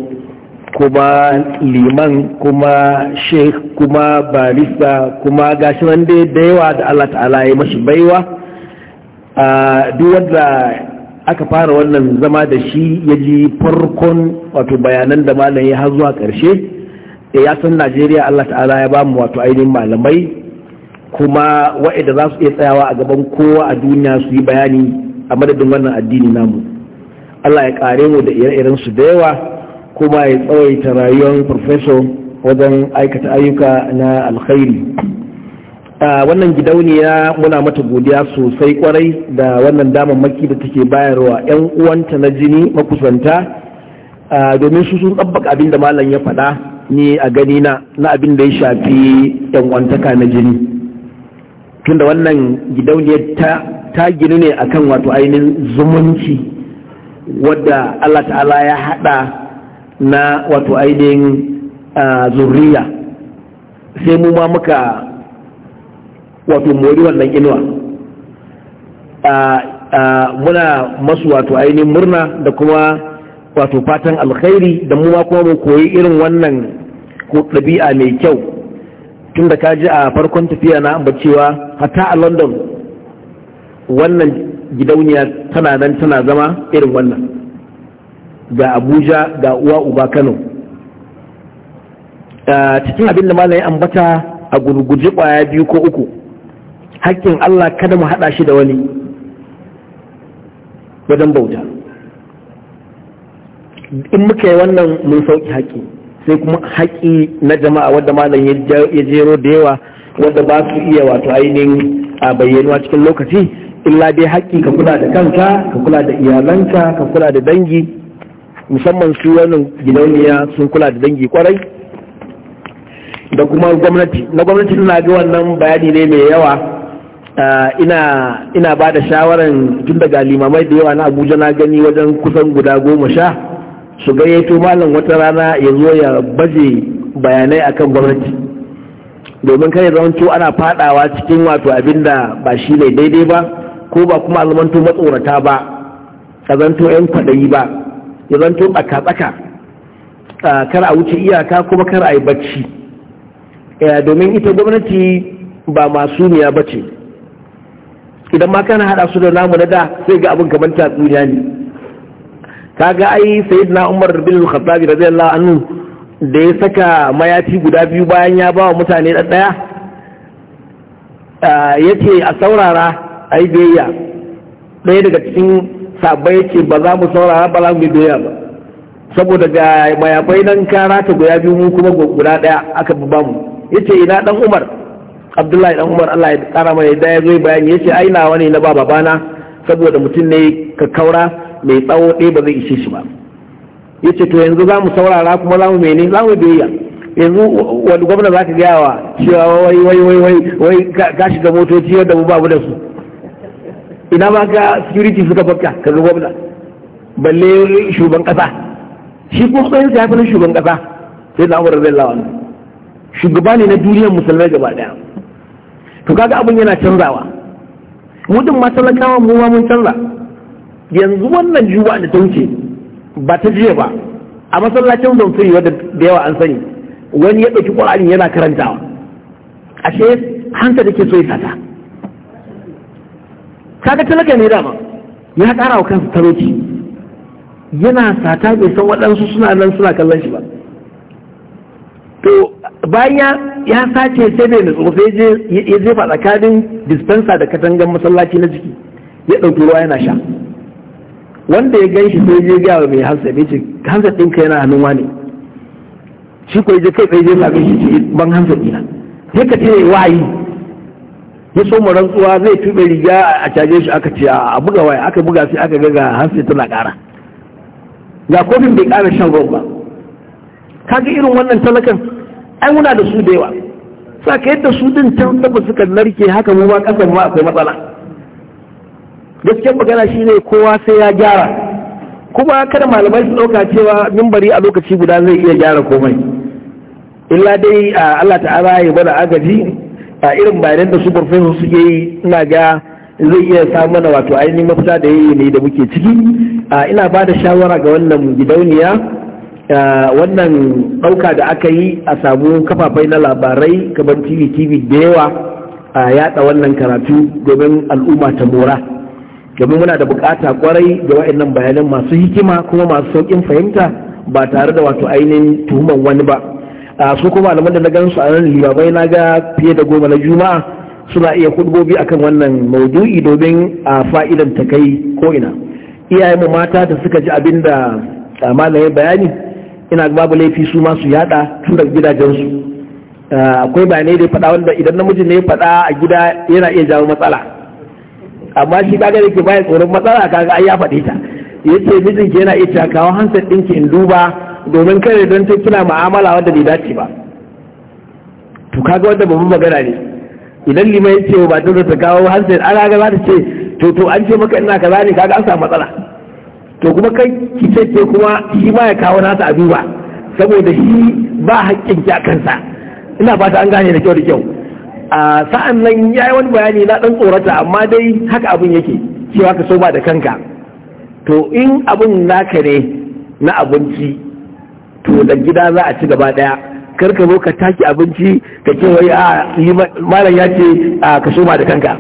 kuma liman kuma sheikh kuma barista kuma gashi nan dai da yawa da Allah ta'ala ya mashi baiwa duk wanda aka fara wannan zama da shi ya ji farkon wato bayanan da malam ya har zuwa ƙarshe eh, ya san najeriya Allah ta'ala ya ba mu wato ainihin malamai kuma wa'ida za su iya tsayawa a gaban kowa a duniya su yi bayani a madadin wannan addini namu Allah ya kare mu da ire-iren su da yawa kuma ya tsawaita rayuwar farfeso wajen aikata ayyuka na alkhairi wannan gidauniya muna mata godiya sosai kwarai da wannan damammaki da take bayarwa 'yan uwanta na jini makusanta domin su sun tsabbaka abin da malam ya faɗa ni a gani na na abin da ya shafi 'yan uwantaka na jini tunda wannan gidauniyar ta gini ne akan wato ainihin zumunci wadda allah ta'ala ya haɗa na wato ainihin zurriya sai mu ma muka wato mori wannan inuwa muna masu wato ainihin murna da kuma wato fatan alkhairi da mu ma kuma mu koyi irin wannan ɗabi'a mai kyau tun da kaji a farkon tafiya na ambacewa hatta a london wannan gidauniya tana nan tana zama irin wannan ga abuja ga uwa uba kano cikin abin da malaye ambata a gurguje kwaya biyu ko uku hakkin allah kada mu haɗa shi da wani wajen bauta in muka yi wannan mun sauki haƙƙi sai kuma haƙƙi na jama'a wadda malam ya jero da yawa wadda ba su iya wato ainihin a bayyanuwa cikin lokaci illa dai haƙƙi ka kula da kanka ka kula da iyalanka ka kula da dangi musamman su wannan gidauniya sun kula da dangi kwarai da kuma gwamnati na gwamnati suna ga wannan bayani ne mai yawa ah, ina ba da shawarar tun daga limamai da yawa na abuja na gani wajen kusan guda goma sha su gayyato malam wata rana ya zo ya baje bayanai akan gwamnati domin kare zamanto ana fadawa cikin wato abinda ba shi ne daidai ba ko ba kuma almanto matsorata ba kazanto 'yan kwaɗayi ba ya zanto tsaka-tsaka kar a wuce iyaka kuma kar a yi bacci domin ita gwamnati ba masu miya ba ce idan ma kana hada su da namu na da sai ga abin kamar ta tatsuniya ne kaga ai na umar bin al-khattab radiyallahu anhu da ya saka mayafi guda biyu bayan ya ba wa mutane da daya yace a saurara ai biyayya ɗaya daga cikin sabai yake ba za mu saurara ba za mu biya ba saboda ga mayafai nan kara ta guya biyu mu kuma guda daya aka ba mu yace ina dan Umar Abdullahi dan Umar Allah ya kara mai da yazo bayani yace ai nawa ne na ba babana saboda mutum ne ka kaura mai tsawo dai ba zai ishe shi ba yace to yanzu za mu saurara kuma za mu mene za mu biya yanzu wani gwamna za ka gaya wa cewa wai wai wai wai ka shiga motoci yadda mu babu da su ina ma ga security suka baka ka zo gwamna balle shugaban kasa shi ko sai ya fara shugaban kasa sai na wurin zai lawan shugaba ne na duniyar musulmai gaba daya to kaga abin yana canzawa mu din mu ma mun canza yanzu wannan juma'a da ta wuce ba ta jiya ba a masallacin zamfiri wadda da yawa an sani wani ya ɗauki ƙwararri yana karantawa ashe hanta da ke so ya kaga talaka ne dama ya kara wa kansa talauci yana sata bai san waɗansu suna nan suna kallon shi ba to bayan ya sace sai bai nutsu sai ya jefa tsakanin dispensa da katangan masallaci na jiki ya ɗauki ruwa yana sha wanda ya gan shi sai ya gaya mai hansa bai ce hansa ɗinka yana hannun wani shi ko ya je kai tsaye je same shi ban hansa ɗina sai ka ce wa'ayi ya so mu rantsuwa zai tube riga a caje shi aka ce a buga waya aka buga sai aka gaga sai tana ƙara ga kofin bai kara shan ruwa ba kaga irin wannan talakan ai muna da su da yawa ka yadda su din can tabbas suka narke haka mu ba kasan ma akwai matsala gaskiyar magana shine kowa sai ya gyara kuma kada malamai su ɗauka cewa mimbari a lokaci guda zai iya gyara komai illa dai Allah ta'ala ya bada agaji a irin bayanan da su farfesa suke yi ina ga zai iya samu mana wato ainihin mafita da yayi ne da muke ciki ina ba da shawara ga wannan gidauniya wannan ɗauka da aka yi a samu kafafai na labarai kamar tv tv da yawa a yada wannan karatu domin al'umma ta mora domin muna da bukata kwarai da wa'annan bayanan masu hikima kuma masu sauƙin fahimta ba tare da wato ainihin tuhuman wani ba a su kuma alamar da na gan su a nan limamai na ga fiye da goma na juma'a suna iya a akan wannan maudu'i domin a fa'idan ta kai ko ina mu mata da suka ji abin da malamai bayani ina babu laifi su ma su yada tun daga gidajensu akwai bayanai da ya faɗa wanda idan namiji ne ya faɗa a gida yana iya jawo matsala amma shi kaga da ke bayan tsoron matsala kaga ai ya faɗi ta yace mijinki yana iya cakawa hansa ɗinki in duba domin kare don sai kina ma'amala wadda bai dace ba to kaga wanda babu magana ne idan lima ya ce ba don ta kawo hanset ana ga za ta ce to to an ce maka ina kaza ne kaga an samu matsala to kuma kai ki ce ke kuma shi ma ya kawo nasa a duba saboda shi ba haƙƙin ki a kansa ina fata an gane da kyau da kyau a sa'an nan ya yi wani bayani na dan tsorata amma dai haka abin yake cewa ka so ba da kanka to in abin naka ne na abinci to da gida za a ci gaba daya kar ka zo ka taki abinci ka ce wai ah, a malam ya ce a ah, ka soma da kanka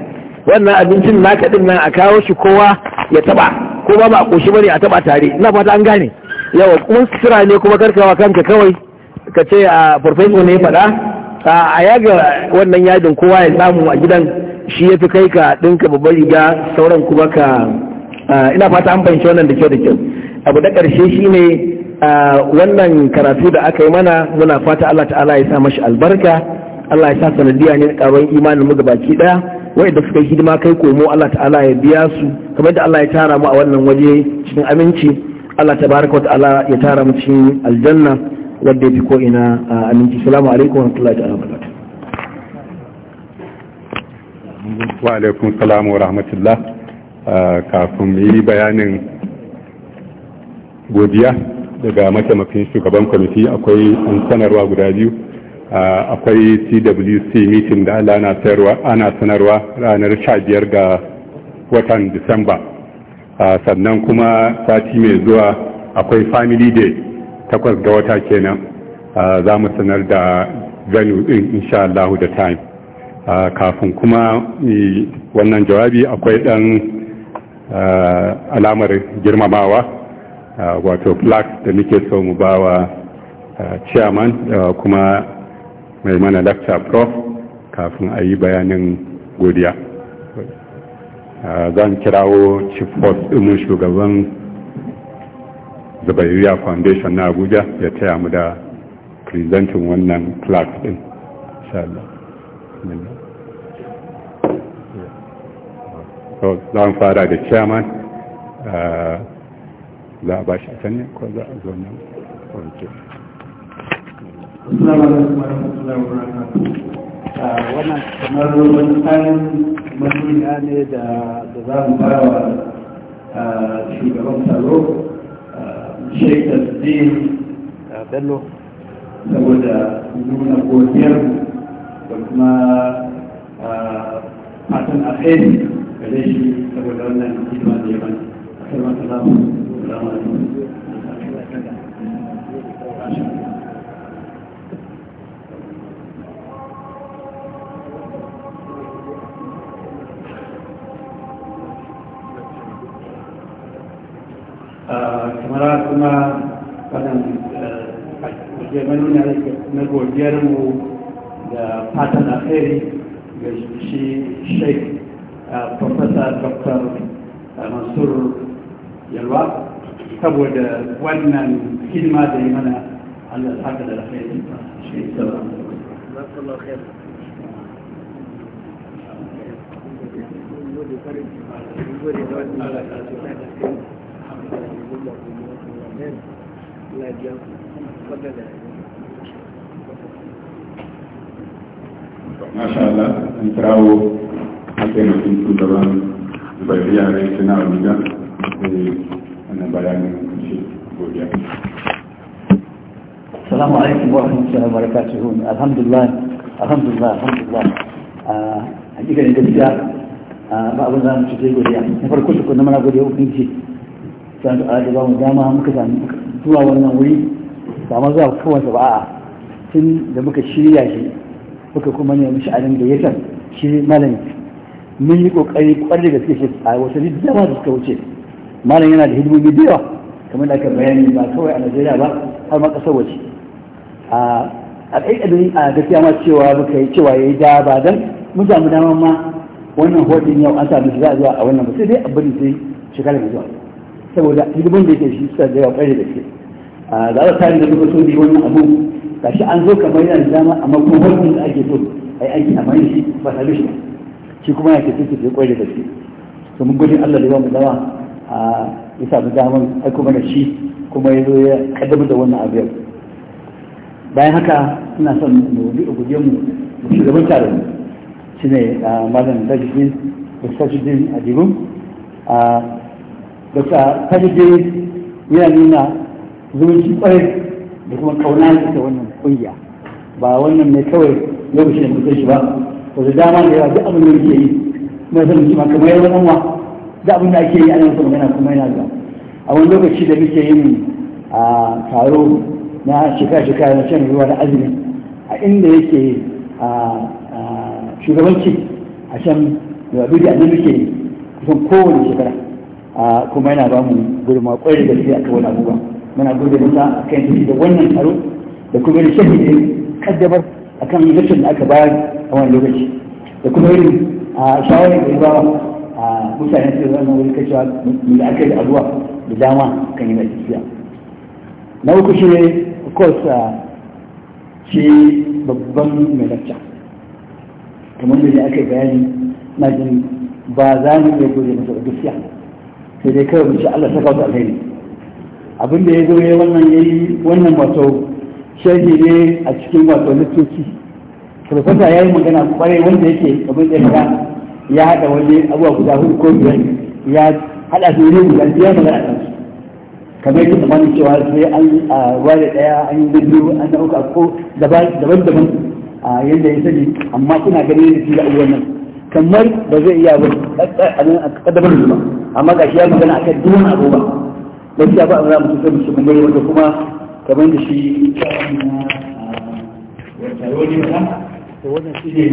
wannan abincin naka din nan a kawo shi kowa ya taba ko ba ba koshi bane a taba tare ina fata an gane yawa kuma sira ne kuma wa kanka kawai ka ce a ah, farfeso ne faɗa a yaga wannan yadin kowa ya samu a gidan shi ya fi kai ka ɗinka babbar riga sauran kuma ka ina fata an fahimci wannan da kyau da kyau abu da ƙarshe shi ne wannan karatu da aka yi mana muna fata Allah ta'ala ya sa mashi albarka Allah ya sa sanadiya ne karon imanin mu gabaki daya wanda suka yi hidima kai komo Allah ta'ala ya biya su kamar da Allah ya tara mu a wannan waje cikin aminci Allah tabaraka wa ta'ala ya tara mu cikin aljanna wanda ya fi ko ina aminci assalamu alaikum wa rahmatullahi ta'ala wa alaikum salam wa rahmatullah kafin yi bayanin godiya daga mataimakin shugaban kwamiti akwai an sanarwa guda biyu akwai cwc meeting da allah ana sanarwa ranar 15 ga watan disamba sannan kuma sati mai zuwa akwai family day takwas ga wata kenan za mu sanar da venue din insha allahu da time kafin kuma wannan jawabi akwai dan alamar girmamawa wato plaque da muke so mu bawa chairman kuma mai mana lecture prof kafin a yi bayanin godiya zan kirawo chief force ɗin shugaban zubairiya foundation na abuja ya taya mu da presenting wannan plaque ɗin za zan fara da chairman za a bashi ta ne ko za a zo nan kwanke wannan kamar wani tsarin mafiya ne da za mu fara wa shugaban taro shaikar zai bello saboda nuna godiyar da kuma fatan alheri gare shi saboda wannan hidima da yawan a kalmar Ah, kamara kuma wannan jami'an eh, na godiyarmu da fatan alheri ga shi sheik ah, professor dr ah, mansur yalwa تبود ودنا كلمة دائمنا على الحق الأخير شيء سبب بارك الله خير ما شاء الله نتراو حتى نتنسو طبعا بيبيع رئيسنا ومجا wannan assalamu alaikum wa rahmatullahi wa barakatuhu alhamdulillah alhamdulillah alhamdulillah a ah, hakika ne gaskiya ah, ba abin da mu ci sai godiya na farko su kuma na mana godiya ubangiji san da Allah ba mu dama muka san zuwa wannan wuri ba ma zuwa kowace ba a'a tun da muka shirya shi muka kuma ne nemi sha'anin da ya shi malami mun yi kokari kwalli da suke shi a wasu dama da suka wuce malam yana da hidimomi da yawa kamar da aka bayani ba kawai a najeriya ba har ma kasar waje a alƙaƙadin a gaskiya ma cewa muka yi cewa ya yi da ba don mun samu dama ma wannan hotun yau an samu shi zuwa a wannan ba sai dai abin sai shekara mai zuwa saboda hidimin da yake shi suka da yawa ƙwarai da gaske a za a tare da duka so da wannan abu shi an zo kamar yana da dama amma kuma wani da ake so a yi aiki a mai shi ba tare shi shi kuma ya ke cikin ƙwarai da gaske to mun gode Allah da yawa mu dawa a ya samu daman aiko mana shi kuma ya zo ya kaddamar da wannan abin bayan haka suna son mu bi a guje mu shugaban taron shi ne malam tajidin da tajidin a jibin a ta tajidin yana nuna zumunci kwarai da kuma kauna da wannan kungiya ba wannan ne kawai yau shi ne mutum shi ba wasu dama da yawa duk abin da yake yi na zan shi ma kamar yawan da da abin da ake yi ana yin magana kuma yana zuwa a wani lokaci da muke yin a taro na shekara-shekara na shan ruwa na azumi a inda yake a shugabanci a can da abin da muke kusan kowane shekara kuma yana ba mu gudunmawa kwarai da shi a kawai abubuwa muna da masa a kan tafi da wannan taro da kuma da shafi da kaddabar a kan rashin da aka bayar a wani lokaci da kuma irin a shawarar da ya ba mutane su zama wani kacewa mu da aka yi abuwa da dama kan yi na tafiya na uku shi ne kosa ah, shi babban mai lacca kamar da aka bayani na jin ba za mu iya gode masa da gaskiya sai dai kawai mace Allah saka wasu alheri abin da ya zo ya wannan ya yi wannan wato shaidi ne a cikin wato littoci profesa ya yi magana kwarai wanda yake abin da ya ya haɗa wani abuwa guda hudu ko biyar ya haɗa su ne guda biyar magana kan kansu kamar yadda tsammanin cewa sai an ware ɗaya an yi na biyu an na ko daban-daban a yadda ya sani amma kuna ganin da shi da abubuwan nan kamar ba zai iya ba a ƙaddamar ba amma ga shi ya magana akan duk wani abu ba gaskiya ba a zama mutum sai mutum gari wanda kuma kamar da shi ya wani ba wannan shi ne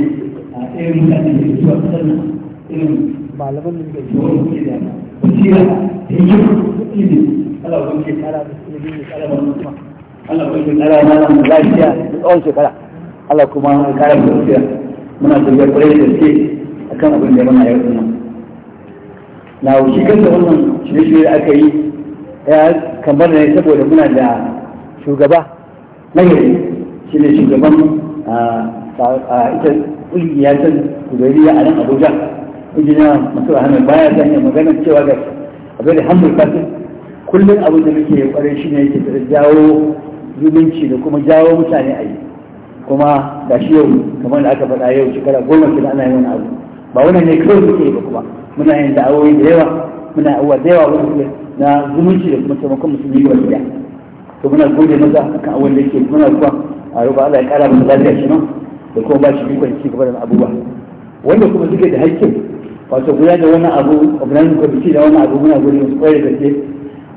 irin da ake zuwa sallah irin malaman da suke zuwa suke da basira da yi yi ilimi Allah wani ke kara da ilimi ne kara da kuma. Allah wani ke kara da mu lafiya da tsawon shekara Allah kuma ya kara da lafiya muna tafiya kwarai da gaske akan abin da muna yau dinnan na wuce kan kanta wannan shirye-shirye da aka yi ya kamar ne saboda muna da shugaba na gari shi ne shugaban ah, ita ƙungiya ta gudariya a nan abuja injiniya masu ahmed baya ta hanyar magana cewa ga abin da hamdul fasil kullum abin da muke kwarai shi ne yake jawo zumunci da kuma jawo mutane a yi kuma ga shi yau kamar da aka faɗa yau shekara goma kina ana yi wani abu ba wannan ne kawai muke ba kuma muna yin da'awoyi da yawa muna abuwa da yawa wani na zumunci da kuma taimakon musulmi wani gida to muna gode maza akan abin da yake muna kuma a ruba Allah ya kara masa lafiya shi ma da kuma ba shi ikon ci gaba da abubuwa wanda kuma suke da haƙƙin wato guda da wani abu kuma committee da wani abu muna gudun su kwaye da ke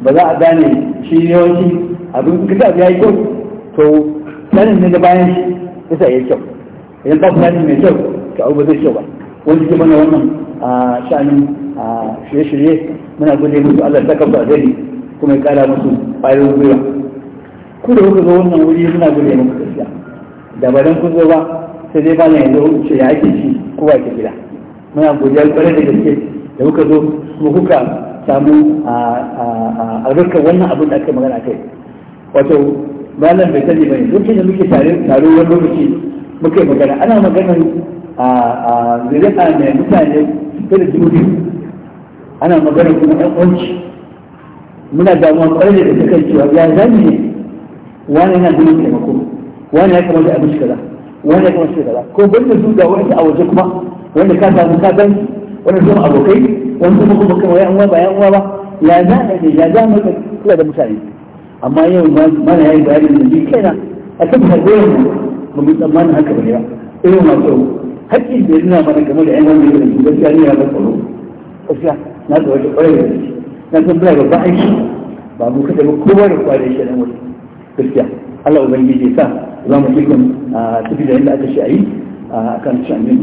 ba za a gane shi yawanci abin da abu ya yi kyau to sanin ne da bayan shi isa ya kyau idan ba kuma mai kyau to abu ba zai kyau ba wani suke mana wannan a sha'anin shirye-shirye muna gode musu Allah ta kafa gari kuma ya kara musu ƙwarin gwiwa ku da kuka zo wannan wuri muna gode muku gaskiya da ba dan kun zo ba sai dai bana yanzu ce ya ake ci ko ba ke gida muna godiya kwarai da gaske da kuka zo kuma kuka samu albarkar wannan abin da aka magana kai wato malam bai sani bane lokacin da muke tare tare wani lokaci muke magana ana magana a a zuri'a ne mutane ta da jimuri ana magana kuma ɗan uwanci muna damuwa kwarai da gaske kan cewa ya zami ne wani yana neman taimako wani ya kamata a mishi kaza wanda kuma da gaba ko banda su ga wanda a waje kuma wanda ka samu ka san wanda kuma abokai wanda kuma kuma kuma yan uwa ba ya uwa ba ya za a ne ya za mu kula da mutane amma yau mana yayi bayani da ni kaina a kan harboyin mu mu tsammanin haka ba ne ba irin masu yau hakkin da yana mana game da yan wanda da su gaskiya ne ya ba tsaro gaskiya na tsaro da kwarai da gaske na san bula babban aiki ba mu kada ba kowa da kwarai shi nan wani gaskiya Allah ubangiji sa za mu ikon a tafi da yadda aka shi a yi a kan shi an yi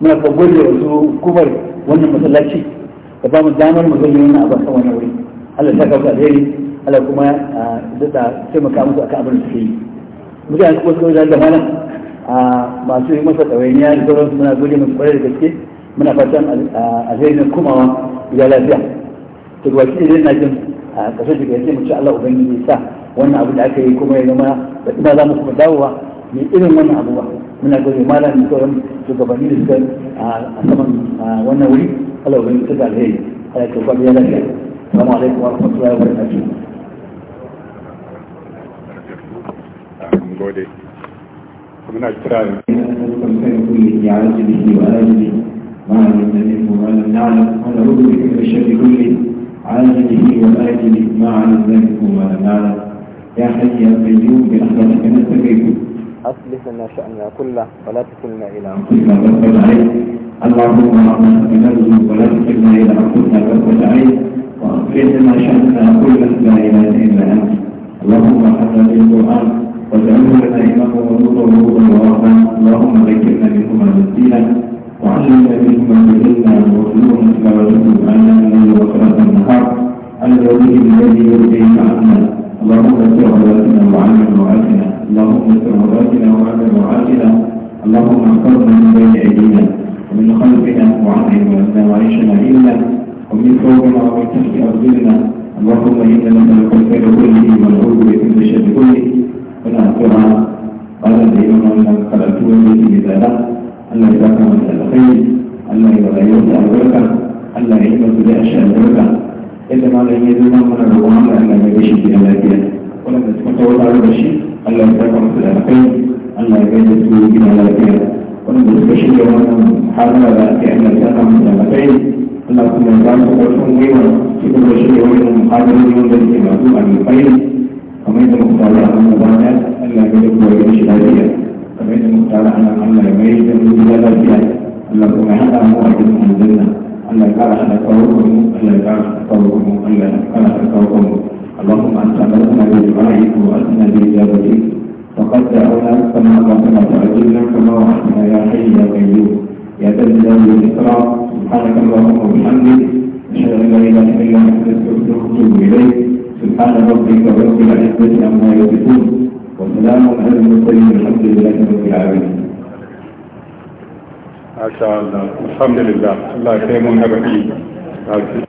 muna ka da wasu kubar wannan masallaci da ba mu damar mu zai wannan abu a kan wuri Allah ta kawo alheri Allah kuma daɗa taimaka musu aka abin da suke yi mutane kuma suka wajen da a masu yi masa ɗawainiya da sauransu muna gode musu kwarai da gaske muna fatan alheri na komawa ya lafiya to gaba idan na jin a kashe daga yace mu ci Allah ubangiji ya sa wannan abu da aka yi kuma ya zama da kuma za mu kuma dawowa ne irin wannan abuwa muna gode malam da sauran shugabanni da suka a saman wannan wuri Allah ubangiji ta da alheri Allah ya kwabi ya lafiya assalamu alaikum wa rahmatullahi wa barakatuh gode muna kira da ما علمنا منه ما لم نعلم ونعوذ بك من الشر كله عاجله وآجله ما على ذلك ولا معنى يا حي يا قيوم بأخلاقك نستغيث أصلح لنا شأننا كله ولا تكلنا إلى أنفسنا رب العين اللهم رحمتك نرجو ولا تكلنا إلى أنفسنا رب العين وأصلح شأننا كله لا إله إلا أنت اللهم حفظ بالقرآن واجعله لنا إماما ونورا وهدى ورحمة اللهم ذكرنا منهما نسينا وعلم بكم بدلنا وكلوا مثل وجدتم أن الليل وكرة النهار الذي الذي يرجيك عنا اللهم استر عوراتنا وعلم عوراتنا اللهم استر عوراتنا وعلم عوراتنا اللهم احفظنا من بين أيدينا ومن خلفنا وعن عبادنا وعيشنا إلا ومن فوقنا ومن تحت أرجلنا اللهم إنا نسألك الخير كله ونعوذ بك من الشر كله ونعفو عنه قال الإمام أن خلقته به بذلك Allah ya baka masa alkhairi Allah ya rayu da albarka Allah ya yi masa da shi albarka yadda malam ya zama mana roƙon Allah Allah ya gaishe shi da lafiya wanda suka tawatar da shi Allah ya baka masa da alkhairi Allah ya gaishe su da lafiya wanda suka shirya wannan hadara da ake Allah ya baka masa da alkhairi Allah kuma ya ba su ƙarfin gwiwa su kuma shirya wannan hadarori wanda ke masu alkhairi kamar yadda muka fara a nan gaba Allah ya gaishe su da lafiya kamar da أن tara ana Allah ya mai da mu da الجنة أن kuma ya hada mu a cikin aljanna Allah ya kara hada اللهم انت امرتنا بدعائك وأسنا باجابتك فقد دعونا كما امرتنا فاجبنا كما وعدتنا يا حي يا قيوم يا ذا الجلال والاكرام سبحانك اللهم وبحمدك اشهد ان لا اله الا انت استغفرك واتوب اليك سبحان ربك رب العزه عما يصفون والسلام على المرسلين الحمد لله رب العالمين ما شاء الله الحمد لله الله يكرمنا بخير